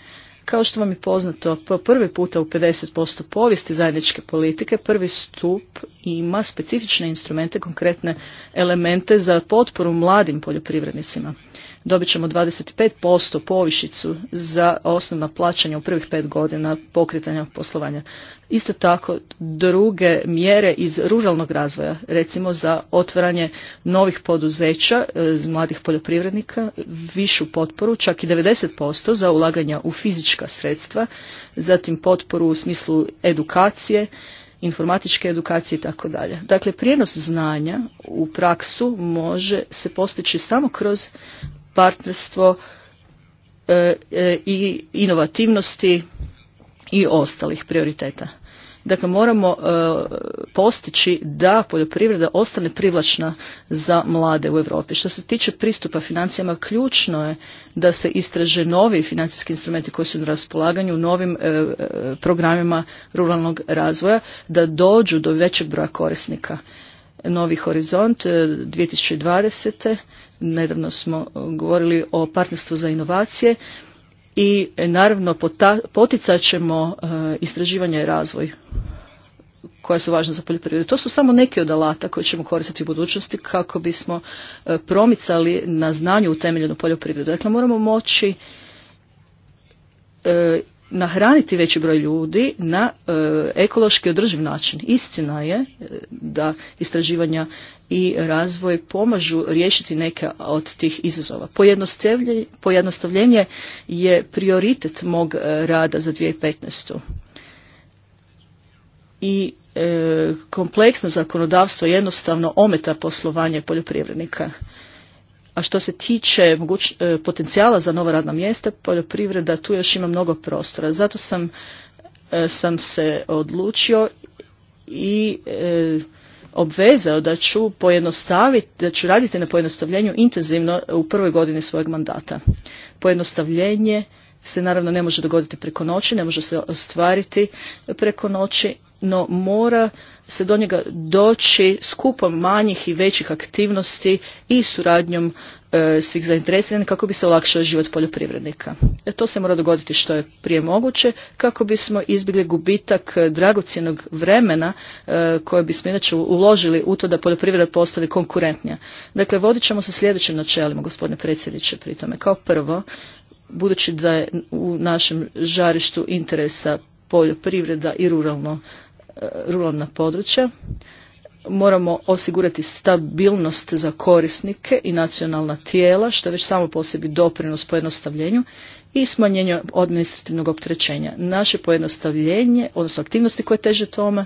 kao što vam je poznato, po prvi puta u 50% povijesti zajedničke politike prvi stup ima specifične instrumente, konkretne elemente za potporu mladim poljoprivrednicima dobit ćemo 25% povišicu za osnovna plaćanja u prvih pet godina pokretanja poslovanja. Isto tako druge mjere iz ruralnog razvoja, recimo za otvaranje novih poduzeća e, mladih poljoprivrednika, višu potporu, čak i 90% za ulaganja u fizička sredstva, zatim potporu u smislu edukacije, informatičke edukacije i tako dalje. Dakle, prijenos znanja u praksu može se postići samo kroz partnerstvo e, e, i inovativnosti i ostalih prioriteta. Dakle, moramo e, postići da poljoprivreda ostane privlačna za mlade u Europi. Što se tiče pristupa financijama, ključno je da se istraže novi financijski instrumenti koji su na raspolaganju u novim programima ruralnog razvoja, da dođu do većeg broja korisnika. Novi horizont 2020 Nedavno smo e, govorili o partnerstvu za inovacije i e, naravno poticat ćemo e, istraživanje i razvoj koja su važna za poljoprivredu. To su samo neki od alata koje ćemo koristiti u budućnosti kako bismo promicali na znanju utemeljenu poljoprivredu. Dakle, moramo moći nahraniti veći broj ljudi na ekološki održiv način. Istina je da istraživanja i razvoj pomažu riješiti neke od tih izazova. Pojednostavljenje je prioritet mog e, rada za 2015. I e, kompleksno zakonodavstvo jednostavno ometa poslovanje poljoprivrednika. A što se tiče moguć, e, potencijala za nova radna mjesta, poljoprivreda tu još ima mnogo prostora. Zato sam, sam se odlučio i obvezao da ću pojednostaviti, da ću raditi na pojednostavljenju intenzivno u prvoj godini svojeg mandata. Pojednostavljenje se naravno ne može dogoditi preko noći, ne može se ostvariti preko noći, no mora se do njega doći skupom manjih i većih aktivnosti i suradnjom E, svih zainteresiranih kako bi se olakšao život poljoprivrednika. E, to se mora dogoditi što je prije moguće kako bismo izbjegli gubitak e, dragocjenog vremena koje bismo inače uložili u to da poljoprivreda postane konkurentnija. Dakle, vodit ćemo se sljedećim načelima, gospodine predsjedniče, pri tome. Kao prvo, budući da je u našem žarištu interesa poljoprivreda i ruralno, ruralna područja, moramo osigurati stabilnost za korisnike i nacionalna tijela, što je već samo po sebi doprinos pojednostavljenju i smanjenju administrativnog opterećenja. Naše pojednostavljenje, odnosno aktivnosti koje teže tome,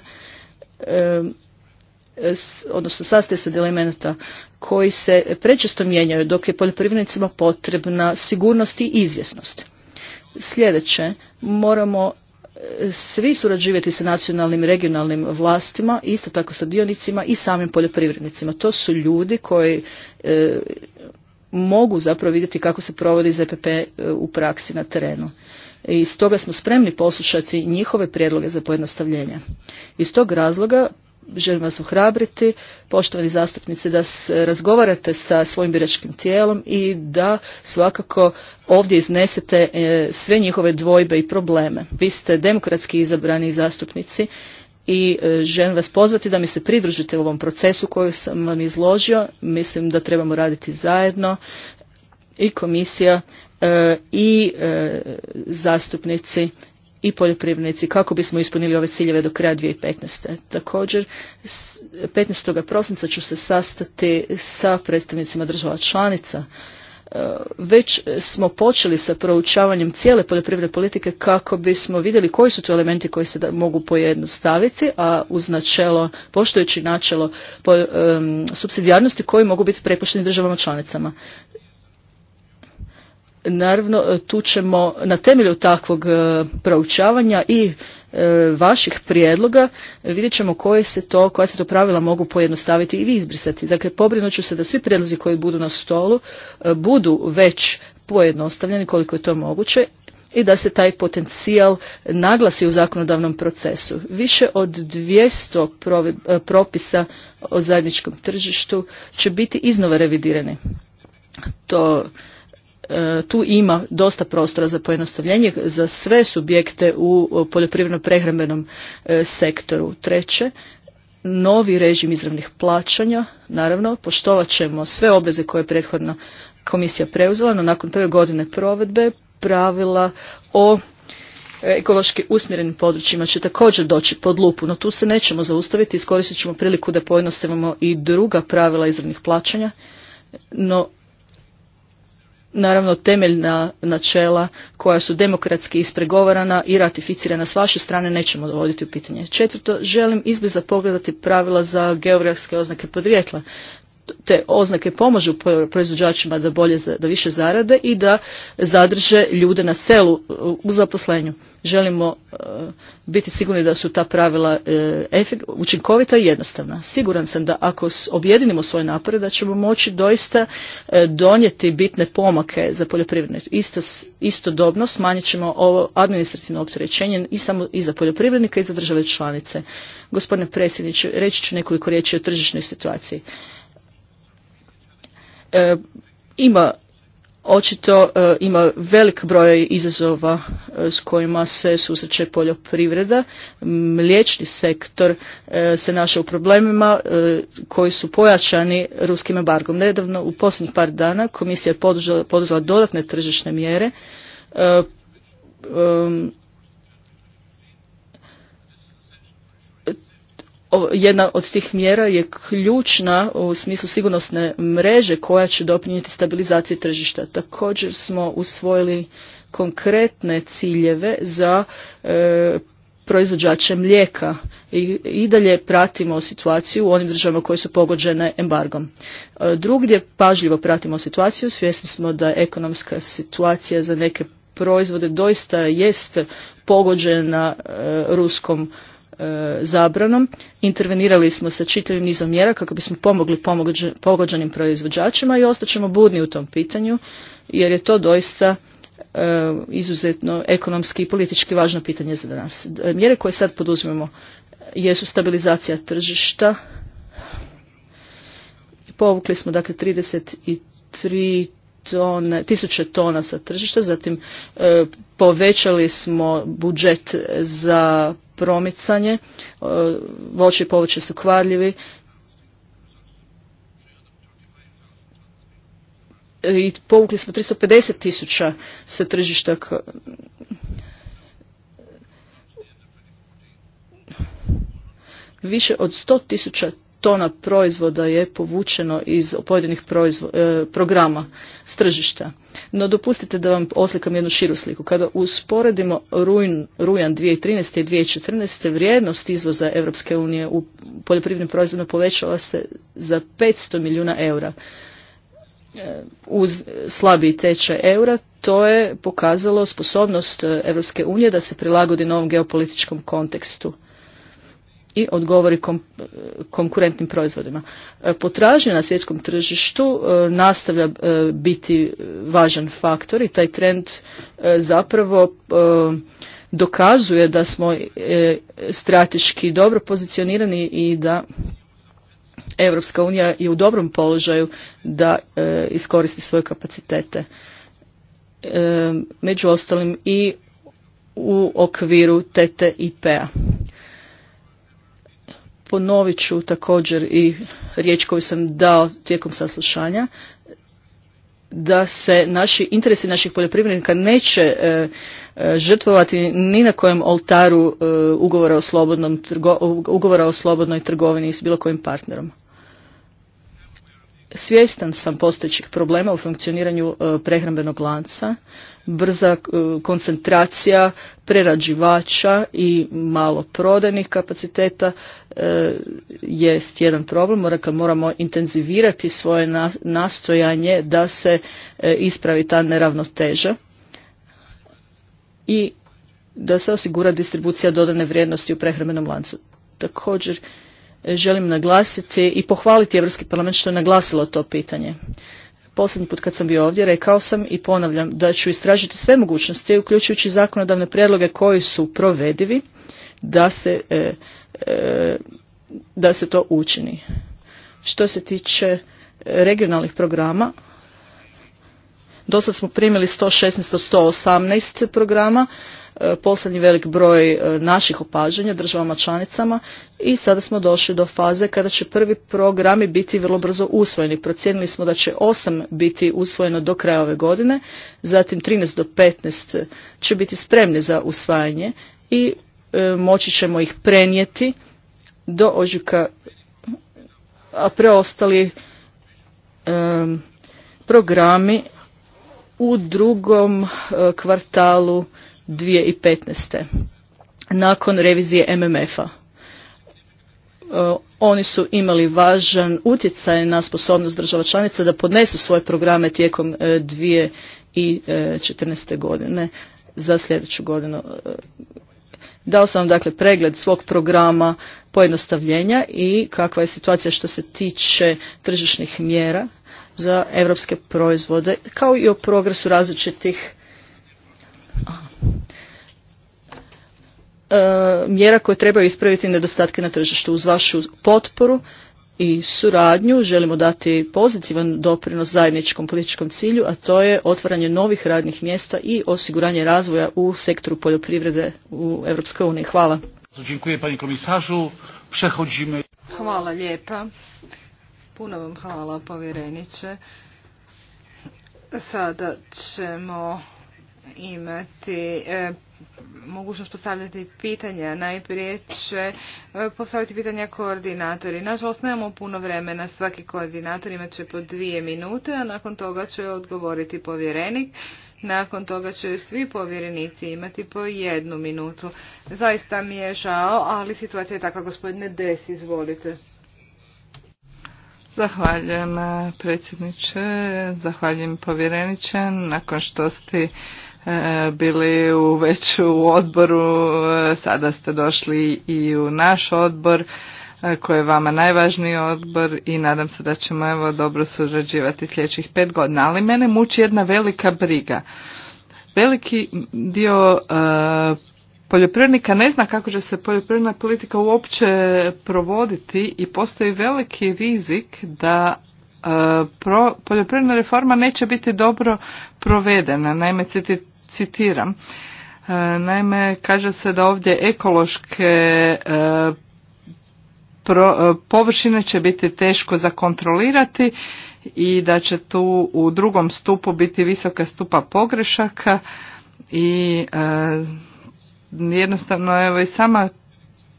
odnosno sastaje se od elemenata koji se prečesto mijenjaju dok je poljoprivrednicima potrebna sigurnost i izvjesnost. Sljedeće, moramo svi surađivati sa nacionalnim i regionalnim vlastima, isto tako sa dionicima i samim poljoprivrednicima. To su ljudi koji e, mogu zapravo vidjeti kako se provodi ZPP e, u praksi na terenu. I stoga smo spremni poslušati njihove prijedloge za pojednostavljenje. Iz tog razloga želim vas ohrabriti, poštovani zastupnici, da se razgovarate sa svojim biračkim tijelom i da svakako ovdje iznesete e, sve njihove dvojbe i probleme. Vi ste demokratski izabrani zastupnici i e, želim vas pozvati da mi se pridružite u ovom procesu koju sam vam izložio. Mislim da trebamo raditi zajedno i komisija e, i zastupnici i poljoprivrednici kako bismo ispunili ove ciljeve do kraja 2015. Također, 15. prosinca ću se sastati sa predstavnicima država članica e, već smo počeli sa proučavanjem cijele poljoprivredne politike kako bismo vidjeli koji su to elementi koji se mogu pojednostaviti, a uz načelo, poštujući načelo po, subsidijarnosti koji mogu biti prepušteni državama članicama naravno e, tu ćemo na temelju takvog e, proučavanja i e, vaših prijedloga vidjet ćemo koje se to, koja se to pravila mogu pojednostaviti i vi izbrisati. Dakle, pobrinut ću se da svi prijedlozi koji budu na stolu budu već pojednostavljeni koliko je to moguće i da se taj potencijal naglasi u zakonodavnom procesu. Više od 200 propisa o zajedničkom tržištu će biti iznova revidirani. To E, tu ima dosta prostora za pojednostavljenje za sve subjekte u poljoprivredno prehrambenom e, sektoru. Treće, novi režim izravnih plaćanja, naravno, poštovat ćemo sve obveze koje je prethodna komisija preuzela, no nakon prve godine provedbe pravila o ekološki usmjerenim područjima će također doći pod lupu, no tu se nećemo zaustaviti, iskoristit ćemo priliku da pojednostavimo i druga pravila izravnih plaćanja, no naravno temeljna načela koja su demokratski ispregovarana i ratificirana s vaše strane nećemo dovoditi u pitanje. Četvrto, želim izbliza pogledati pravila za geografske oznake podrijetla te oznake pomažu proizvođačima da bolje da više zarade i da zadrže ljude na selu u zaposlenju. Želimo e, biti sigurni da su ta pravila e, učinkovita i jednostavna. Siguran sam da ako objedinimo svoje napore da ćemo moći doista e, donijeti bitne pomake za poljoprivredne. Isto, istodobno smanjit ćemo ovo administrativno opterećenje i samo i za poljoprivrednika i za države članice. Gospodine predsjedniče, reći ću nekoliko riječi o tržišnoj situaciji. E, ima očito e, ima velik broj izazova e, s kojima se susreće poljoprivreda. Mliječni sektor se našao u problemima koji su pojačani ruskim embargom. Nedavno, u posljednjih par dana, komisija je poduzela dodatne tržišne mjere jedna od tih mjera je ključna u smislu sigurnosne mreže koja će doprinijeti stabilizaciji tržišta. Također smo usvojili konkretne ciljeve za e, proizvođače mlijeka I, i dalje pratimo situaciju u onim državama koje su pogođene embargom. E, drugdje pažljivo pratimo situaciju, svjesni smo da ekonomska situacija za neke proizvode doista jest pogođena e, ruskom E, zabranom. Intervenirali smo sa čitavim nizom mjera kako bismo pomogli pogođenim proizvođačima i ostaćemo budni u tom pitanju jer je to doista e, izuzetno ekonomski i politički važno pitanje za nas. E, mjere koje sad poduzmemo jesu stabilizacija tržišta. Povukli smo dakle 33 tone, tisuće tona sa tržišta, zatim povećali smo budžet za promicanje, e, voće i povrće su kvarljivi, e, i povukli smo 350 tisuća sa tržišta više od 100 tisuća tona proizvoda je povučeno iz pojedinih e, programa s tržišta. No dopustite da vam oslikam jednu širu sliku. Kada usporedimo rujan 2013. i 2014. vrijednost izvoza Europske unije u poljoprivrednim proizvodima povećala se za 500 milijuna eura. E, uz slabiji tečaj eura to je pokazalo sposobnost Europske unije da se prilagodi novom geopolitičkom kontekstu i odgovori konkurentnim proizvodima. E, potražnja na svjetskom tržištu e, nastavlja e, biti važan faktor i taj trend zapravo dokazuje da smo strateški dobro pozicionirani i da Europska unija je u dobrom položaju da iskoristi svoje kapacitete. Među ostalim i u okviru TTIP-a ponovit ću također i riječ koju sam dao tijekom saslušanja, da se naši interesi naših poljoprivrednika neće e, e žrtvovati ni na kojem oltaru e, ugovora, o slobodnom, ugovora o slobodnoj trgovini s bilo kojim partnerom. Svjestan sam postojećih problema u funkcioniranju e, prehrambenog lanca brza e, koncentracija prerađivača i malo prodajnih kapaciteta e, jest jedan problem. Dakle, moramo intenzivirati svoje nastojanje da se e, ispravi ta neravnoteža i da se osigura distribucija dodane vrijednosti u prehrambenom lancu. Također želim naglasiti i pohvaliti Europski parlament što je naglasilo to pitanje. Posljednji put kad sam bio ovdje rekao sam i ponavljam da ću istražiti sve mogućnosti, uključujući zakonodavne prijedloge koji su provedivi, da se, e, e, da se to učini. Što se tiče e, regionalnih programa, do sad smo primili 116 od 118 programa, E, posljednji velik broj e, naših opažanja državama članicama i sada smo došli do faze kada će prvi programi biti vrlo brzo usvojeni. Procijenili smo da će osam biti usvojeno do kraja ove godine, zatim 13 do 15 će biti spremni za usvajanje i e, moći ćemo ih prenijeti do ožujka, a preostali programi u drugom kvartalu 2015. nakon revizije MMF-a. E, oni su imali važan utjecaj na sposobnost država članica da podnesu svoje programe tijekom 2014. E, godine za sljedeću godinu. E, dao sam vam dakle pregled svog programa pojednostavljenja i kakva je situacija što se tiče tržišnih mjera za europske proizvode, kao i o progresu različitih E, mjera koje trebaju ispraviti nedostatke na tržištu. Uz vašu potporu i suradnju želimo dati pozitivan doprinos zajedničkom političkom cilju, a to je otvaranje novih radnih mjesta i osiguranje razvoja u sektoru poljoprivrede u EU. Hvala. Hvala lijepa. Puno vam hvala povjereniče. Sada ćemo imati e, mogućnost postavljati pitanja. Najprije će e, postaviti pitanja koordinatori. Nažalost, nemamo puno vremena. Svaki koordinator imat će po dvije minute, a nakon toga će odgovoriti povjerenik. Nakon toga će svi povjerenici imati po jednu minutu. Zaista mi je žao, ali situacija je takva. Gospodine Des, izvolite. Zahvaljujem predsjedniče, zahvaljujem povjereniče. Nakon što ste E, bili u već u odboru, e, sada ste došli i u naš odbor e, koji je vama najvažniji odbor i nadam se da ćemo evo dobro surađivati sljedećih pet godina. Ali mene muči jedna velika briga. Veliki dio poljoprivrednika ne zna kako će se poljoprivredna politika uopće provoditi i postoji veliki rizik da poljoprivredna reforma neće biti dobro provedena. Naime, citi, citiram. E, naime, kaže se da ovdje ekološke e, e, površine će biti teško zakontrolirati i da će tu u drugom stupu biti visoka stupa pogrešaka i jednostavno evo i sama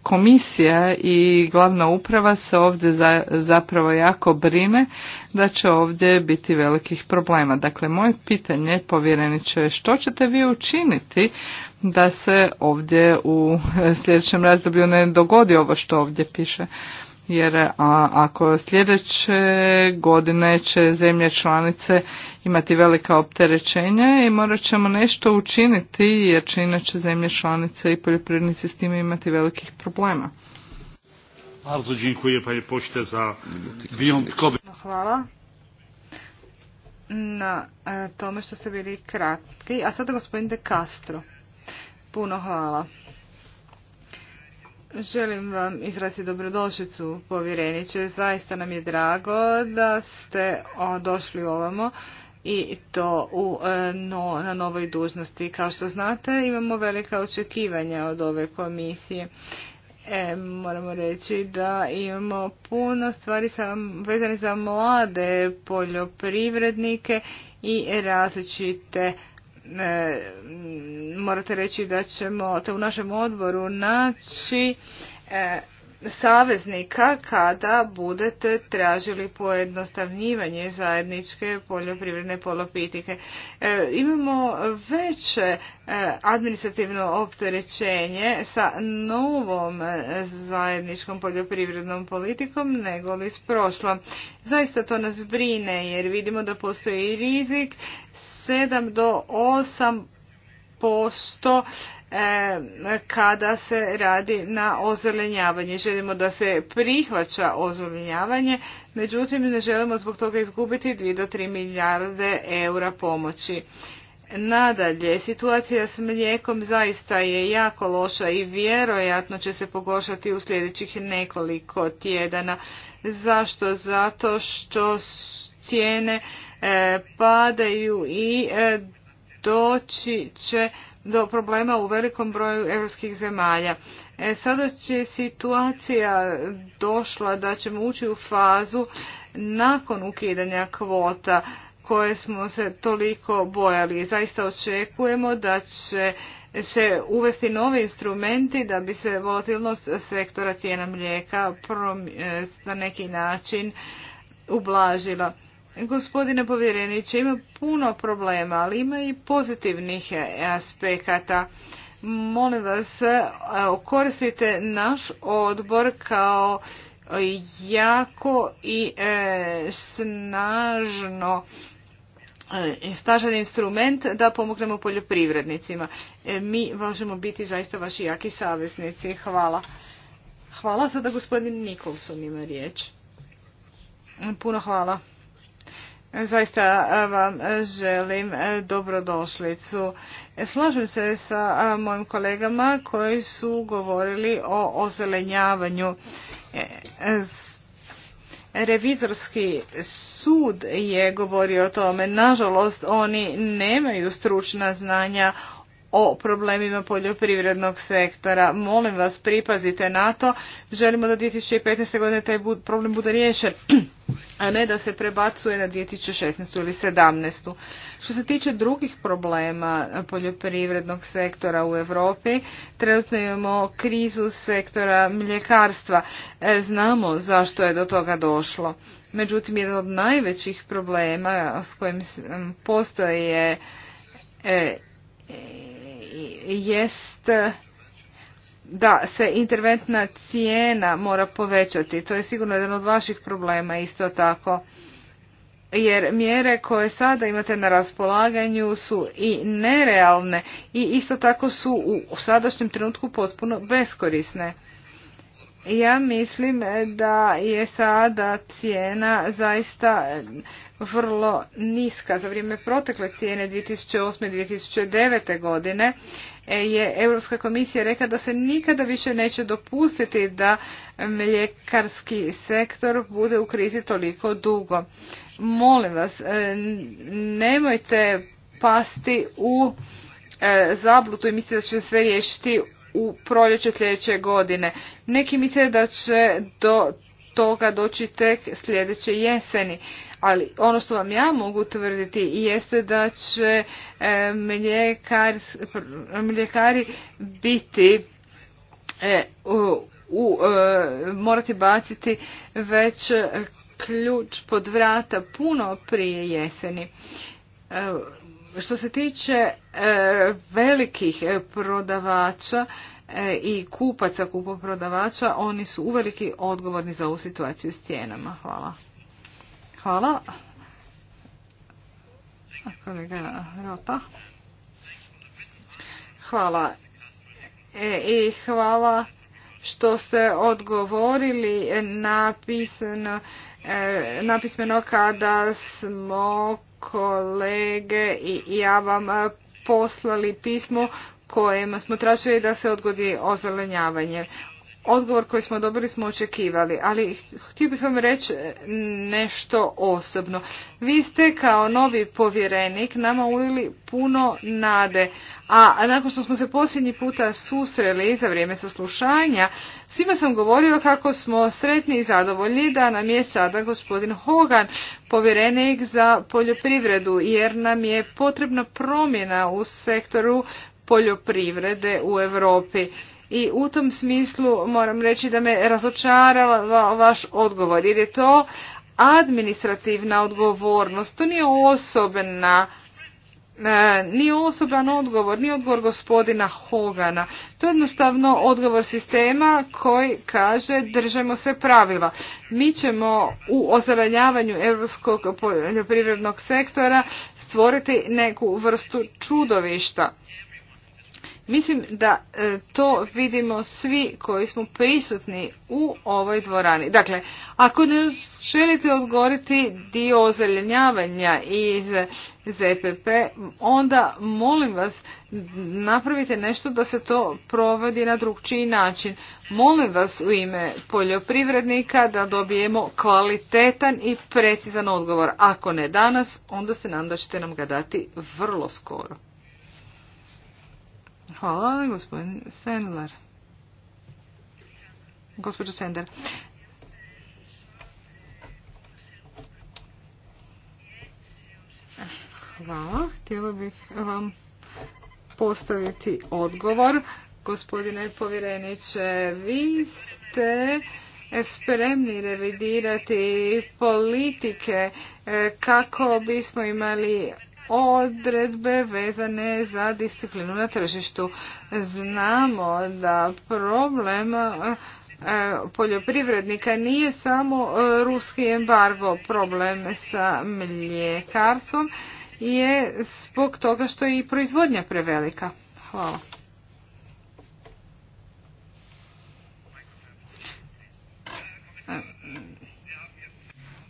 komisija i glavna uprava se ovdje za, zapravo jako brine da će ovdje biti velikih problema. Dakle, moje pitanje povjereniče što ćete vi učiniti da se ovdje u sljedećem razdoblju ne dogodi ovo što ovdje piše? jer a, ako sljedeće godine će zemlje članice imati velika opterećenja i morat ćemo nešto učiniti jer će inače zemlje članice i poljoprivrednici s time imati velikih problema. Bardzo dziękuję panie pośle za Hvala na e, tome što ste bili kratki. A sada gospodin De Castro. Puno hvala. Želim vam izraziti dobrodošlicu, povjereniče. Zaista nam je drago da ste došli ovamo i to e, na novoj dužnosti. Kao što znate, imamo velika očekivanja od ove komisije. E, moramo reći da imamo puno stvari vezane za mlade poljoprivrednike i različite morate reći da ćemo te u našem odboru naći e, saveznika kada budete tražili pojednostavnjivanje zajedničke poljoprivredne polopitike. E, imamo veće e, administrativno opterećenje sa novom zajedničkom poljoprivrednom politikom nego li s prošlom. Zaista to nas brine jer vidimo da postoji rizik 7 do 8 posto e, kada se radi na ozelenjavanje. Želimo da se prihvaća ozelenjavanje, međutim ne želimo zbog toga izgubiti 2 do 3 milijarde eura pomoći. Nadalje, situacija s mlijekom zaista je jako loša i vjerojatno će se pogoršati u sljedećih nekoliko tjedana. Zašto? Zato što cijene E, padaju i e, doći će do problema u velikom broju europskih zemalja. E, sada će situacija došla da ćemo ući u fazu nakon ukidanja kvota koje smo se toliko bojali. Zaista očekujemo da će se uvesti novi instrumenti da bi se volatilnost sektora cijena mlijeka na neki način ublažila. Gospodine povjereniče, ima puno problema, ali ima i pozitivnih aspekata. Molim vas, e, koristite naš odbor kao jako i e, snažno e, snažan instrument da pomognemo poljoprivrednicima. mi možemo biti zaista vaši jaki saveznici. Hvala. Hvala sada gospodin Nikolson ima riječ. Puno hvala. Zaista vam želim e, dobrodošlicu. Slažem se sa mojim kolegama koji su govorili o ozelenjavanju. E, e, revizorski sud je govorio o tome. Nažalost, oni nemaju stručna znanja o problemima poljoprivrednog sektora. Molim vas, pripazite na to. Želimo da 2015. godine taj problem bude riješen a ne da se prebacuje na 2016. ili 2017. Što se tiče drugih problema poljoprivrednog sektora u Europi, trenutno imamo krizu sektora mljekarstva. E, znamo zašto je do toga došlo. Međutim, jedan od najvećih problema s kojim postoje je e, jest da se interventna cijena mora povećati. To je sigurno jedan od vaših problema isto tako. Jer mjere koje sada imate na raspolaganju su i nerealne i isto tako su u sadašnjem trenutku potpuno beskorisne. Ja mislim e, da je sada cijena zaista e, vrlo niska. Za vrijeme protekle cijene 2008-2009. godine e, je Europska komisija rekla da se nikada više neće dopustiti da mljekarski sektor bude u krizi toliko dugo. Molim vas, nemojte pasti u zablutu i mislite da će sve riješiti u proljeće sljedeće godine. Neki misle da će do toga doći tek sljedeće jeseni. Ali ono što vam ja mogu tvrditi jeste da će e, mljekari, biti e, u, u, e, morati baciti već ključ pod vrata puno prije jeseni. Što se tiče e, velikih e, prodavača e, i kupaca kupoprodavača, oni su uveliki odgovorni za ovu situaciju s cijenama. Hvala. Hvala. Kolega Hvala. I hvala što ste odgovorili na napismeno kada smo kolege i ja vam e, poslali pismo kojima smo tražili da se odgodi ozelenjavanje odgovor koji smo dobili smo očekivali, ali htio bih vam reći nešto osobno. Vi ste kao novi povjerenik nama ulili puno nade, a nakon što smo se posljednji puta susreli za vrijeme saslušanja, svima sam govorila kako smo sretni i zadovoljni da nam je sada gospodin Hogan povjerenik za poljoprivredu, jer nam je potrebna promjena u sektoru poljoprivrede u Europi i u tom smislu moram reći da me razočarala vaš odgovor jer je to administrativna odgovornost, to nije osobna e, nije osoban odgovor, nije odgovor gospodina Hogana. To je jednostavno odgovor sistema koji kaže držimo se pravila. Mi ćemo u ozelenjavanju europskog poljoprivrednog sektora stvoriti neku vrstu čudovišta. Mislim da e, to vidimo svi koji smo prisutni u ovoj dvorani. Dakle, ako ne želite odgovoriti dio ozeljenjavanja iz ZPP, onda molim vas napravite nešto da se to provodi na drugčiji način. Molim vas u ime poljoprivrednika da dobijemo kvalitetan i precizan odgovor. Ako ne danas, onda se nadam da ćete nam ga dati vrlo skoro. Hvala, gospodin Sendler. Gospođo Sender. Hvala. Htjela bih vam postaviti odgovor. Gospodine povjereniče, vi ste spremni revidirati politike eh, kako bismo imali odredbe vezane za disciplinu na tržištu. Znamo da problem e, poljoprivrednika nije samo e, ruski embargo problem sa mljekarstvom je zbog toga što je i proizvodnja prevelika. Hvala.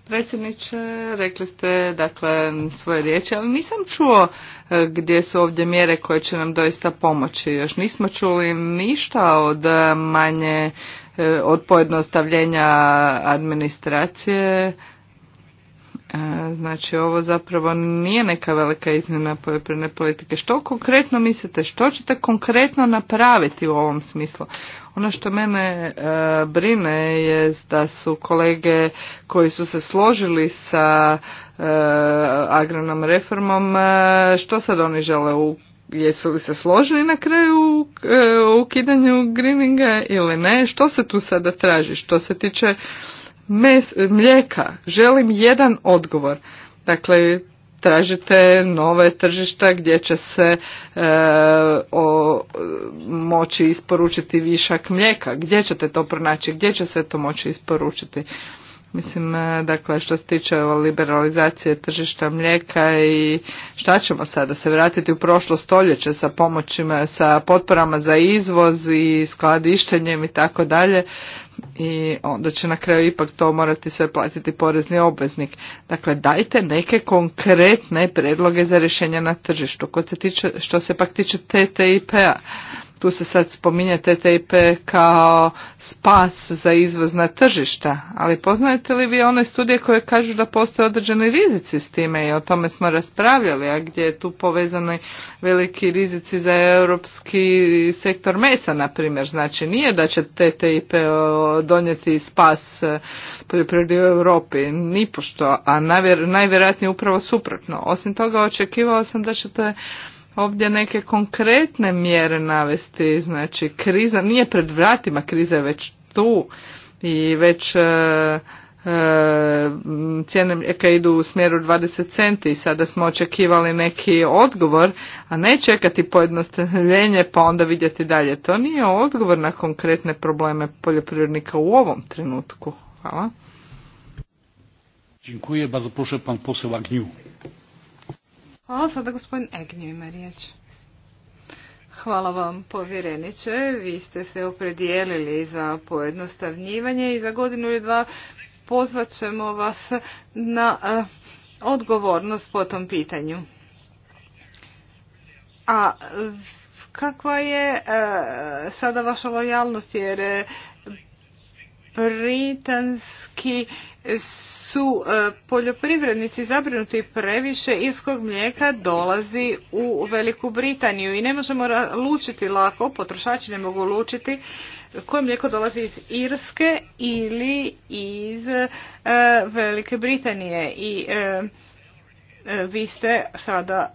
predsjedniče, rekli ste dakle svoje riječi, ali nisam čuo e, gdje su ovdje mjere koje će nam doista pomoći. Još nismo čuli ništa od manje e, od pojednostavljenja administracije Znači ovo zapravo nije neka velika izmjena poljoprivredne politike. Što konkretno mislite? Što ćete konkretno napraviti u ovom smislu? Ono što mene e, brine je da su kolege koji su se složili sa e, agronom reformom, e, što sad oni žele u Jesu li se složili na kraju u ukidanju greeninga ili ne? Što se tu sada traži? Što se tiče mes, mlijeka. Želim jedan odgovor. Dakle, tražite nove tržišta gdje će se e, o, moći isporučiti višak mlijeka. Gdje ćete to pronaći? Gdje će se to moći isporučiti? Mislim, e, dakle, što se tiče liberalizacije tržišta mlijeka i šta ćemo sada, se vratiti u prošlo stoljeće sa pomoćima, sa potporama za izvoz i skladištenjem i tako dalje i onda će na kraju ipak to morati sve platiti porezni obveznik. Dakle, dajte neke konkretne predloge za rješenja na tržištu. Kod se tiče, što se pak tiče TTIP-a, tu se sad spominje TTIP kao spas za izvozna tržišta, ali poznajete li vi one studije koje kažu da postoje određeni rizici s time i o tome smo raspravljali, a gdje je tu povezani veliki rizici za europski sektor mesa, na primjer. Znači nije da će TTIP donijeti spas poljoprivredi u Europi, nipošto, a najvjerojatnije upravo suprotno. Osim toga očekivao sam da ćete ovdje neke konkretne mjere navesti, znači kriza nije pred vratima, kriza je već tu i već e, e, cijene mlijeka idu u smjeru 20 centi i sada smo očekivali neki odgovor, a ne čekati pojednostavljenje pa onda vidjeti dalje. To nije odgovor na konkretne probleme poljoprivrednika u ovom trenutku. Hvala. Dziękuję, bardzo proszę pan poseł Hvala sada gospodin Egnju ima riječ. Hvala vam povjereniče. Vi ste se opredijelili za pojednostavnjivanje i za godinu ili dva pozvat ćemo vas na e, odgovornost po tom pitanju. A kakva je e, sada vaša lojalnost jer e, britanski su e, poljoprivrednici zabrinuti previše irskog mlijeka dolazi u Veliku Britaniju i ne možemo lučiti lako, potrošači ne mogu lučiti koje mlijeko dolazi iz Irske ili iz e, Velike Britanije i e, vi ste sada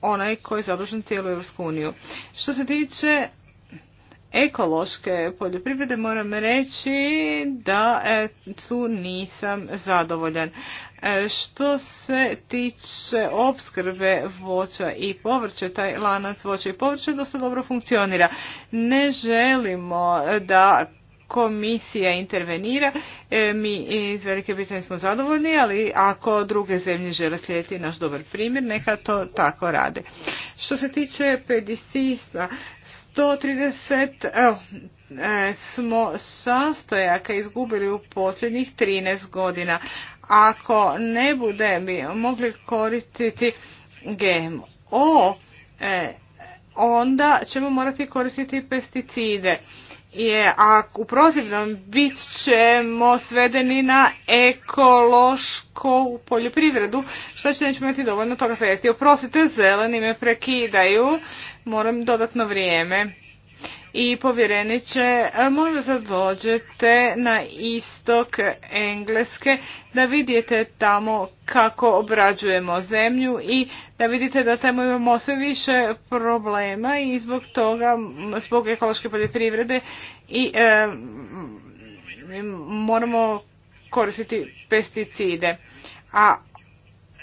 onaj koji je zadužen cijelu Evropsku uniju. Što se tiče ekološke poljoprivrede moram reći da e, tu nisam zadovoljan. E, što se tiče opskrbe voća i povrće, taj lanac voća i povrće dosta dobro funkcionira. Ne želimo da komisija intervenira, e, mi iz Velike Britanije smo zadovoljni, ali ako druge zemlje žele slijediti naš dobar primjer, neka to tako rade. Što se tiče pedicista, 130 evo, e, smo sastojaka izgubili u posljednjih 13 godina. Ako ne budemo mogli koristiti GMO, e, onda ćemo morati koristiti pesticide je, a u protivnom bit ćemo svedeni na ekološku poljoprivredu, što će nećemo imati dovoljno toga svijesti. Oprostite, zeleni me prekidaju, moram dodatno vrijeme i povjereniće, molim vas dođete na istok Engleske da vidite tamo kako obrađujemo zemlju i da vidite da tamo imamo sve više problema i zbog toga, zbog ekološke poljoprivrede i e, moramo koristiti pesticide. A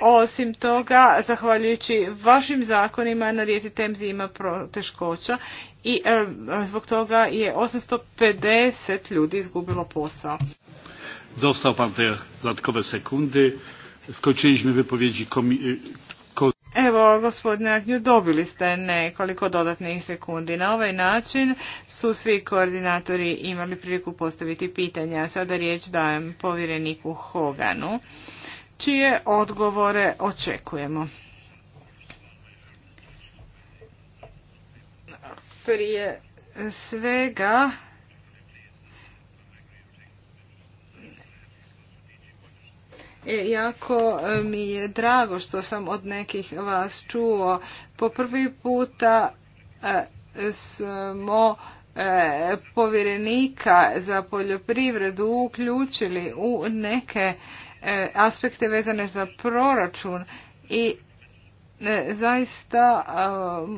osim toga, zahvaljujući vašim zakonima na rijeci Temzi ima teškoća i e, zbog toga je 850 ljudi izgubilo posao. Dostao te dodatkowe e, Evo, gospodine Agnju, dobili ste nekoliko dodatnih sekundi. Na ovaj način su svi koordinatori imali priliku postaviti pitanja. Sada riječ dajem povjereniku Hoganu, čije odgovore očekujemo. Prije svega e, jako e, mi je drago što sam od nekih vas čuo. Po prvi puta e, smo povjerenika za poljoprivredu uključili u neke aspekte vezane za proračun i E, zaista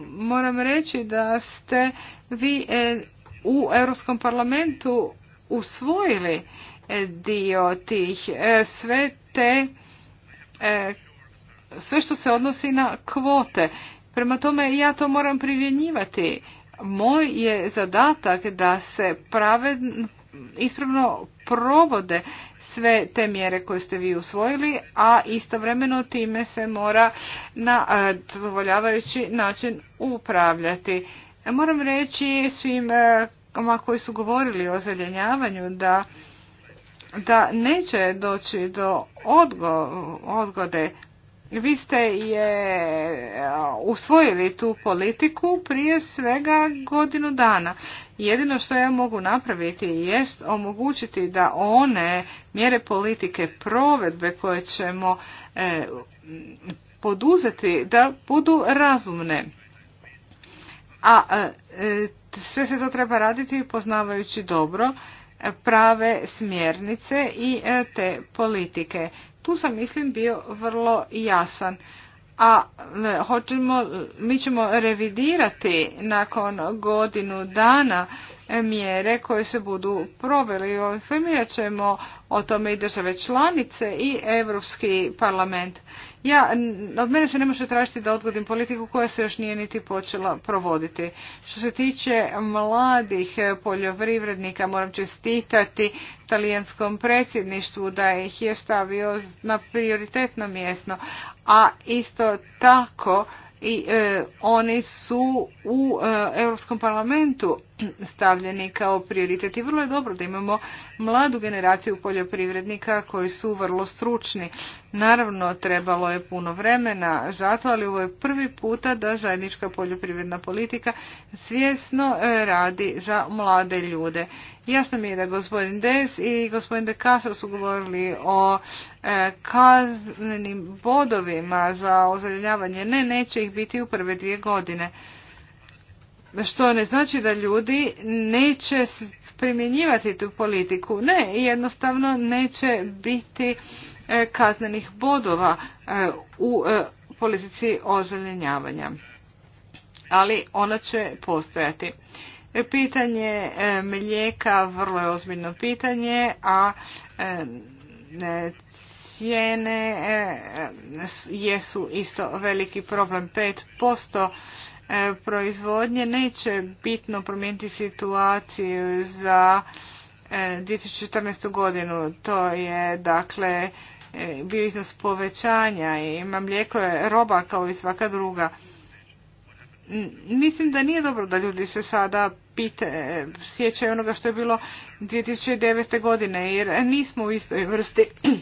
moram reći da ste vi e, u Europskom parlamentu usvojili e, dio tih sve te sve što se odnosi na kvote. Prema tome ja to moram primjenjivati. Moj je zadatak da se praved, ispravno provode sve te mjere koje ste vi usvojili, a istovremeno time se mora na zadovoljavajući način upravljati. Moram reći svim koji su govorili o zeljenjavanju da da neće doći do odgode vi ste je e, usvojili tu politiku prije svega godinu dana. Jedino što ja mogu napraviti jest omogućiti da one mjere politike provedbe koje ćemo e, poduzeti da budu razumne. A e, sve se to treba raditi poznavajući dobro prave smjernice i te politike. Tu sam, mislim, bio vrlo jasan. A e, hoćemo, mi ćemo revidirati nakon godinu dana e, mjere koje se budu proveli. Informirat ćemo o tome i države članice i Europski parlament. Ja, od mene se ne može tražiti da odgodim politiku koja se još nije niti počela provoditi. Što se tiče mladih e, poljoprivrednika, moram čestitati talijanskom predsjedništvu da ih je stavio na prioritetno mjesto, a isto tako i e, oni su u e, Europskom parlamentu stavljeni kao prioritet i vrlo je dobro da imamo mladu generaciju poljoprivrednika koji su vrlo stručni. Naravno, trebalo je puno vremena to, ali ovo je prvi puta da zajednička poljoprivredna politika svjesno e, radi za mlade ljude. Jasno mi je da gospodin Des i gospodin De Castro su govorili o e, kaznenim bodovima za ozaljavanje. Ne, neće ih biti u prve dvije godine što ne znači da ljudi neće primjenjivati tu politiku. Ne, jednostavno neće biti e, kaznenih bodova e, u e, politici ozelenjavanja. Ali ona će postojati. Pitanje mlijeka vrlo je ozbiljno pitanje, a cijene jesu isto veliki problem. 5% E, proizvodnje neće bitno promijeniti situaciju za 2014. E, godinu. To je dakle e, bio iznos povećanja i ima mlijeko je roba kao i svaka druga. Mislim da nije dobro da ljudi se sada E, sjećaj sjećaju onoga što je bilo 2009. godine jer nismo u istoj vrsti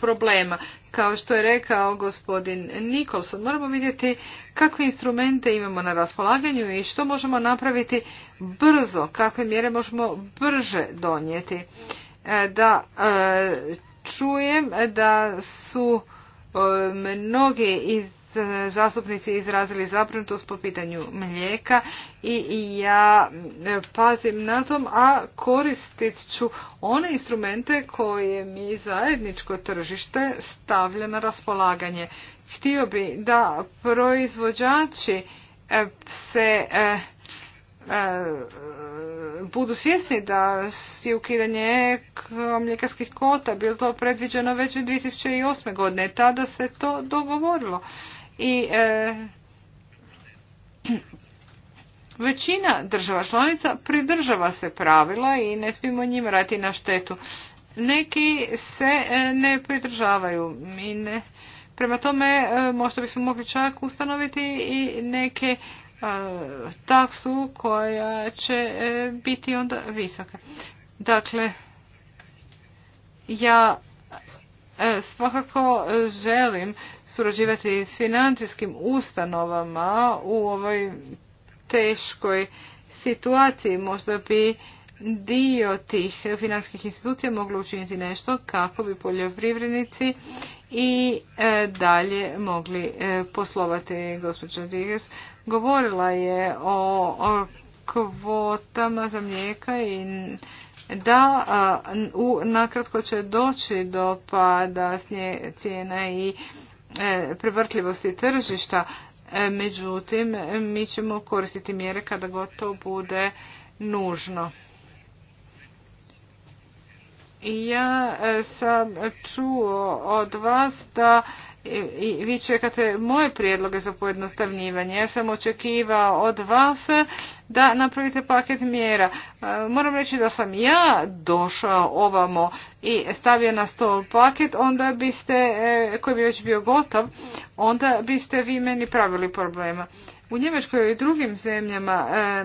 problema. Kao što je rekao gospodin Nikolson, moramo vidjeti kakve instrumente imamo na raspolaganju i što možemo napraviti brzo, kakve mjere možemo brže donijeti. E, da e, čujem da su mnogi iz E, zastupnici izrazili zabrinutost po pitanju mlijeka i ja e, pazim na tom, a koristit ću one instrumente koje mi zajedničko tržište stavlja na raspolaganje. Htio bi da proizvođači e, se budu svjesni da je ukidanje mljekarskih kota, bilo to predviđeno već 2008. godine. Tada se to dogovorilo i e, Većina država članica pridržava se pravila i ne smijemo njima rati na štetu. Neki se e, ne pridržavaju i ne. Prema tome e, možda bismo mogli čak ustanoviti i neke taksu koja će biti onda visoka. Dakle, ja svakako želim surađivati s financijskim ustanovama u ovoj teškoj situaciji. Možda bi dio tih financijskih institucija moglo učiniti nešto kako bi poljoprivrednici i e, dalje mogli e, poslovati. Gospođa Diges govorila je o kvotama za mlijeka i da, nakratko će doći do pada cijena i E, prevrtljivosti tržišta. E, međutim, mi ćemo koristiti mjere kada gotovo bude nužno. Ja e, sam čuo od vas da i vi čekate moje prijedloge za pojednostavljivanje Ja sam očekivao od vas da napravite paket mjera. E, moram reći da sam ja došao ovamo i stavio na stol paket, onda biste, e, koji bi već bio gotov, onda biste vi meni pravili problema. U Njemačkoj i drugim zemljama e,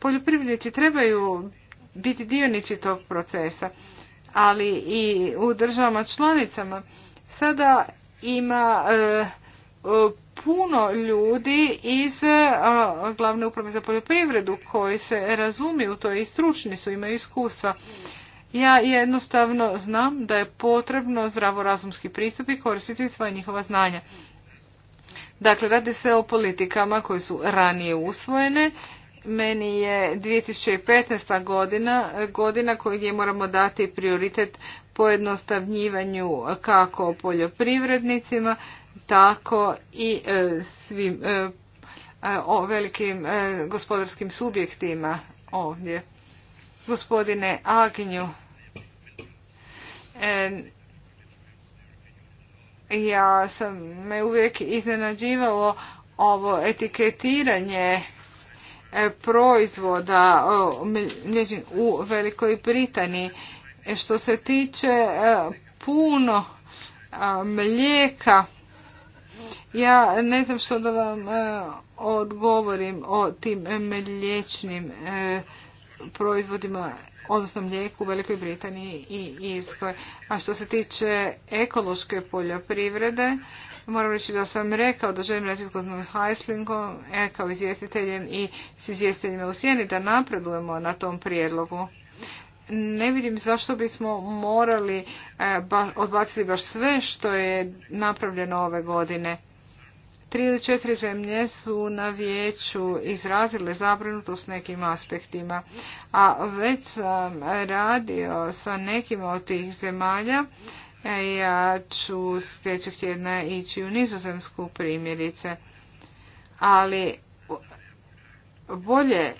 poljoprivrednici trebaju biti dionici tog procesa, ali i u državama članicama sada ima e, e, puno ljudi iz e, glavne uprave za poljoprivredu koji se razumiju to i stručni su, imaju iskustva. Ja jednostavno znam da je potrebno zdravorazumski pristup i koristiti sva njihova znanja. Dakle, radi se o politikama koje su ranije usvojene meni je 2015. godina godina koju gdje moramo dati prioritet pojednostavnjivanju kako poljoprivrednicima tako i e, svim e, e, o velikim gospodarskim subjektima ovdje. Gospodine Agnju, ja sam me uvijek iznenađivalo ovo etiketiranje E, proizvoda u Velikoj Britaniji. E, što se tiče e, puno mlijeka, ja ne znam što da vam odgovorim o tim mliječnim proizvodima, odnosno mlijeku u Velikoj Britaniji i Irskoj. A što se tiče ekološke poljoprivrede, Moram reći da sam rekao da želim reći s gospodinom Heislingom e, kao izvjestiteljem i s izvjestiteljima u sjeni da napredujemo na tom prijedlogu. Ne vidim zašto bismo morali e, odbaciti baš sve što je napravljeno ove godine. Tri ili četiri zemlje su na vijeću izrazile zabrinutost nekim aspektima, a već sam radio sa nekim od tih zemalja E, ja ću sljedećeg tjedna ići u nizozemsku primjerice, ali bolje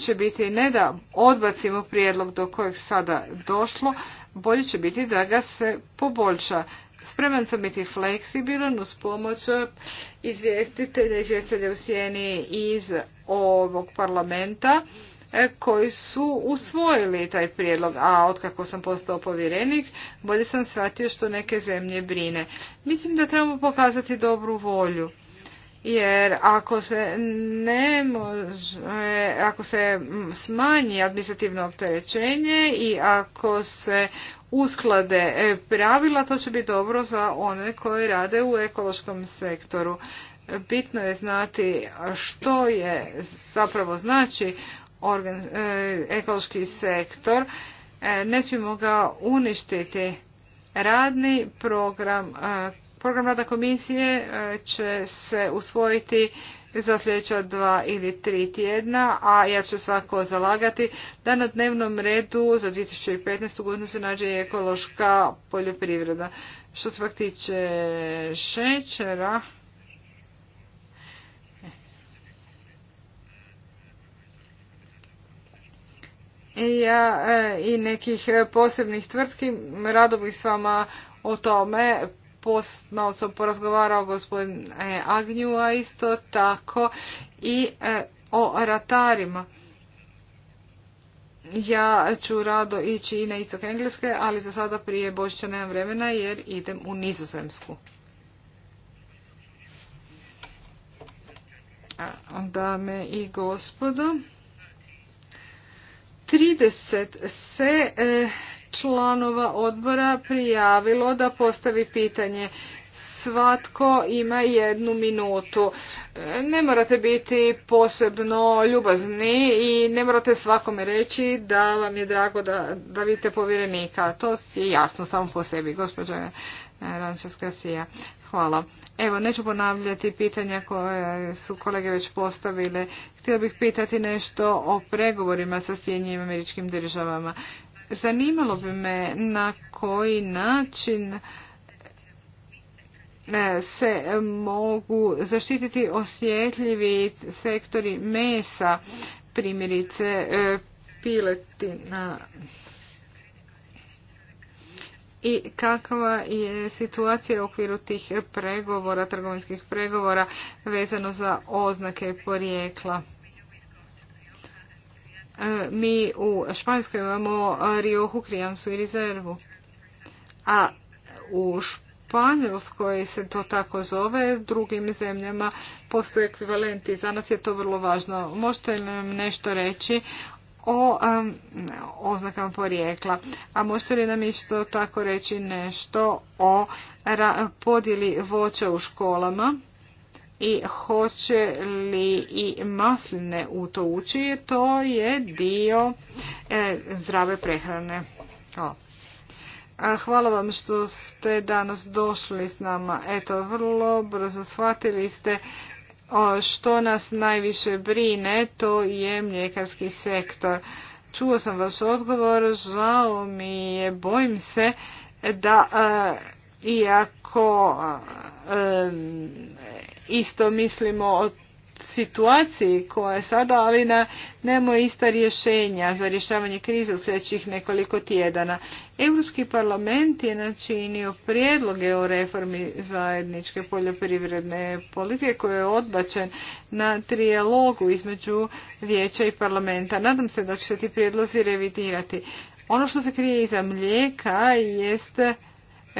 će biti ne da odbacimo prijedlog do kojeg sada došlo, bolje će biti da ga se poboljša. Spreman sam biti fleksibilan uz pomoć izvjestitelja i izvjestitelja u sjeni iz ovog parlamenta E, koji su usvojili taj prijedlog, a otkako sam postao povjerenik, bolje sam shvatio što neke zemlje brine. Mislim da trebamo pokazati dobru volju. Jer ako se ne može, ako se smanji administrativno opterećenje i ako se usklade e, pravila, to će biti dobro za one koji rade u ekološkom sektoru. Bitno je znati što je zapravo znači E, ekološki sektor, e, ne smijemo ga uništiti. Radni program, e, program rada komisije će se usvojiti za sljedeća dva ili tri tjedna, a ja ću svako zalagati da na dnevnom redu za 2015. godinu se nađe ekološka poljoprivreda. Što se pak tiče šećera, ja e, i nekih e, posebnih tvrtki rado bih s vama o tome Posno sam porazgovarao gospodin e, Agnju, a isto tako i o ratarima. Ja ću rado ići i na istok Engleske, ali za sada prije Božića nemam vremena jer idem u Nizozemsku. me i gospodo, 30 se eh, članova odbora prijavilo da postavi pitanje. Svatko ima jednu minutu. Eh, ne morate biti posebno ljubazni i ne morate svakome reći da vam je drago da, da vidite povjerenika. To je jasno samo po sebi, gospođa eh, Rančarska Sija. Hvala. Evo, neću ponavljati pitanja koje su kolege već postavile. Htjela bih pitati nešto o pregovorima sa Sjedinjenim američkim državama. Zanimalo bi me na koji način e, se mogu zaštititi osjetljivi sektori mesa, primjerice e, piletina i kakva je situacija u okviru tih pregovora, trgovinskih pregovora vezano za oznake porijekla. E, mi u Španjskoj imamo Riohu, Krijansu i Rezervu. A u Španjolskoj se to tako zove, drugim zemljama postoje ekvivalenti. Za nas je to vrlo važno. Možete li nam nešto reći o oznakama porijekla. A možete li nam isto tako reći nešto o podjeli voća u školama i hoće li i masline u to ući? to je dio e, zdrave prehrane. hvala vam što ste danas došli s nama. Eto, vrlo brzo shvatili ste što nas najviše brine, to je mljekarski sektor. Čuo sam vaš odgovor, žao mi je, bojim se da e, iako e, isto mislimo o situaciji koja je sada, ali na, ista rješenja za rješavanje krize u sljedećih nekoliko tjedana. Europski parlament je načinio prijedloge o reformi zajedničke poljoprivredne politike koje je odbačen na trijalogu između vijeća i parlamenta. Nadam se da će se ti prijedlozi revidirati. Ono što se krije iza mlijeka jeste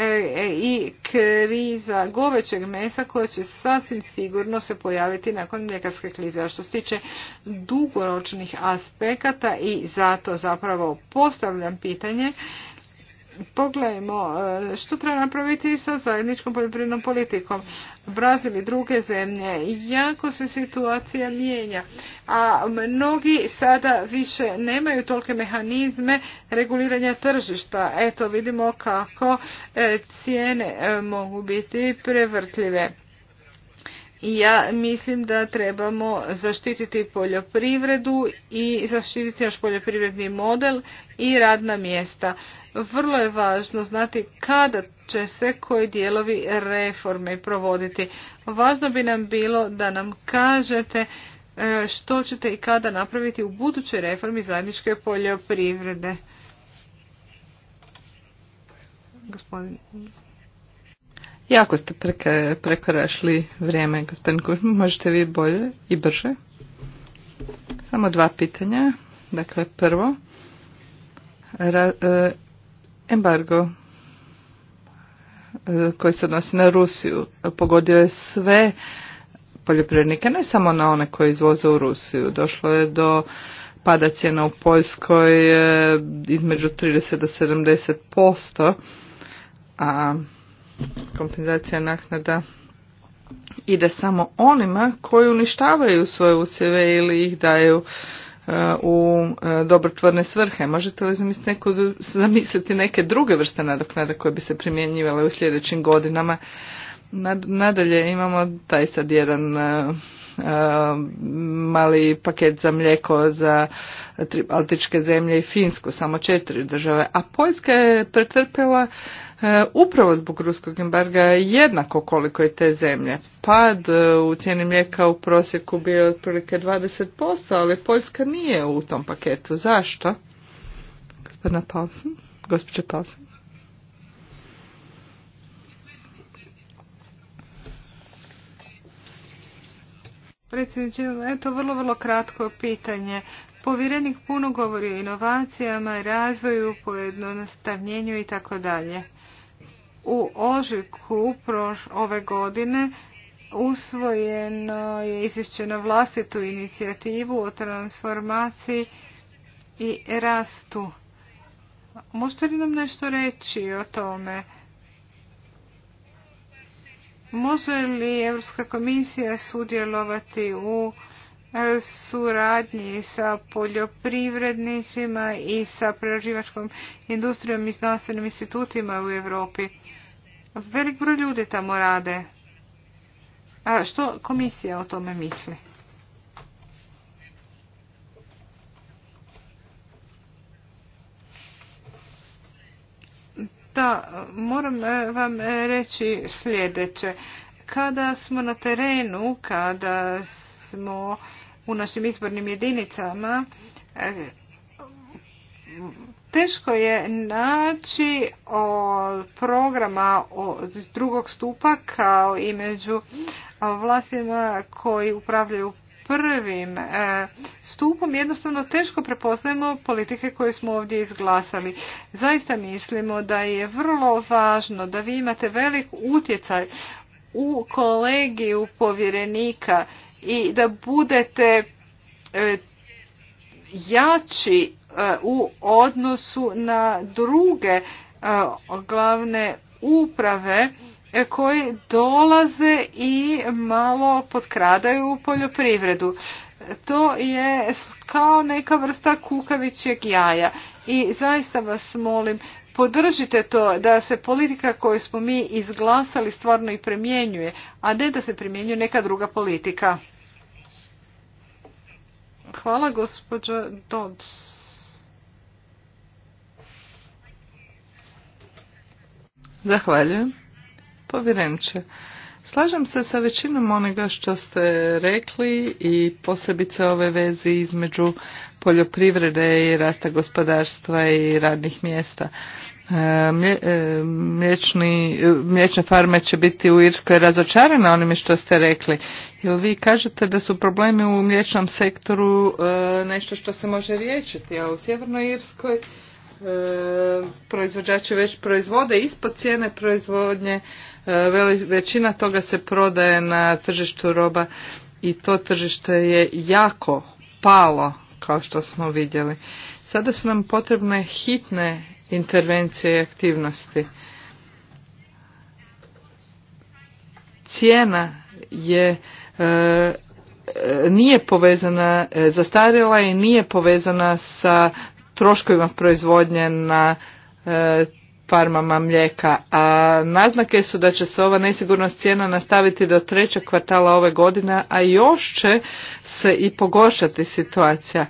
E, e, i kriza govećeg mesa koja će sasvim sigurno se pojaviti nakon mljekarske krize. A što se tiče dugoročnih aspekata i zato zapravo postavljam pitanje Pogledajmo e, što treba napraviti sa zajedničkom poljoprivrednom politikom. Brazil i druge zemlje. Jako se situacija mijenja. A mnogi sada više nemaju tolike mehanizme reguliranja tržišta. Eto vidimo kako e, cijene e, mogu biti prevrtljive. Ja mislim da trebamo zaštititi poljoprivredu i zaštititi naš poljoprivredni model i radna mjesta vrlo je važno znati kada će se koji dijelovi reforme provoditi. Važno bi nam bilo da nam kažete e, što ćete i kada napraviti u budućoj reformi zajedničke poljoprivrede. Gospodin. Jako ste prekorašli vrijeme, gospodin Kužman. Možete vi bolje i brže? Samo dva pitanja. Dakle, prvo, e, Embargo e, koji se odnosi na Rusiju pogodio je sve poljoprivrednike, ne samo na one koji izvoze u Rusiju. Došlo je do pada cijena u Poljskoj e, između 30 do 70 posto, a kompenzacija naknada ide samo onima koji uništavaju svoje usjeve ili ih daju E, u e, dobrotvorne svrhe. Možete li zamisliti, neko, zamisliti neke druge vrste nadoknada koje bi se primjenjivale u sljedećim godinama? Nadalje imamo taj sad jedan e, Eh, mali paket za mlijeko za Baltičke zemlje i Finsku, samo četiri države, a Poljska je pretrpjela eh, upravo zbog ruskog embarga jednako koliko i te zemlje. Pad eh, u cijeni mlijeka u prosjeku bio je otprilike 20%, ali Poljska nije u tom paketu. Zašto? Gospodina Palsen, gospođa Palsen. Predsjedniče, eto vrlo, vrlo kratko pitanje. Povjerenik puno govori o inovacijama, razvoju, pojednostavnjenju i tako dalje. U ožujku ove godine usvojeno je izvješće na vlastitu inicijativu o transformaciji i rastu. Možete li nam nešto reći o tome? Može li Europska komisija sudjelovati u e, suradnji sa poljoprivrednicima i sa prerađivačkom industrijom i znanstvenim institutima u Europi? Velik broj ljudi tamo rade. A što komisija o tome misli? Da, moram e, vam reći sljedeće. Kada smo na terenu, kada smo u našim izbornim jedinicama, e, teško je naći programa od drugog stupa kao i među vlastima koji upravljaju prvim e, stupom jednostavno teško prepoznajemo politike koje smo ovdje izglasali. Zaista mislimo da je vrlo važno da vi imate velik utjecaj u kolegiju povjerenika i da budete e, jači e, u odnosu na druge glavne uprave koji dolaze i malo potkradaju poljoprivredu. To je kao neka vrsta kukavićeg jaja i zaista vas molim podržite to da se politika koju smo mi izglasali stvarno i primjenjuje, a ne da se primjenjuje neka druga politika. Hvala gospođo Dodds. Zahvaljujem povjerenče. Slažem se sa većinom onoga što ste rekli i posebice ove vezi između poljoprivrede i rasta gospodarstva i radnih mjesta. E, Mlječni, e, e, mlječne farme će biti u Irskoj razočarane onime što ste rekli. Jer vi kažete da su problemi u mliječnom sektoru nešto što se može riješiti, a u Sjevernoj Irskoj proizvođači već proizvode ispod cijene proizvodnje E, većina toga se prodaje na tržištu roba i to tržište je jako palo kao što smo vidjeli. Sada su nam potrebne hitne intervencije i aktivnosti. Cijena je e, nije povezana, e, zastarjela i nije povezana sa troškovima proizvodnje na farmama mlijeka, a naznake su da će se ova nesigurnost cijena nastaviti do trećeg kvartala ove godine, a još će se i pogoršati situacija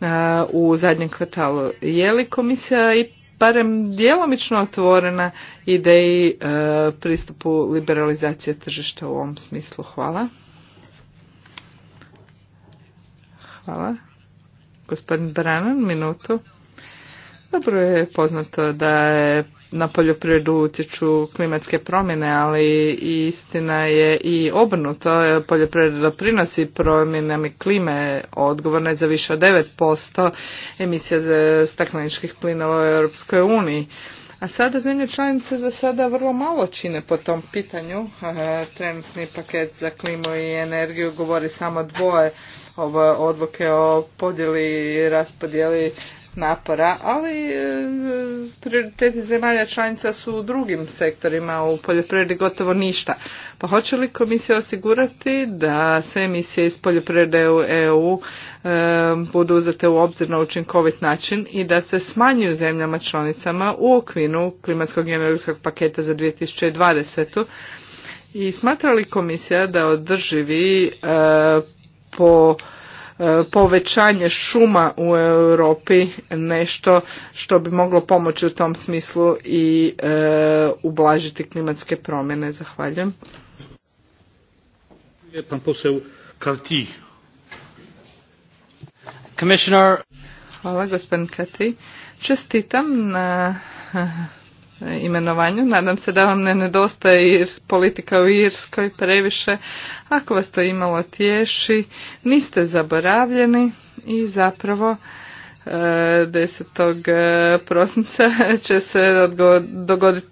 e, u zadnjem kvartalu. Je li komisija i barem djelomično otvorena ideji e, pristupu liberalizacije tržišta u ovom smislu? Hvala. Hvala. Gospodin Branan, minutu. Dobro je poznato da je na poljoprivredu utječu klimatske promjene, ali istina je i obrnuto. Poljoprivreda doprinosi promjenama klime, odgovorne za više od 9% emisija za stakleničkih plinova u Europskoj uniji. A sada zemlje članice za sada vrlo malo čine po tom pitanju. E, trenutni paket za klimu i energiju govori samo dvoje ove odluke o podjeli i raspodjeli napora, ali e, prioriteti zemalja članica su u drugim sektorima u poljoprivredi gotovo ništa. Pa hoće li komisija osigurati da sve emisije iz poljoprivrede u EU e, budu uzete u obzir na učinkovit način i da se smanjuju zemljama članicama u okvinu klimatskog i energetskog paketa za 2020. I smatra li komisija da održivi e, po E, povećanje šuma u Europi nešto što bi moglo pomoći u tom smislu i e, ublažiti klimatske promjene. Zahvaljujem. Hvala gospodin Kati. Čestitam na E, imenovanju. Nadam se da vam ne nedostaje politika u Irskoj previše. Ako vas to imalo tješi, niste zaboravljeni i zapravo 10. E, e, prosinca će se dogoditi,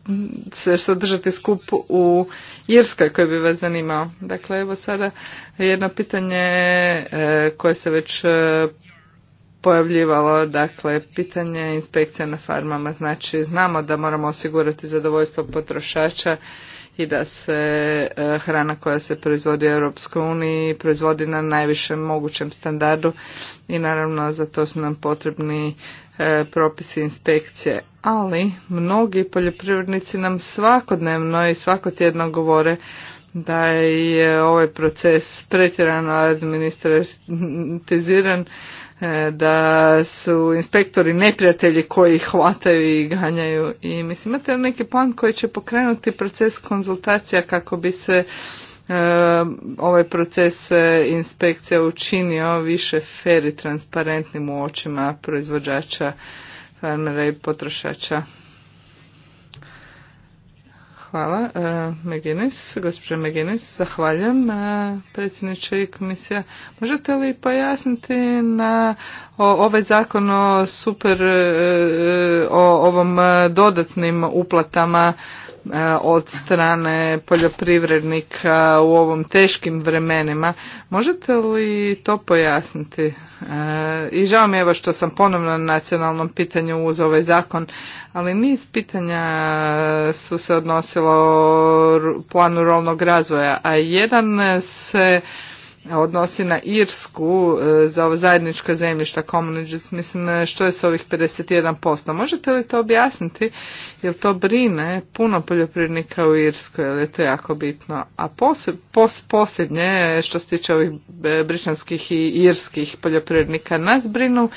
se održati skup u Irskoj koji bi vas zanimao. Dakle, evo sada jedno pitanje koje se već pojavljivalo dakle pitanje inspekcija na farmama znači znamo da moramo osigurati zadovoljstvo potrošača i da se e, hrana koja se proizvodi u Europskoj uniji proizvodi na najvišem mogućem standardu i naravno za to su nam potrebni e, propisi inspekcije. Ali mnogi poljoprivrednici nam svakodnevno i svakotjedno govore da je ovaj proces pretjerano administratiziran, E, da su inspektori neprijatelji koji hvataju i ganjaju i mislim imate li neki plan koji će pokrenuti proces konzultacija kako bi se e, ovaj proces e, inspekcija učinio više fer i transparentnim u očima proizvođača farmera i potrošača Hvala. E, Megines, gospođa Megines, zahvaljam e, predsjedniče i komisija. Možete li pojasniti na ovaj zakon o super, e, o ovom dodatnim uplatama Eh, od strane poljoprivrednika u ovom teškim vremenima. Možete li to pojasniti? Eh, I žao mi evo što sam ponovno na nacionalnom pitanju uz ovaj zakon, ali niz pitanja eh, su se odnosilo planu rolnog razvoja, a jedan se odnosi na Irsku e, za ovo zajedničko zemljišta Communities, mislim e, što je s ovih 51%. Možete li to objasniti? Jer to brine puno poljoprivrednika u Irskoj, jer je to jako bitno. A posljednje što se tiče ovih e, britanskih i irskih poljoprivrednika nas brinu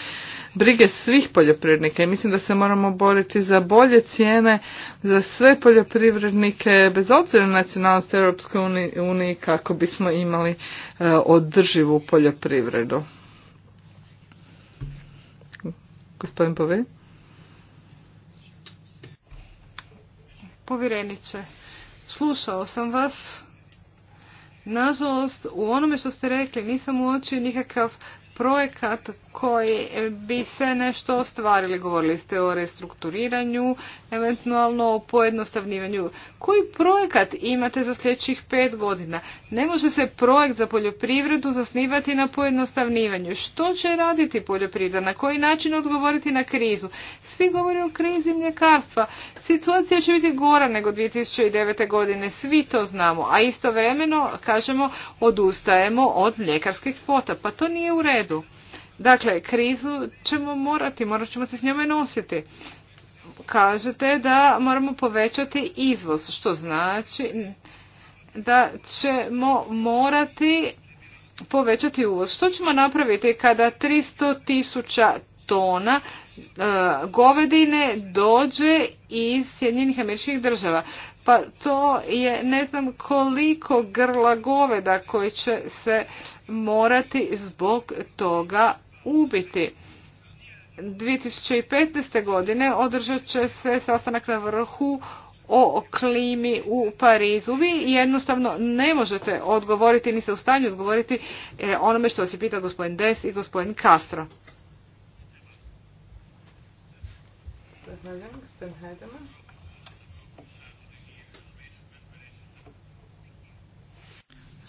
brige svih poljoprivrednika i mislim da se moramo boriti za bolje cijene za sve poljoprivrednike bez obzira na nacionalnost Europske unije kako bismo imali e, održivu poljoprivredu. Gospodin Pove. Povjereniče, slušao sam vas. Nažalost, u onome što ste rekli nisam uočio nikakav projekat koji bi se nešto ostvarili. Govorili ste o restrukturiranju, eventualno o pojednostavnivanju. Koji projekat imate za sljedećih pet godina? Ne može se projekt za poljoprivredu zasnivati na pojednostavnivanju. Što će raditi poljoprivreda? Na koji način odgovoriti na krizu? Svi govorimo o krizi mljekarstva. Situacija će biti gora nego 2009. godine. Svi to znamo. A istovremeno, kažemo, odustajemo od mljekarskih kvota. Pa to nije u redu. Dakle, krizu ćemo morati, morat ćemo se s njome nositi. Kažete da moramo povećati izvoz, što znači da ćemo morati povećati uvoz. Što ćemo napraviti kada 300 tisuća tona e, govedine dođe iz Sjedinjenih američkih država? Pa to je ne znam koliko grla goveda koji će se morati zbog toga ubiti. 2015. godine održat će se sastanak na vrhu o klimi u Parizu. Vi jednostavno ne možete odgovoriti, niste u stanju odgovoriti e, onome što se pita gospodin Des i gospodin Castro.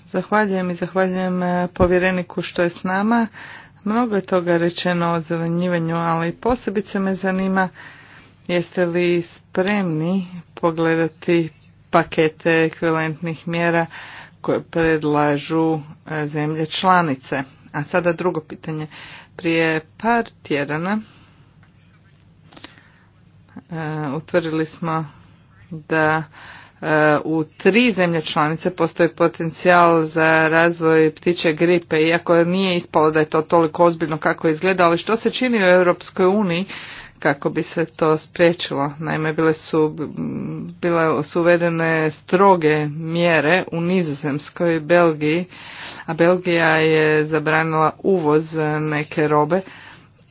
Zahvaljujem i zahvaljujem e, povjereniku što je s nama. Mnogo je toga rečeno o zelenjivanju, ali posebice me zanima jeste li spremni pogledati pakete ekvivalentnih mjera koje predlažu e, zemlje članice. A sada drugo pitanje. Prije par tjedana e, utvrdili smo da E, u tri zemlje članice postoji potencijal za razvoj ptiče gripe, iako nije ispalo da je to toliko ozbiljno kako izgleda, ali što se čini u Europskoj uniji kako bi se to spriječilo. Naime, bile su, bile su uvedene stroge mjere u Nizozemskoj Belgiji, a Belgija je zabranila uvoz neke robe,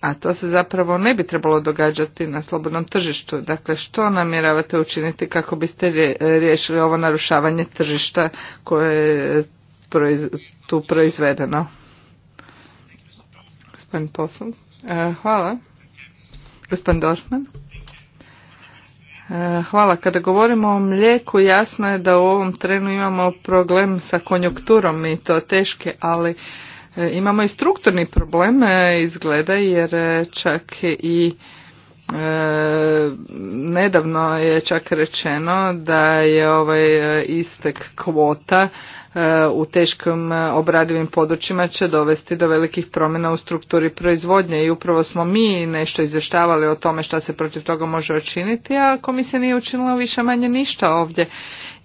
a to se zapravo ne bi trebalo događati na slobodnom tržištu. Dakle, što namjeravate učiniti kako biste riješili ovo narušavanje tržišta koje je tu proizvedeno? Gospodin uh, Hvala. Gospodin Dorfman. E, hvala. Kada govorimo o mlijeku, jasno je da u ovom trenu imamo problem sa konjukturom i to teške, ali E, imamo i strukturni problem e, izgleda jer e, čak i nedavno je čak rečeno da je ovaj istek kvota u teškim obradivim područjima će dovesti do velikih promjena u strukturi proizvodnje i upravo smo mi nešto izvještavali o tome šta se protiv toga može učiniti, a komisija nije učinila više manje ništa ovdje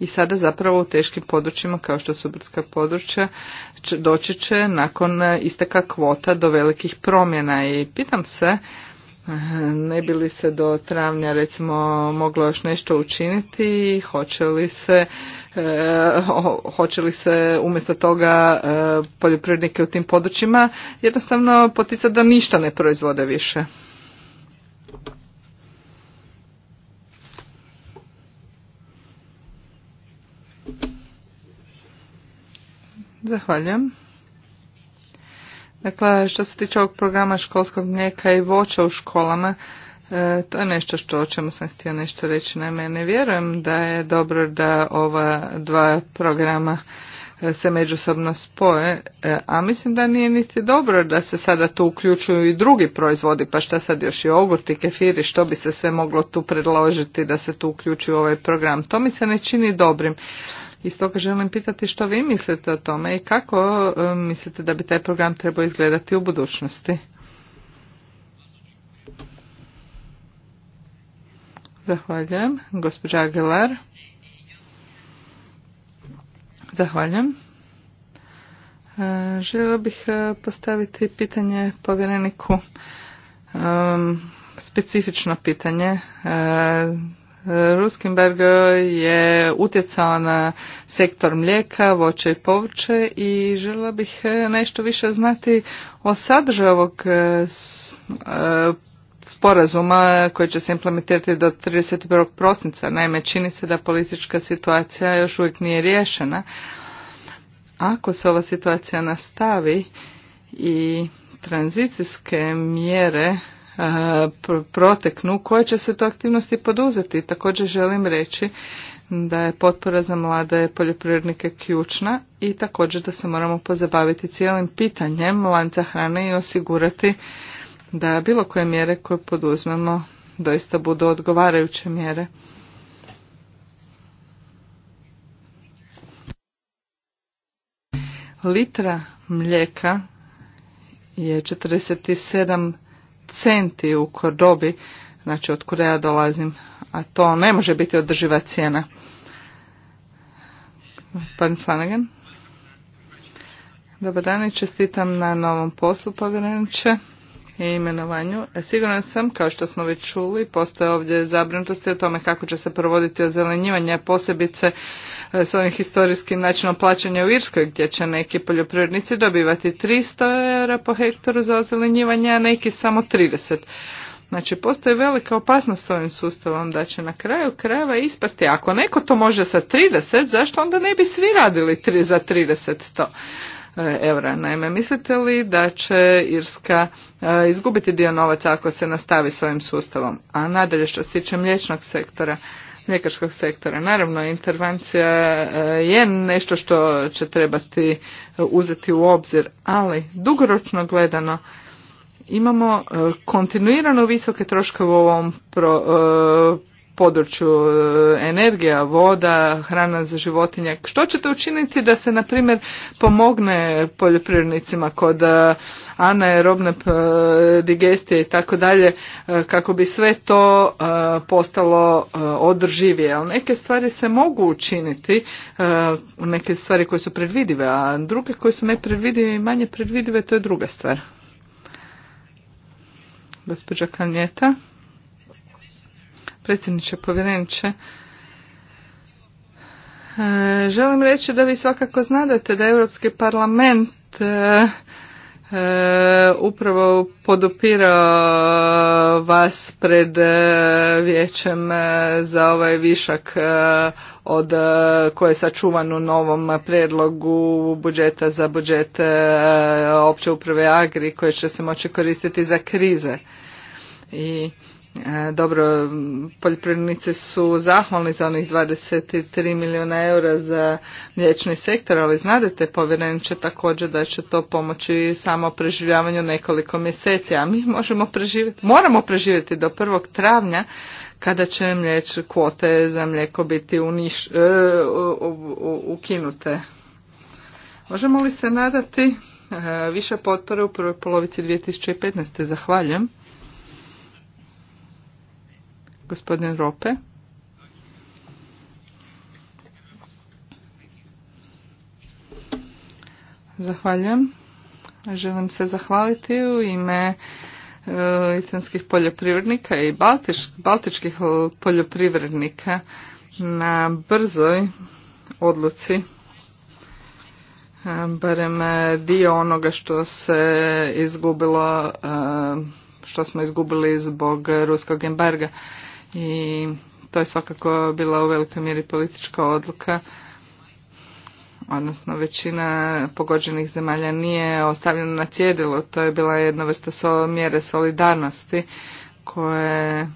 i sada zapravo u teškim područjima kao što su brdska područja doći će nakon e, isteka kvota do velikih promjena i pitam se e, ne bi li se do travnja recimo moglo još nešto učiniti hoće li se e, hoće li se umjesto toga e, poljoprivrednike u tim područjima jednostavno poticati da ništa ne proizvode više Zahvaljujem. Dakle, što se tiče ovog programa školskog mlijeka i voća u školama, e, to je nešto što o čemu sam htio nešto reći. Naime, ne vjerujem da je dobro da ova dva programa e, se međusobno spoje, e, a mislim da nije niti dobro da se sada tu uključuju i drugi proizvodi, pa šta sad još i ogurti, kefiri, što bi se sve moglo tu predložiti da se tu uključuju u ovaj program. To mi se ne čini dobrim. I stoga želim pitati što vi mislite o tome i kako e, mislite da bi taj program trebao izgledati u budućnosti? Zahvaljujem. Gospođa Aguilar. Zahvaljujem. E, Želio bih e, postaviti pitanje povjereniku, specifično pitanje Ruskenberg je utjecao na sektor mlijeka, voće i povrće i žela bih e, nešto više znati o sadržaju ovog e, e, sporazuma koji će se implementirati do 31. prosinca. Naime, čini se da politička situacija još uvijek nije riješena. Ako se ova situacija nastavi i tranzicijske mjere E, proteknu, koje će se to aktivnosti poduzeti. Također želim reći da je potpora za mlade poljoprivrednike ključna i također da se moramo pozabaviti cijelim pitanjem lanca hrane i osigurati da bilo koje mjere koje poduzmemo doista budu odgovarajuće mjere. Litra mlijeka je 47 centi u Kordobi, znači od kuda ja dolazim, a to ne može biti održiva cijena. Gospodin Flanagan. Dobar dan i čestitam na novom poslu povjereniče i imenovanju. E, siguran sam, kao što smo već čuli, postoje ovdje zabrinutosti o tome kako će se provoditi ozelenjivanje, posebice E, s ovim historijskim načinom plaćanja u Irskoj gdje će neki poljoprivrednici dobivati 300 eura po hektaru za ozelenjivanje, a neki samo 30. Znači, postoji velika opasnost s ovim sustavom da će na kraju krajeva ispasti. Ako neko to može sa 30, zašto onda ne bi svi radili tri, za 30 100 e, eura. Naime, mislite li da će Irska e, izgubiti dio novaca ako se nastavi s ovim sustavom? A nadalje što se tiče mliječnog sektora, mljekarskog sektora. Naravno, intervencija e, je nešto što će trebati e, uzeti u obzir, ali dugoročno gledano imamo e, kontinuirano visoke troškove u ovom području e, energija, voda, hrana za životinje. Što ćete učiniti da se, na primjer, pomogne poljoprivrednicima kod e, anaerobne e, digestije i tako dalje, kako bi sve to postalo održivije. Ali neke stvari se mogu učiniti, neke stvari koje su predvidive, a druge koje su nepredvidive i manje predvidive, to je druga stvar. Gospođa Kanjeta predsjedniče povjereniče. E, želim reći da vi svakako znadete da Europski parlament e, e, upravo podupirao vas pred vijećem za ovaj višak od koje je sačuvan u novom prijedlogu budžeta za budžet opće uprave Agri koje će se moći koristiti za krize. I E, dobro, poljoprivrednici su zahvalni za onih 23 milijuna eura za mliječni sektor, ali znadete, će također da će to pomoći samo preživljavanju nekoliko mjeseci, a mi možemo preživjeti, moramo preživjeti do 1. travnja kada će mlječ kvote za mlijeko biti uniš, e, ukinute. Možemo li se nadati e, više potpore u prvoj polovici 2015. Zahvaljujem. Gospodin Rope. Zahvaljujem. Želim se zahvaliti u ime e, litanskih poljoprivrednika i baltičkih poljoprivrednika na brzoj odluci e, barem dio onoga što se izgubilo e, što smo izgubili zbog ruskog embarga i to je svakako bila u velikoj mjeri politička odluka odnosno većina pogođenih zemalja nije ostavljena na cjedilu. To je bila jedna vrsta mjere solidarnosti koje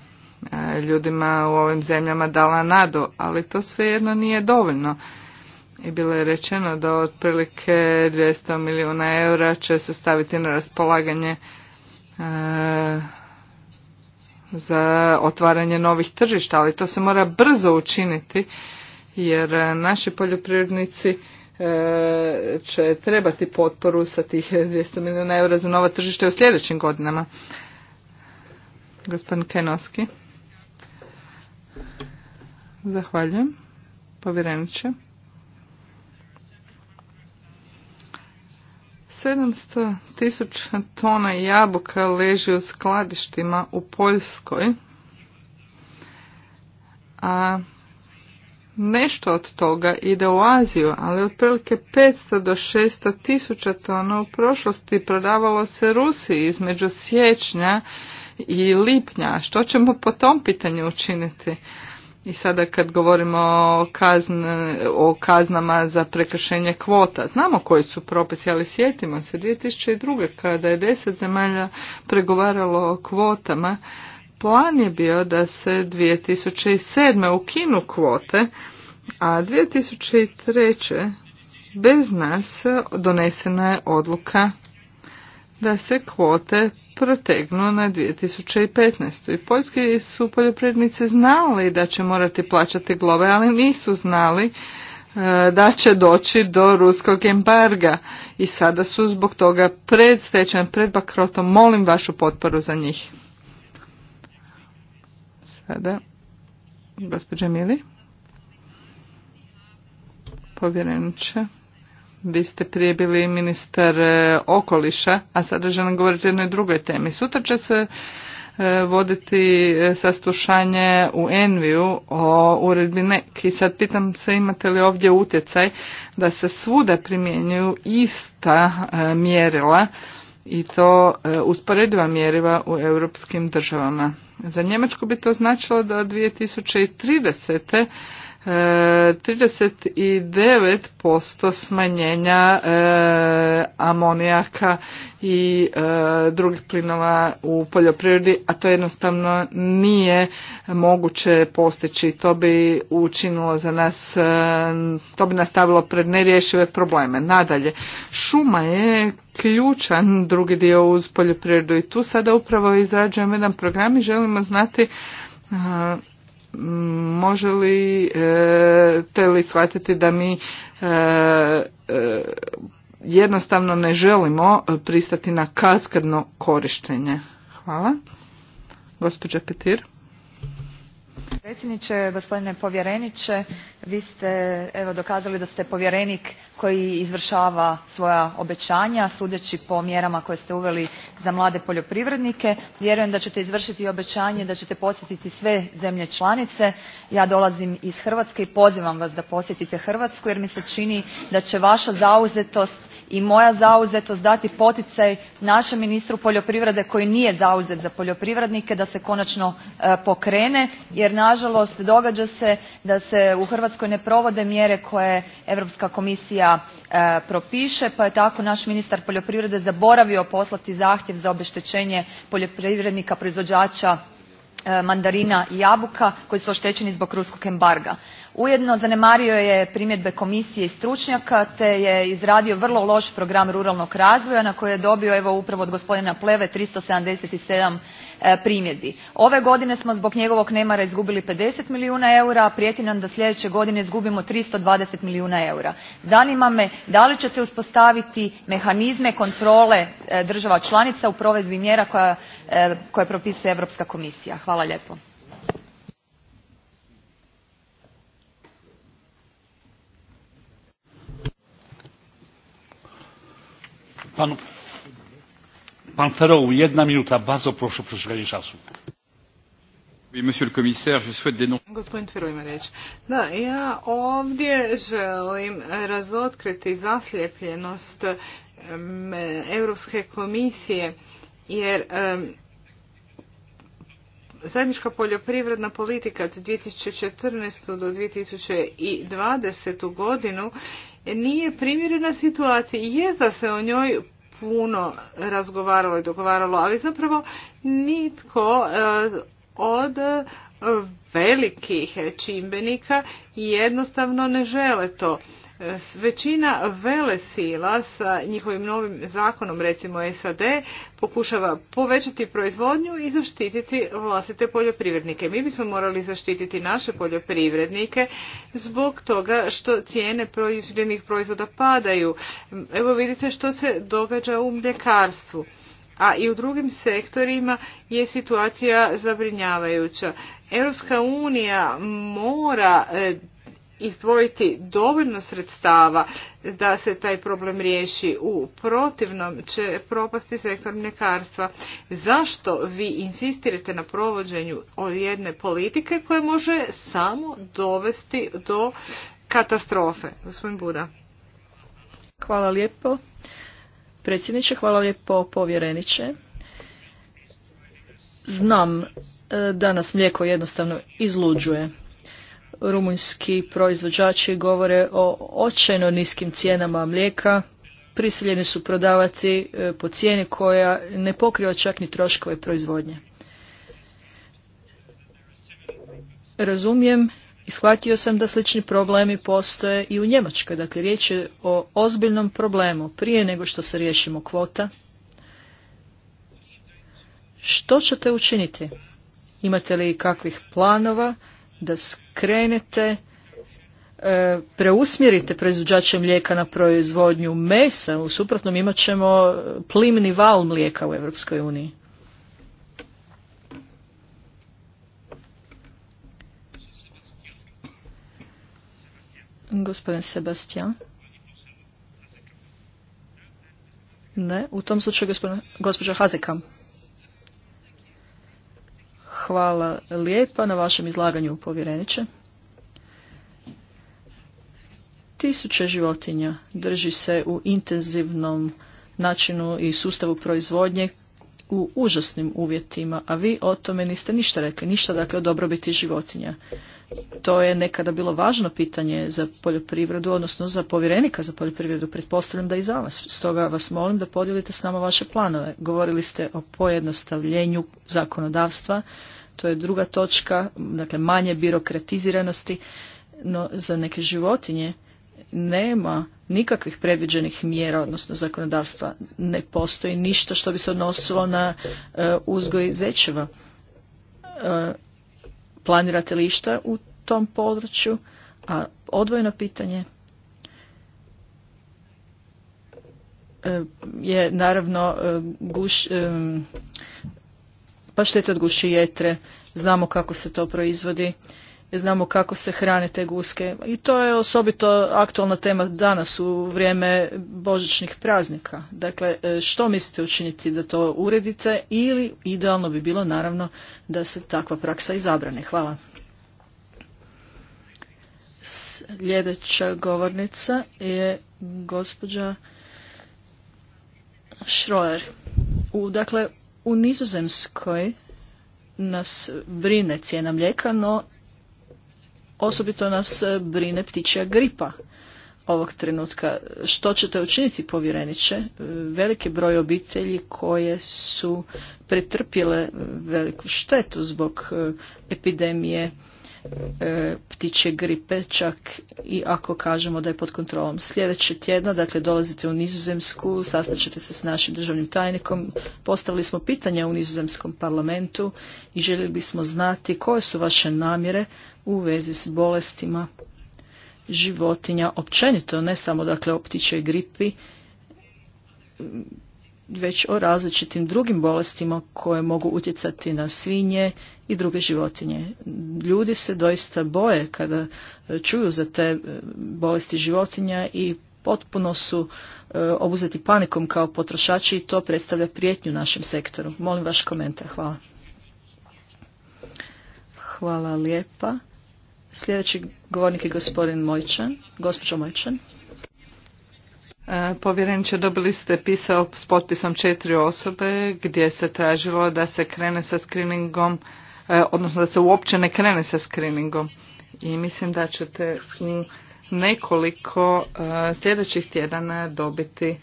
je ljudima u ovim zemljama dala nadu, ali to svejedno nije dovoljno. I bilo je rečeno da otprilike 200 milijuna eura će se staviti na raspolaganje e, za otvaranje novih tržišta, ali to se mora brzo učiniti jer naši poljoprivrednici e, će trebati potporu sa tih 200 milijuna eura za nova tržišta u sljedećim godinama. Gospodin Kenoski. Zahvaljujem. Povjereniče. 700 tisuća tona jabuka leži u skladištima u Poljskoj, a nešto od toga ide u Aziju, ali otprilike 500 do 600 tisuća tona u prošlosti prodavalo se Rusiji između siječnja i lipnja. Što ćemo po tom pitanju učiniti? i sada kad govorimo o, kazn, o kaznama za prekršenje kvota, znamo koji su propisi, ali sjetimo se 2002. kada je deset zemalja pregovaralo o kvotama, plan je bio da se 2007. ukinu kvote, a 2003. bez nas donesena je odluka da se kvote protegnuo na 2015. I poljski su poljoprivrednici znali da će morati plaćati globe, ali nisu znali e, da će doći do ruskog embarga i sada su zbog toga pred stečajem, pred bakrotom. Molim vašu potporu za njih. Sada, gospođe Mili. Povjereniče vi ste prije bili ministar e, okoliša, a sada želim govoriti o jednoj drugoj temi. Sutra će se e, voditi e, sastušanje u Enviju o uredbi neki. I sad pitam se imate li ovdje utjecaj da se svuda primjenjuju ista mjerila i to usporediva mjeriva u europskim državama. Za Njemačku bi to značilo da od 2030. E, 39% smanjenja e, amonijaka i e, drugih plinova u poljoprivredi, a to jednostavno nije moguće postići. To bi učinilo za nas, to bi nastavilo pred nerješive probleme. Nadalje, šuma je ključan drugi dio uz poljoprivredu i tu sada upravo izrađujemo jedan program i želimo znati može li e, te li shvatiti da mi e, e, jednostavno ne želimo pristati na kaskadno korištenje? Hvala. Gospođa Petir predsjedniče gospodine povjereniče vi ste evo dokazali da ste povjerenik koji izvršava svoja obećanja sudeći po mjerama koje ste uveli za mlade poljoprivrednike. vjerujem da ćete izvršiti obećanje da ćete posjetiti sve zemlje članice. ja dolazim iz hrvatske i pozivam vas da posjetite hrvatsku jer mi se čini da će vaša zauzetost i moja zauzetost dati poticaj našem ministru poljoprivrede koji nije zauzet za poljoprivrednike da se konačno e, pokrene jer nažalost događa se da se u hrvatskoj ne provode mjere koje europska komisija e, propiše pa je tako naš ministar poljoprivrede zaboravio poslati zahtjev za obeštećenje poljoprivrednika proizvođača e, mandarina i jabuka koji su oštećeni zbog ruskog embarga ujedno zanemario je primjedbe komisije i stručnjaka te je izradio vrlo loš program ruralnog razvoja na koji je dobio evo upravo od gospodina pleve 377 e, primjedbi. ove godine smo zbog njegovog nemara izgubili 50 milijuna eura a prijeti nam da sljedeće godine izgubimo 320 milijuna eura. zanima me da li ćete uspostaviti mehanizme kontrole e, država članica u provedbi mjera e, koje propisuje europska komisija? hvala lijepo. Pan, pan jedna minuta, bardzo proszę o przestrzeganie czasu. Oui, monsieur le commissaire, je souhaite dénoncer. Gospodin Fero ima reč. Da, ja ovdje želim razotkriti zasljepljenost um, Europske komisije, jer um, zajednička poljoprivredna politika od 2014. do 2020. godinu nije primjerena i Je da se o njoj puno razgovaralo i dogovaralo, ali zapravo nitko e, od velikih čimbenika jednostavno ne žele to. Većina sila sa njihovim novim zakonom, recimo SAD, pokušava povećati proizvodnju i zaštititi vlastite poljoprivrednike. Mi bismo morali zaštititi naše poljoprivrednike zbog toga što cijene proizvodnih proizvoda padaju. Evo vidite što se događa u mljekarstvu a i u drugim sektorima je situacija zabrinjavajuća. Europska unija mora e, izdvojiti dovoljno sredstava da se taj problem riješi. U protivnom će propasti sektor mljekarstva. Zašto vi insistirate na provođenju jedne politike koja može samo dovesti do katastrofe? Gospodin Buda. Hvala lijepo. Predsjedniče, hvala lijepo povjereniče. Znam e, da nas mlijeko jednostavno izluđuje rumunjski proizvođači govore o očajno niskim cijenama mlijeka, prisiljeni su prodavati e, po cijeni koja ne pokriva čak ni troškove proizvodnje. Razumijem i shvatio sam da slični problemi postoje i u Njemačkoj. Dakle, riječ je o ozbiljnom problemu prije nego što se riješimo kvota. Što ćete učiniti? Imate li kakvih planova da skrenete e, preusmjerite proizvođače mlijeka na proizvodnju mesa, u suprotnom imat ćemo e, plimni val mlijeka u EU. uniji. Gospodin Sebastian. Ne, u tom slučaju gospođa Hazekam. Hvala lijepa na vašem izlaganju, povjereniče. Tisuće životinja drži se u intenzivnom načinu i sustavu proizvodnje u užasnim uvjetima, a vi o tome niste ništa rekli, ništa dakle o dobrobiti životinja. To je nekada bilo važno pitanje za poljoprivredu, odnosno za povjerenika za poljoprivredu, pretpostavljam da i za vas. Stoga vas molim da podijelite s nama vaše planove. Govorili ste o pojednostavljenju zakonodavstva, to je druga točka, dakle manje birokratiziranosti, no za neke životinje nema nikakvih predviđenih mjera, odnosno zakonodavstva. Ne postoji ništa što bi se odnosilo na e, uzgoj zečeva. Uh, planirate li išta u tom području? A odvojeno pitanje e, je naravno guš, pa štete od guši jetre. Znamo kako se to proizvodi, znamo kako se hrane te guske. I to je osobito aktualna tema danas u vrijeme božićnih praznika. Dakle, e, što mislite učiniti da to uredite ili idealno bi bilo naravno da se takva praksa izabrane. Hvala. Sljedeća govornica je gospođa Šrojer. U, dakle, u Nizozemskoj nas brine cijena mlijeka, no osobito nas e, brine ptičja gripa ovog trenutka. Što ćete učiniti, povjereniče? E, veliki broj obitelji koje su pretrpjele veliku štetu zbog e, epidemije ptiće gripe, čak i ako kažemo da je pod kontrolom. Sljedeće tjedna, dakle, dolazite u Nizozemsku, sastaćete se s našim državnim tajnikom. Postavili smo pitanja u Nizozemskom parlamentu i željeli bismo znati koje su vaše namjere u vezi s bolestima životinja općenito, ne samo dakle o ptičoj gripi, već o različitim drugim bolestima koje mogu utjecati na svinje i druge životinje. Ljudi se doista boje kada čuju za te e, bolesti životinja i potpuno su e, obuzeti panikom kao potrošači i to predstavlja prijetnju našem sektoru. Molim vaš komentar. Hvala. Hvala lijepa. Sljedeći govornik je gospodin Mojčan, gospođo Mojčan. E, povjereniče, dobili ste pisao s potpisom četiri osobe gdje se tražilo da se krene sa screeningom, e, odnosno da se uopće ne krene sa screeningom. I mislim da ćete u nekoliko e, sljedećih tjedana dobiti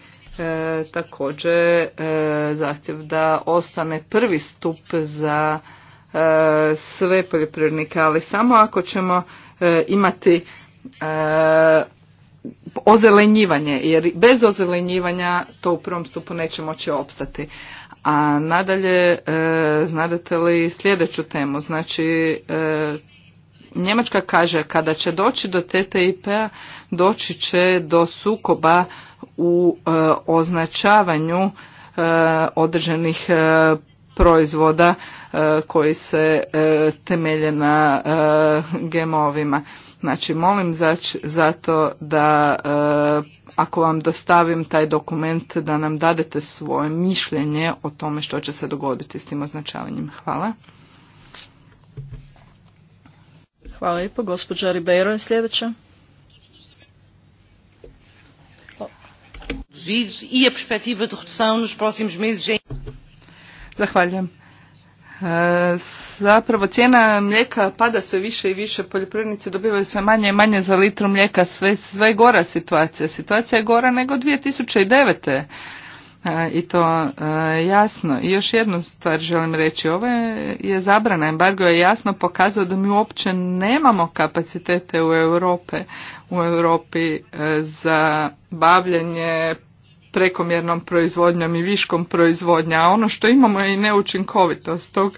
također zahtjev da ostane prvi stup za sve poljoprivrednike, ali samo ako ćemo imati ozelenjivanje, jer bez ozelenjivanja to u prvom stupu neće moći opstati. A nadalje, e, znadete li sljedeću temu, znači e, Njemačka kaže kada će doći do TTIP-a, doći će do sukoba u e, označavanju e, određenih proizvoda koji se temelje na gmo Znači, molim zato da e, ako vam dostavim taj dokument da nam dadete svoje mišljenje o tome što će se dogoditi s tim označavanjem. Hvala. Hvala lijepo. Gospođa Ribeiro je sljedeća. E Zahvaljujem. E, zapravo cijena mlijeka pada sve više i više, poljoprivrednici dobivaju sve manje i manje za litru mlijeka, sve, sve gora situacija. Situacija je gora nego 2009. E, I to e, jasno. I još jednu stvar želim reći. Ovo je zabrana. Embargo je jasno pokazao da mi uopće nemamo kapacitete u Europe, u Europi za bavljanje prekomjernom proizvodnjom i viškom proizvodnja, a ono što imamo je i neučinkovitost. Tog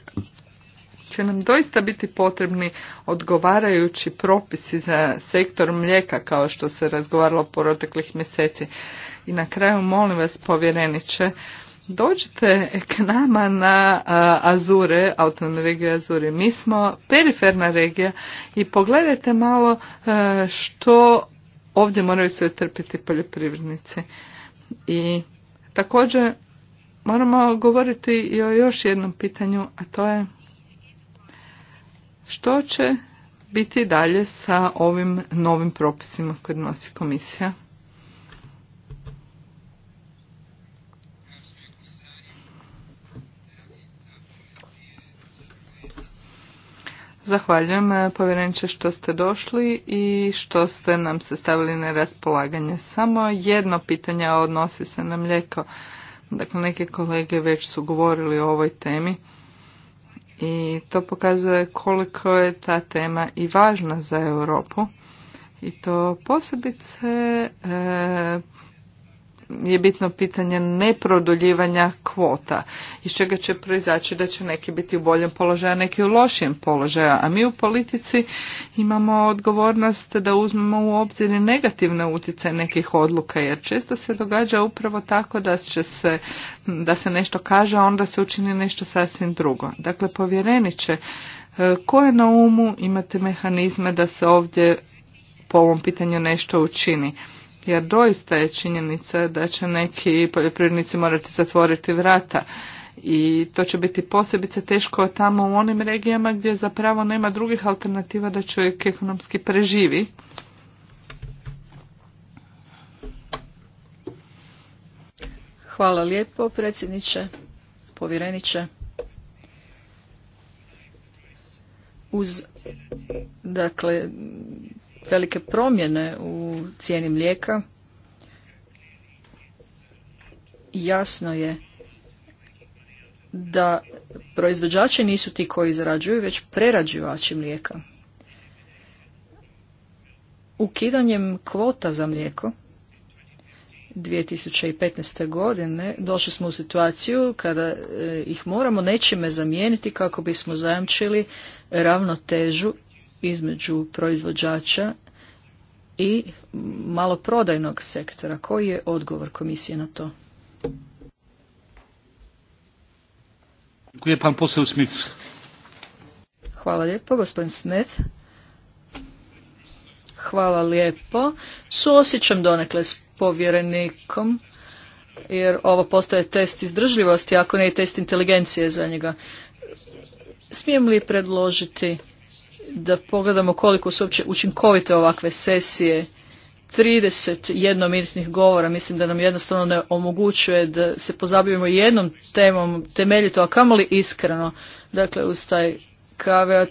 će nam doista biti potrebni odgovarajući propisi za sektor mlijeka kao što se razgovaralo po proteklih mjeseci. I na kraju molim vas povjereniče, dođite k nama na Azure, autonomne regije Azure. Mi smo periferna regija i pogledajte malo što ovdje moraju sve trpiti poljoprivrednici. I također moramo govoriti i o još jednom pitanju, a to je što će biti dalje sa ovim novim propisima koje nosi komisija. Zahvaljujem e, povjerenče, što ste došli i što ste nam se stavili na raspolaganje. Samo jedno pitanje odnosi se na mlijeko. Dakle, neke kolege već su govorili o ovoj temi i to pokazuje koliko je ta tema i važna za Europu. I to posebice e, je bitno pitanje neproduljivanja kvota, iz čega će proizaći da će neki biti u boljem položaju, a neki u lošijem položaju. A mi u politici imamo odgovornost da uzmemo u obzir negativne utjecaje nekih odluka, jer često se događa upravo tako da, će se, da se nešto kaže, a onda se učini nešto sasvim drugo. Dakle, povjereniće, koje na umu imate mehanizme da se ovdje po ovom pitanju nešto učini? Jer doista je činjenica da će neki poljoprivrednici morati zatvoriti vrata i to će biti posebice teško tamo u onim regijama gdje zapravo nema drugih alternativa da čovjek ekonomski preživi. Hvala lijepo predsjedniče, povjereniče. Uz dakle velike promjene u cijeni mlijeka. Jasno je da proizvođači nisu ti koji zarađuju, već prerađivači mlijeka. Ukidanjem kvota za mlijeko 2015. godine došli smo u situaciju kada e, ih moramo nečime zamijeniti kako bismo zajamčili ravnotežu između proizvođača i maloprodajnog sektora. Koji je odgovor komisije na to? Hvala lijepo, gospodin Smith. Hvala lijepo. Suosjećam donekle s povjerenikom, jer ovo postaje test izdržljivosti, ako ne i test inteligencije za njega. Smijem li predložiti da pogledamo koliko su uopće učinkovite ovakve sesije. 31 jednominutnih govora mislim da nam jednostavno ne omogućuje da se pozabavimo jednom temom temeljito, a kamoli iskreno. Dakle, uz taj kaveat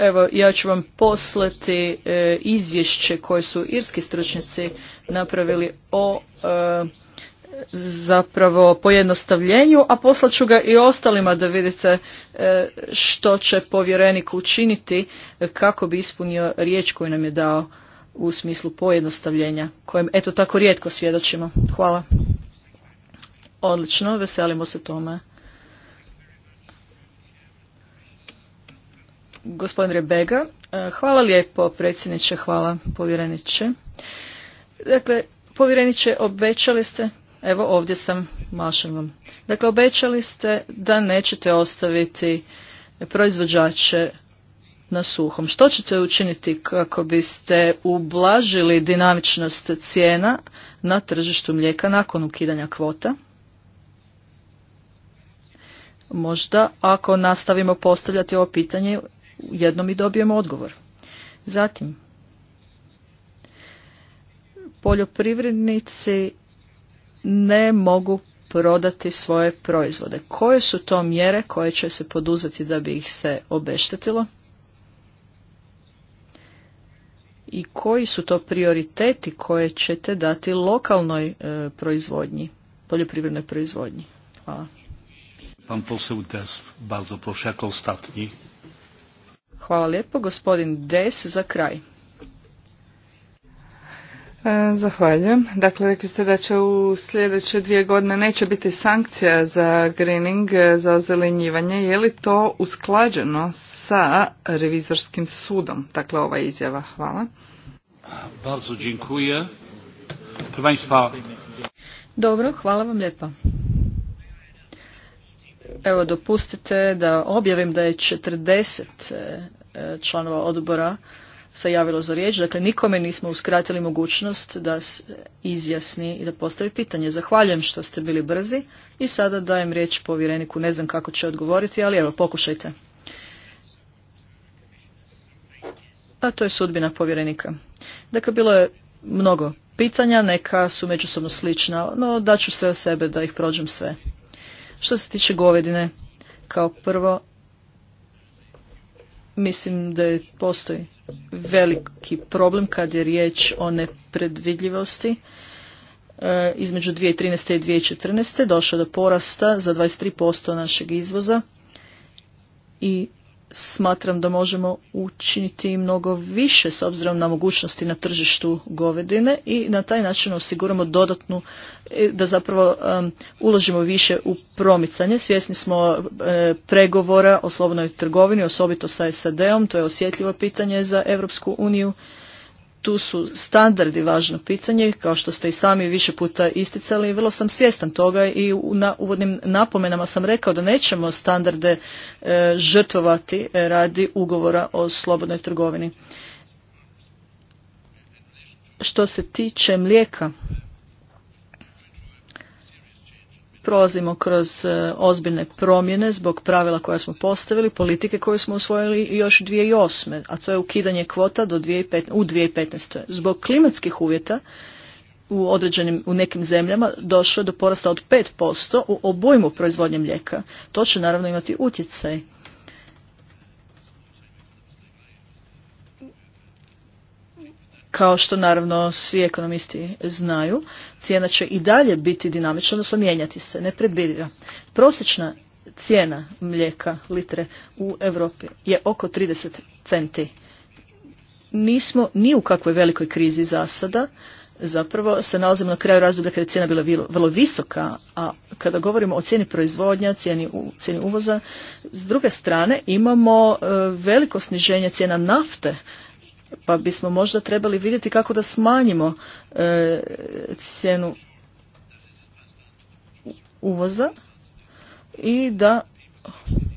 Evo, ja ću vam poslati e, izvješće koje su irski stručnjaci napravili o e, zapravo pojednostavljenju, a poslat ću ga i ostalima da vidite e, što će povjerenik učiniti e, kako bi ispunio riječ koju nam je dao u smislu pojednostavljenja, kojem eto tako rijetko svjedočimo. Hvala. Odlično, veselimo se tome. Gospodin Rebega, e, hvala lijepo predsjedniče, hvala povjereniče. Dakle, povjereniče, obećali ste Evo ovdje sam, mašem vam. Dakle, obećali ste da nećete ostaviti proizvođače na suhom. Što ćete učiniti kako biste ublažili dinamičnost cijena na tržištu mlijeka nakon ukidanja kvota? Možda ako nastavimo postavljati ovo pitanje, jednom i dobijemo odgovor. Zatim, poljoprivrednici ne mogu prodati svoje proizvode. Koje su to mjere koje će se poduzeti da bi ih se obeštetilo? I koji su to prioriteti koje ćete dati lokalnoj e, proizvodnji, poljoprivrednoj proizvodnji? Hvala. Pan Hvala lijepo, gospodin Des za kraj. E, zahvaljujem. Dakle, rekli ste da će u sljedeće dvije godine neće biti sankcija za greening, e, za ozelenjivanje. Je li to usklađeno sa revizorskim sudom? Dakle, ova izjava. Hvala. Bardzo dziękuję. Dobro, hvala vam lijepa. Evo, dopustite da objavim da je 40 e, članova odbora se javilo za riječ. Dakle, nikome nismo uskratili mogućnost da izjasni i da postavi pitanje. Zahvaljujem što ste bili brzi i sada dajem riječ povjereniku. Ne znam kako će odgovoriti, ali evo, pokušajte. A to je sudbina povjerenika. Dakle, bilo je mnogo pitanja, neka su međusobno slična, no daću sve o sebe da ih prođem sve. Što se tiče govedine, kao prvo Mislim da je, postoji veliki problem kad je riječ o nepredvidljivosti. E, između 2013. i 2014. došlo do porasta za 23% našeg izvoza i smatram da možemo učiniti mnogo više s obzirom na mogućnosti na tržištu govedine i na taj način osiguramo dodatnu, e, da zapravo uložimo više u promicanje. Svjesni smo e, pregovora o slobodnoj trgovini, osobito sa SAD-om, to je osjetljivo pitanje za Europsku uniju tu su standardi važno pitanje, kao što ste i sami više puta isticali i vrlo sam svjestan toga i u na, uvodnim napomenama sam rekao da nećemo standarde e, žrtvovati radi ugovora o slobodnoj trgovini. Što se tiče mlijeka, prolazimo kroz e, ozbiljne promjene zbog pravila koja smo postavili, politike koju smo usvojili još 2008. a to je ukidanje kvota do 2015, u 2015. Zbog klimatskih uvjeta u određenim, u nekim zemljama došlo je do porasta od 5% u obojmu proizvodnje mlijeka. To će naravno imati utjecaj Kao što naravno svi ekonomisti znaju, cijena će i dalje biti dinamična, odnosno mijenjati se, nepredvidiva. Prosječna cijena mlijeka litre u Europi je oko 30 centi. Nismo ni u kakvoj velikoj krizi za sada, zapravo se nalazimo na kraju razdoblja kada je cijena bila vrlo visoka, a kada govorimo o cijeni proizvodnja, cijeni, u, cijeni uvoza, s druge strane imamo e, veliko sniženje cijena nafte pa bismo možda trebali vidjeti kako da smanjimo e, cijenu uvoza i da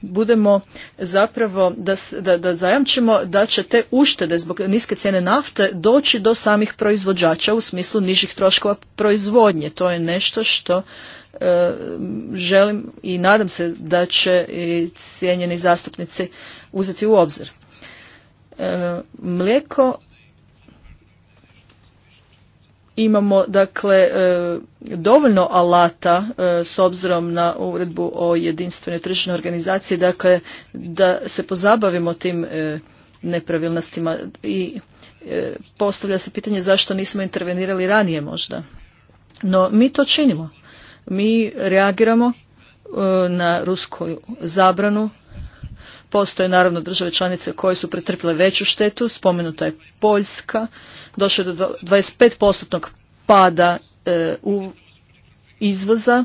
budemo zapravo da, da, da zajamčimo da će te uštede zbog niske cijene nafte doći do samih proizvođača u smislu nižih troškova proizvodnje to je nešto što e, želim i nadam se da će i cijenjeni zastupnici uzeti u obzir E, mlijeko imamo dakle e, dovoljno alata e, s obzirom na uredbu o jedinstvenoj tržišnoj organizaciji dakle da se pozabavimo tim nepravilnostima i postavlja se pitanje zašto nismo intervenirali ranije možda no mi to činimo mi reagiramo na rusku zabranu Postoje naravno države članice koje su pretrpile veću štetu, spomenuta je Poljska, došlo je do 25% pada e, u izvoza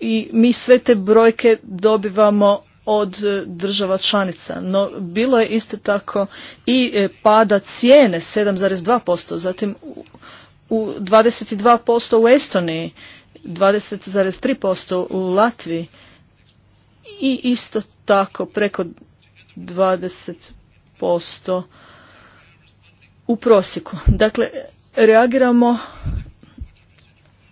i mi sve te brojke dobivamo od država članica. No bilo je isto tako i e, pada cijene 7,2%, zatim u 22% u Estoniji, 20,3% u Latviji i isto tako preko 20% u prosjeku. Dakle, reagiramo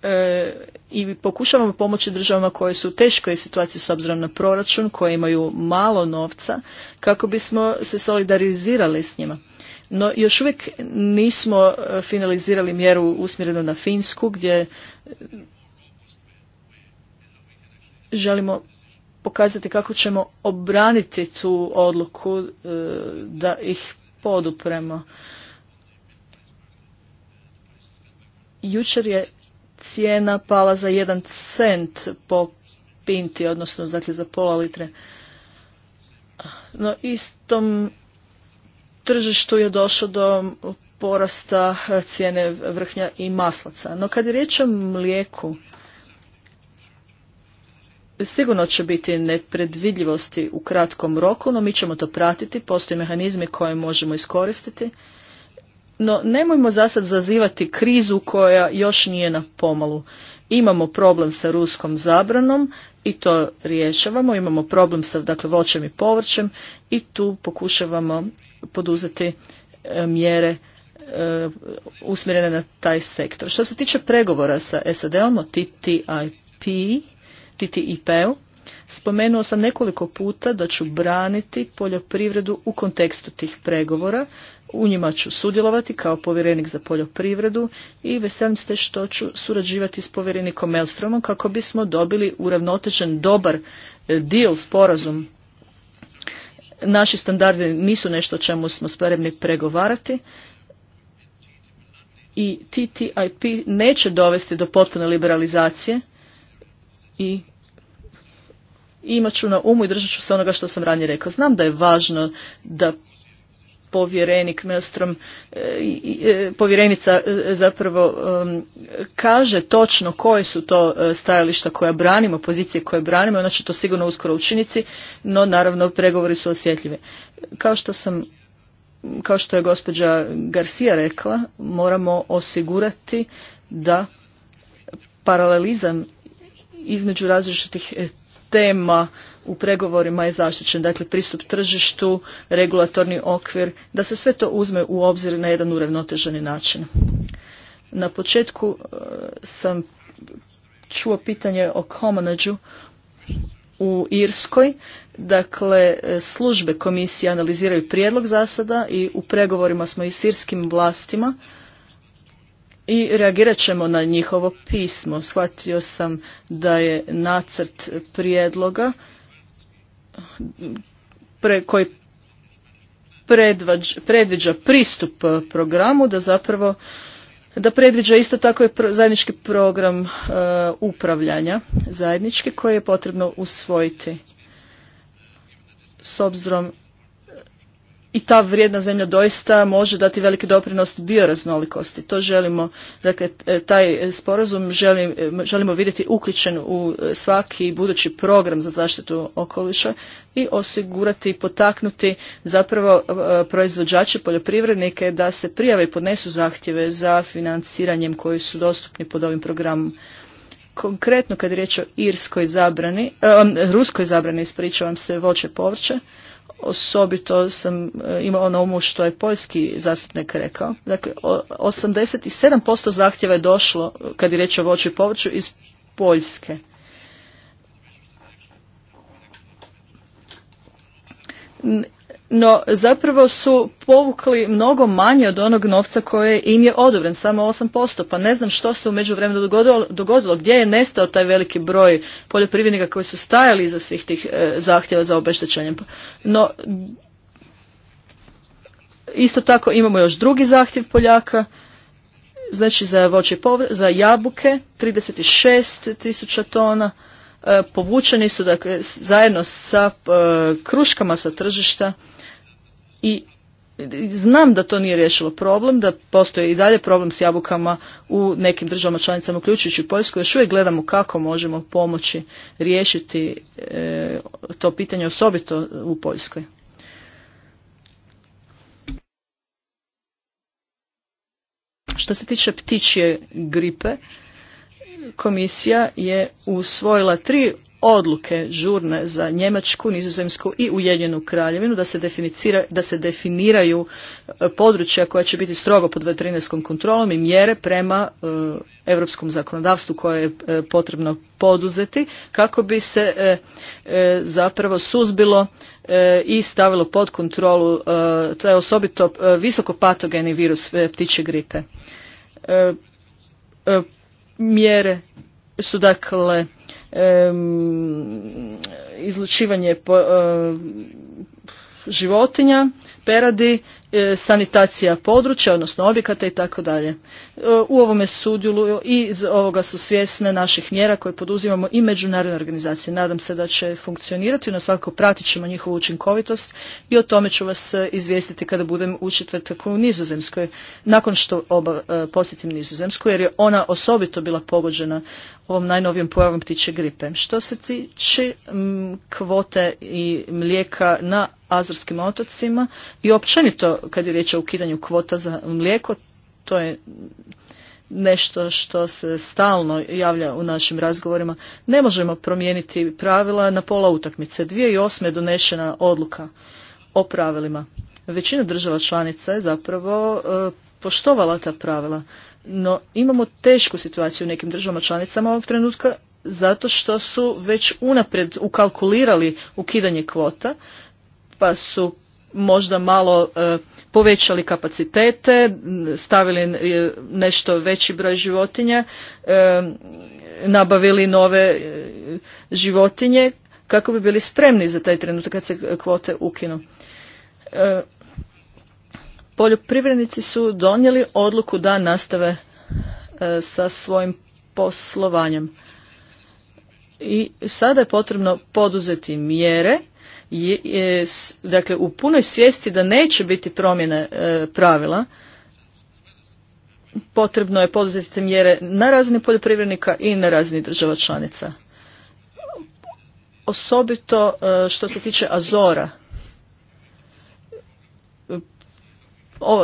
e, i pokušavamo pomoći državama koje su u teškoj situaciji s obzirom na proračun, koje imaju malo novca, kako bismo se solidarizirali s njima. No, još uvijek nismo e, finalizirali mjeru usmjerenu na Finsku, gdje e, želimo pokazati kako ćemo obraniti tu odluku e, da ih podupremo. Jučer je cijena pala za jedan cent po pinti, odnosno dakle za pola litre. No istom tržištu je došlo do porasta cijene vrhnja i maslaca. No kad je riječ o mlijeku, Sigurno će biti nepredvidljivosti u kratkom roku, no mi ćemo to pratiti, postoje mehanizmi koje možemo iskoristiti. No nemojmo zasad zazivati krizu koja još nije na pomalu. Imamo problem sa ruskom zabranom i to rješavamo, imamo problem sa dakle, voćem i povrćem i tu pokušavamo poduzeti e, mjere e, usmjerene na taj sektor. Što se tiče pregovora sa SAD-om o TTIP, TTIP-u, spomenuo sam nekoliko puta da ću braniti poljoprivredu u kontekstu tih pregovora. U njima ću sudjelovati kao povjerenik za poljoprivredu i veselim se što ću surađivati s povjerenikom Elstromom kako bismo dobili uravnotežen dobar e, deal, sporazum. Naši standardi nisu nešto o čemu smo spremni pregovarati i TTIP neće dovesti do potpune liberalizacije i imat ću na umu i držat ću se onoga što sam ranije rekao. Znam da je važno da povjerenik Melstrom, e, e, povjerenica e, zapravo kaže točno koje su to stajališta koja branimo, pozicije koje branimo, ona će to sigurno uskoro učiniti, no naravno pregovori su osjetljivi. Kao što sam kao što je gospođa Garcia rekla, moramo osigurati da paralelizam između različitih tema u pregovorima je zaštićen, dakle pristup tržištu, regulatorni okvir, da se sve to uzme u obzir na jedan uravnoteženi način. Na početku e, sam čuo pitanje o homonadžu u Irskoj. Dakle, e, službe komisije analiziraju prijedlog zasada i u pregovorima smo i s irskim vlastima i reagirat ćemo na njihovo pismo. Shvatio sam da je nacrt prijedloga pre, koji predviđa pristup programu da zapravo da predviđa isto tako i zajednički program e, upravljanja zajednički koji je potrebno usvojiti s obzirom i ta vrijedna zemlja doista može dati veliki doprinos bioraznolikosti. To želimo, dakle, taj sporazum želimo vidjeti uključen u e, svaki budući program za zaštitu okoliša i osigurati i potaknuti zapravo e, proizvođače, poljoprivrednike da se prijave i podnesu zahtjeve za financiranjem koji su dostupni pod ovim programom. Konkretno kad je riječ o irskoj zabrani, e, ruskoj zabrani, ispričavam se, voće povrće, osobito sam e, imao na umu što je poljski zastupnik rekao. Dakle, 87% zahtjeva je došlo, e, kad je riječ o voću i povrću, iz Poljske no zapravo su povukli mnogo manje od onog novca koje im je odobren, samo 8%, pa ne znam što se u međuvremenu dogodilo, gdje je nestao taj veliki broj poljoprivrednika koji su stajali iza svih tih e, zahtjeva za obeštećenjem. No, isto tako imamo još drugi zahtjev Poljaka, znači za voće povr za jabuke 36 tisuća tona, e, povučeni su dakle zajedno sa e, kruškama sa tržišta i znam da to nije riješilo problem, da postoji i dalje problem s jabukama u nekim državama članicama, uključujući Poljsku, još uvijek gledamo kako možemo pomoći riješiti e, to pitanje, osobito u Poljskoj. Što se tiče ptičje gripe, komisija je usvojila tri odluke žurne za Njemačku, Nizozemsku i Ujedinjenu kraljevinu da se, da se definiraju e, područja koja će biti strogo pod veterinarskom kontrolom i mjere prema e, europskom zakonodavstvu koje je e, potrebno poduzeti kako bi se e, zapravo suzbilo i stavilo pod kontrolu taj osobito visoko patogeni virus ptiče gripe. Mjere su dakle izlučivanje e, životinja, peradi, e, sanitacija područja, odnosno objekata i tako dalje. E, u ovome sudjeluju i iz ovoga su svjesne naših mjera koje poduzimamo i međunarodne organizacije. Nadam se da će funkcionirati, Na svakako pratit ćemo njihovu učinkovitost i o tome ću vas izvijestiti kada budem u četvrtak u Nizozemskoj, nakon što oba, posjetim Nizozemsku, jer je ona osobito bila pogođena ovom najnovijom pojavom ptiče gripe. Što se tiče kvote i mlijeka na Azorskim otocima i općenito kad je riječ o ukidanju kvota za mlijeko, to je nešto što se stalno javlja u našim razgovorima. Ne možemo promijeniti pravila na pola utakmice. 2008. je donešena odluka o pravilima. Većina država članica je zapravo e, poštovala ta pravila. No, imamo tešku situaciju u nekim državama članicama ovog trenutka zato što su već unaprijed ukalkulirali ukidanje kvota, pa su možda malo e, povećali kapacitete, stavili e, nešto veći broj životinja, e, nabavili nove životinje kako bi bili spremni za taj trenutak kad se kvote ukinu poljoprivrednici su donijeli odluku da nastave e, sa svojim poslovanjem. I sada je potrebno poduzeti mjere e, dakle u punoj svijesti da neće biti promjene e, pravila potrebno je poduzeti mjere na razini poljoprivrednika i na razini država članica. Osobito što se tiče Azora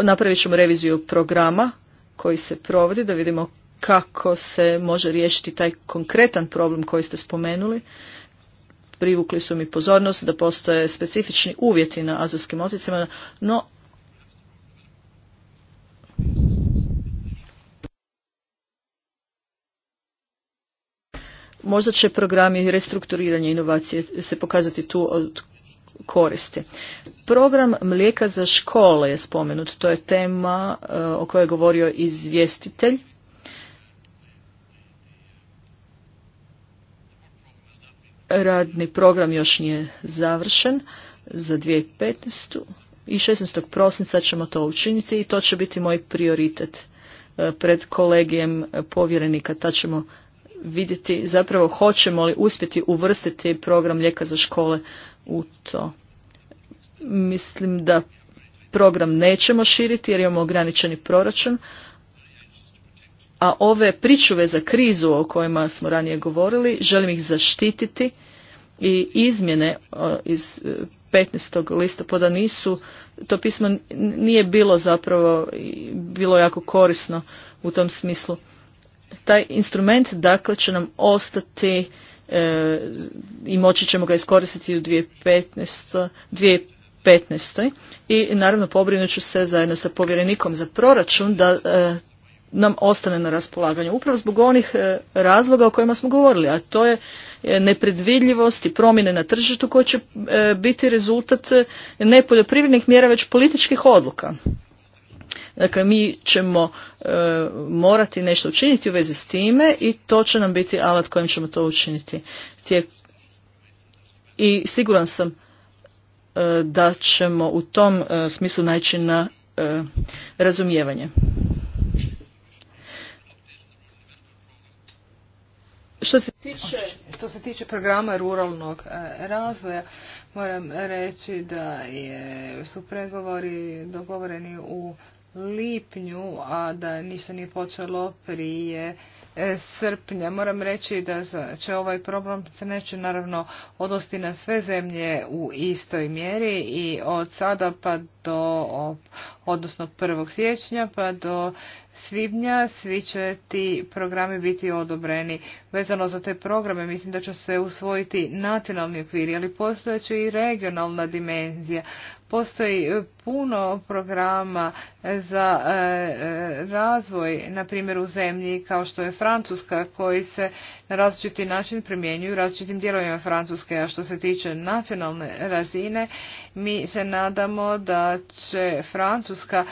napravit ćemo reviziju programa koji se provodi da vidimo kako se može riješiti taj konkretan problem koji ste spomenuli. Privukli su mi pozornost da postoje specifični uvjeti na Azorskim otocima, no možda će programi restrukturiranja inovacije se pokazati tu od koristi. Program mlijeka za škole je spomenut, to je tema eh, o kojoj je govorio izvjestitelj. Radni program još nije završen za 2015. i 16. prosinca ćemo to učiniti i to će biti moj prioritet eh, pred kolegijem povjerenika. Ta ćemo vidjeti zapravo hoćemo li uspjeti uvrstiti program lijeka za škole u to. Mislim da program nećemo širiti jer imamo ograničeni proračun, a ove pričuve za krizu o kojima smo ranije govorili, želim ih zaštititi i izmjene e, iz 15. E, listopada nisu, to pismo nije bilo zapravo, bilo jako korisno u tom smislu taj instrument dakle će nam ostati e, i moći ćemo ga iskoristiti u 2015. 2015. I naravno pobrinut ću se zajedno sa povjerenikom za proračun da e, nam ostane na raspolaganju. Upravo zbog onih e, razloga o kojima smo govorili, a to je nepredvidljivost i promjene na tržištu koje će biti rezultat ne poljoprivrednih mjera već političkih odluka. Dakle, mi ćemo e, morati nešto učiniti u vezi s time i to će nam biti alat kojim ćemo to učiniti. Tijek... I siguran sam e, da ćemo u tom e, smislu naći na razumijevanje. Što se tiče što se tiče programa ruralnog razvoja, moram reći da je, su pregovori dogovoreni u lipnju, a da ništa nije počelo prije e, srpnja. Moram reći da će ovaj problem se neće naravno odnosti na sve zemlje u istoj mjeri i od sada pa do, odnosno 1. siječnja pa do svibnja svi će ti programi biti odobreni. Vezano za te programe mislim da će se usvojiti nacionalni okviri, ali postojeće i regionalna dimenzija. Postoji e, puno programa e, za e, razvoj, na primjer u zemlji kao što je Francuska, koji se na različiti način primjenjuju različitim dijelovima Francuske. A što se tiče nacionalne razine, mi se nadamo da će Francuska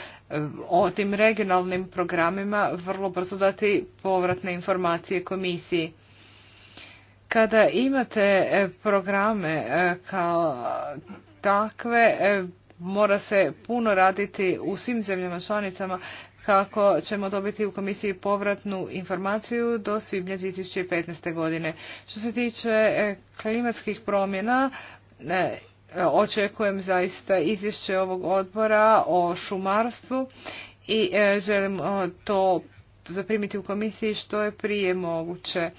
o tim regionalnim programima vrlo brzo dati povratne informacije komisiji. Kada imate e, programe e, kao takve, e, mora se puno raditi u svim zemljama članicama kako ćemo dobiti u komisiji povratnu informaciju do svibnja 2015. godine. Što se tiče klimatskih promjena, E, očekujem zaista izvješće ovog odbora o šumarstvu i e, želim e, to zaprimiti u komisiji što je prije moguće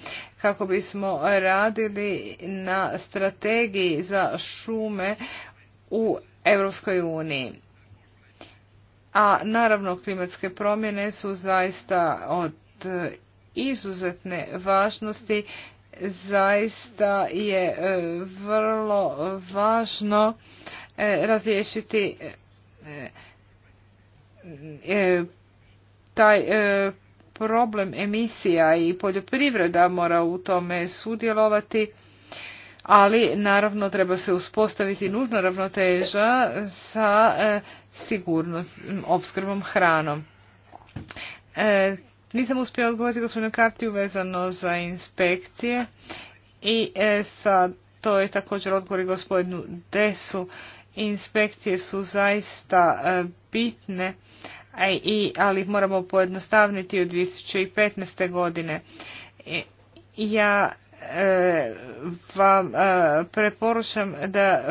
kako bismo radili na strategiji za šume u Europskoj uniji. A naravno klimatske promjene su zaista od izuzetne važnosti zaista je e, vrlo važno e, razriješiti e, taj problem emisija i poljoprivreda mora u tome sudjelovati, ali naravno treba se uspostaviti nužna ravnoteža sa sigurnost opskrbom hranom. Nisam uspio odgovoriti gospodinu Kartiju vezano za inspekcije i e, to je također odgovor i gospodinu Desu. Inspekcije su zaista e, bitne, i, ali moramo pojednostavniti od 2015. godine. E, ja e, vam preporučam da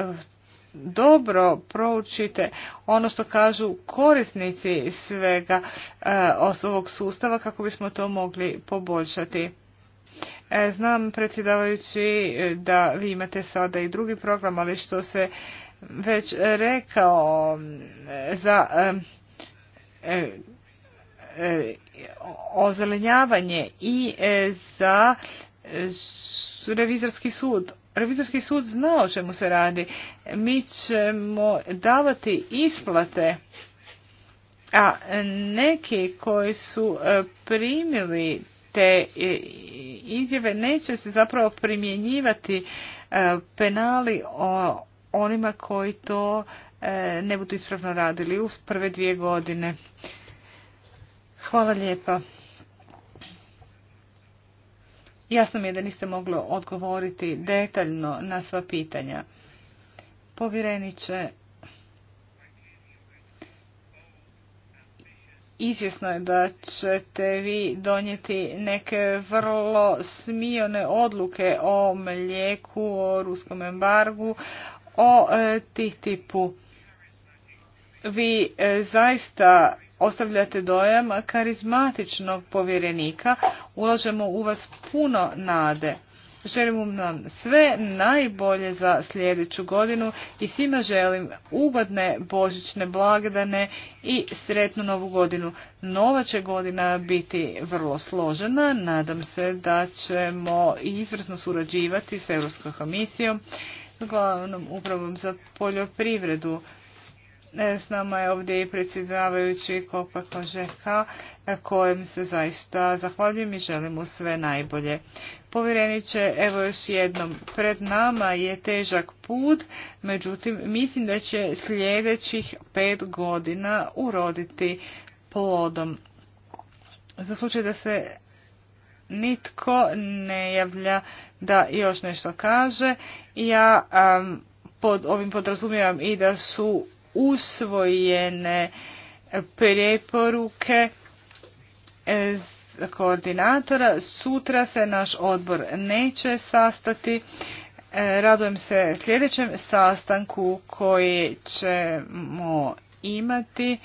dobro proučite ono što kažu korisnici svega e, ovog sustava kako bismo to mogli poboljšati. E, znam predsjedavajući e, da vi imate sada i drugi program, ali što se već rekao za ozelenjavanje i za revizorski sud revizorski sud zna o čemu se radi. Mi ćemo davati isplate, a neki koji su e, primili te e, izjave neće se zapravo primjenjivati e, penali o onima koji to ne budu ispravno radili u prve dvije godine. Hvala lijepa. Jasno mi je da niste mogli odgovoriti detaljno na sva pitanja. Povjereniče, izvjesno je da ćete vi donijeti neke vrlo smijone odluke o mlijeku, o ruskom embargu, o e, tih tipu. Vi e, zaista ostavljate dojam karizmatičnog povjerenika. Ulažemo u vas puno nade. Želim vam sve najbolje za sljedeću godinu i svima želim ugodne božićne blagdane i sretnu novu godinu. Nova će godina biti vrlo složena. Nadam se da ćemo izvrsno surađivati s Europskom komisijom, glavnom upravom za poljoprivredu E, s nama je ovdje i predsjedavajući Kopa Kožeka, e, kojem se zaista zahvaljujem i želim mu sve najbolje. Povjereniće, evo još jednom, pred nama je težak put, međutim mislim da će sljedećih pet godina uroditi plodom. Za slučaj da se nitko ne javlja da još nešto kaže, ja pod ovim podrazumijevam i da su usvojene preporuke e, koordinatora. Sutra se naš odbor neće sastati. E, radujem se sljedećem sastanku koji ćemo imati.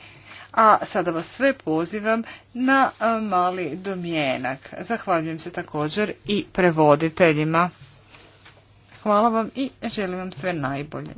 A sada vas sve pozivam na e, mali domjenak. Zahvaljujem se također i prevoditeljima. Hvala vam i želim vam sve najbolje.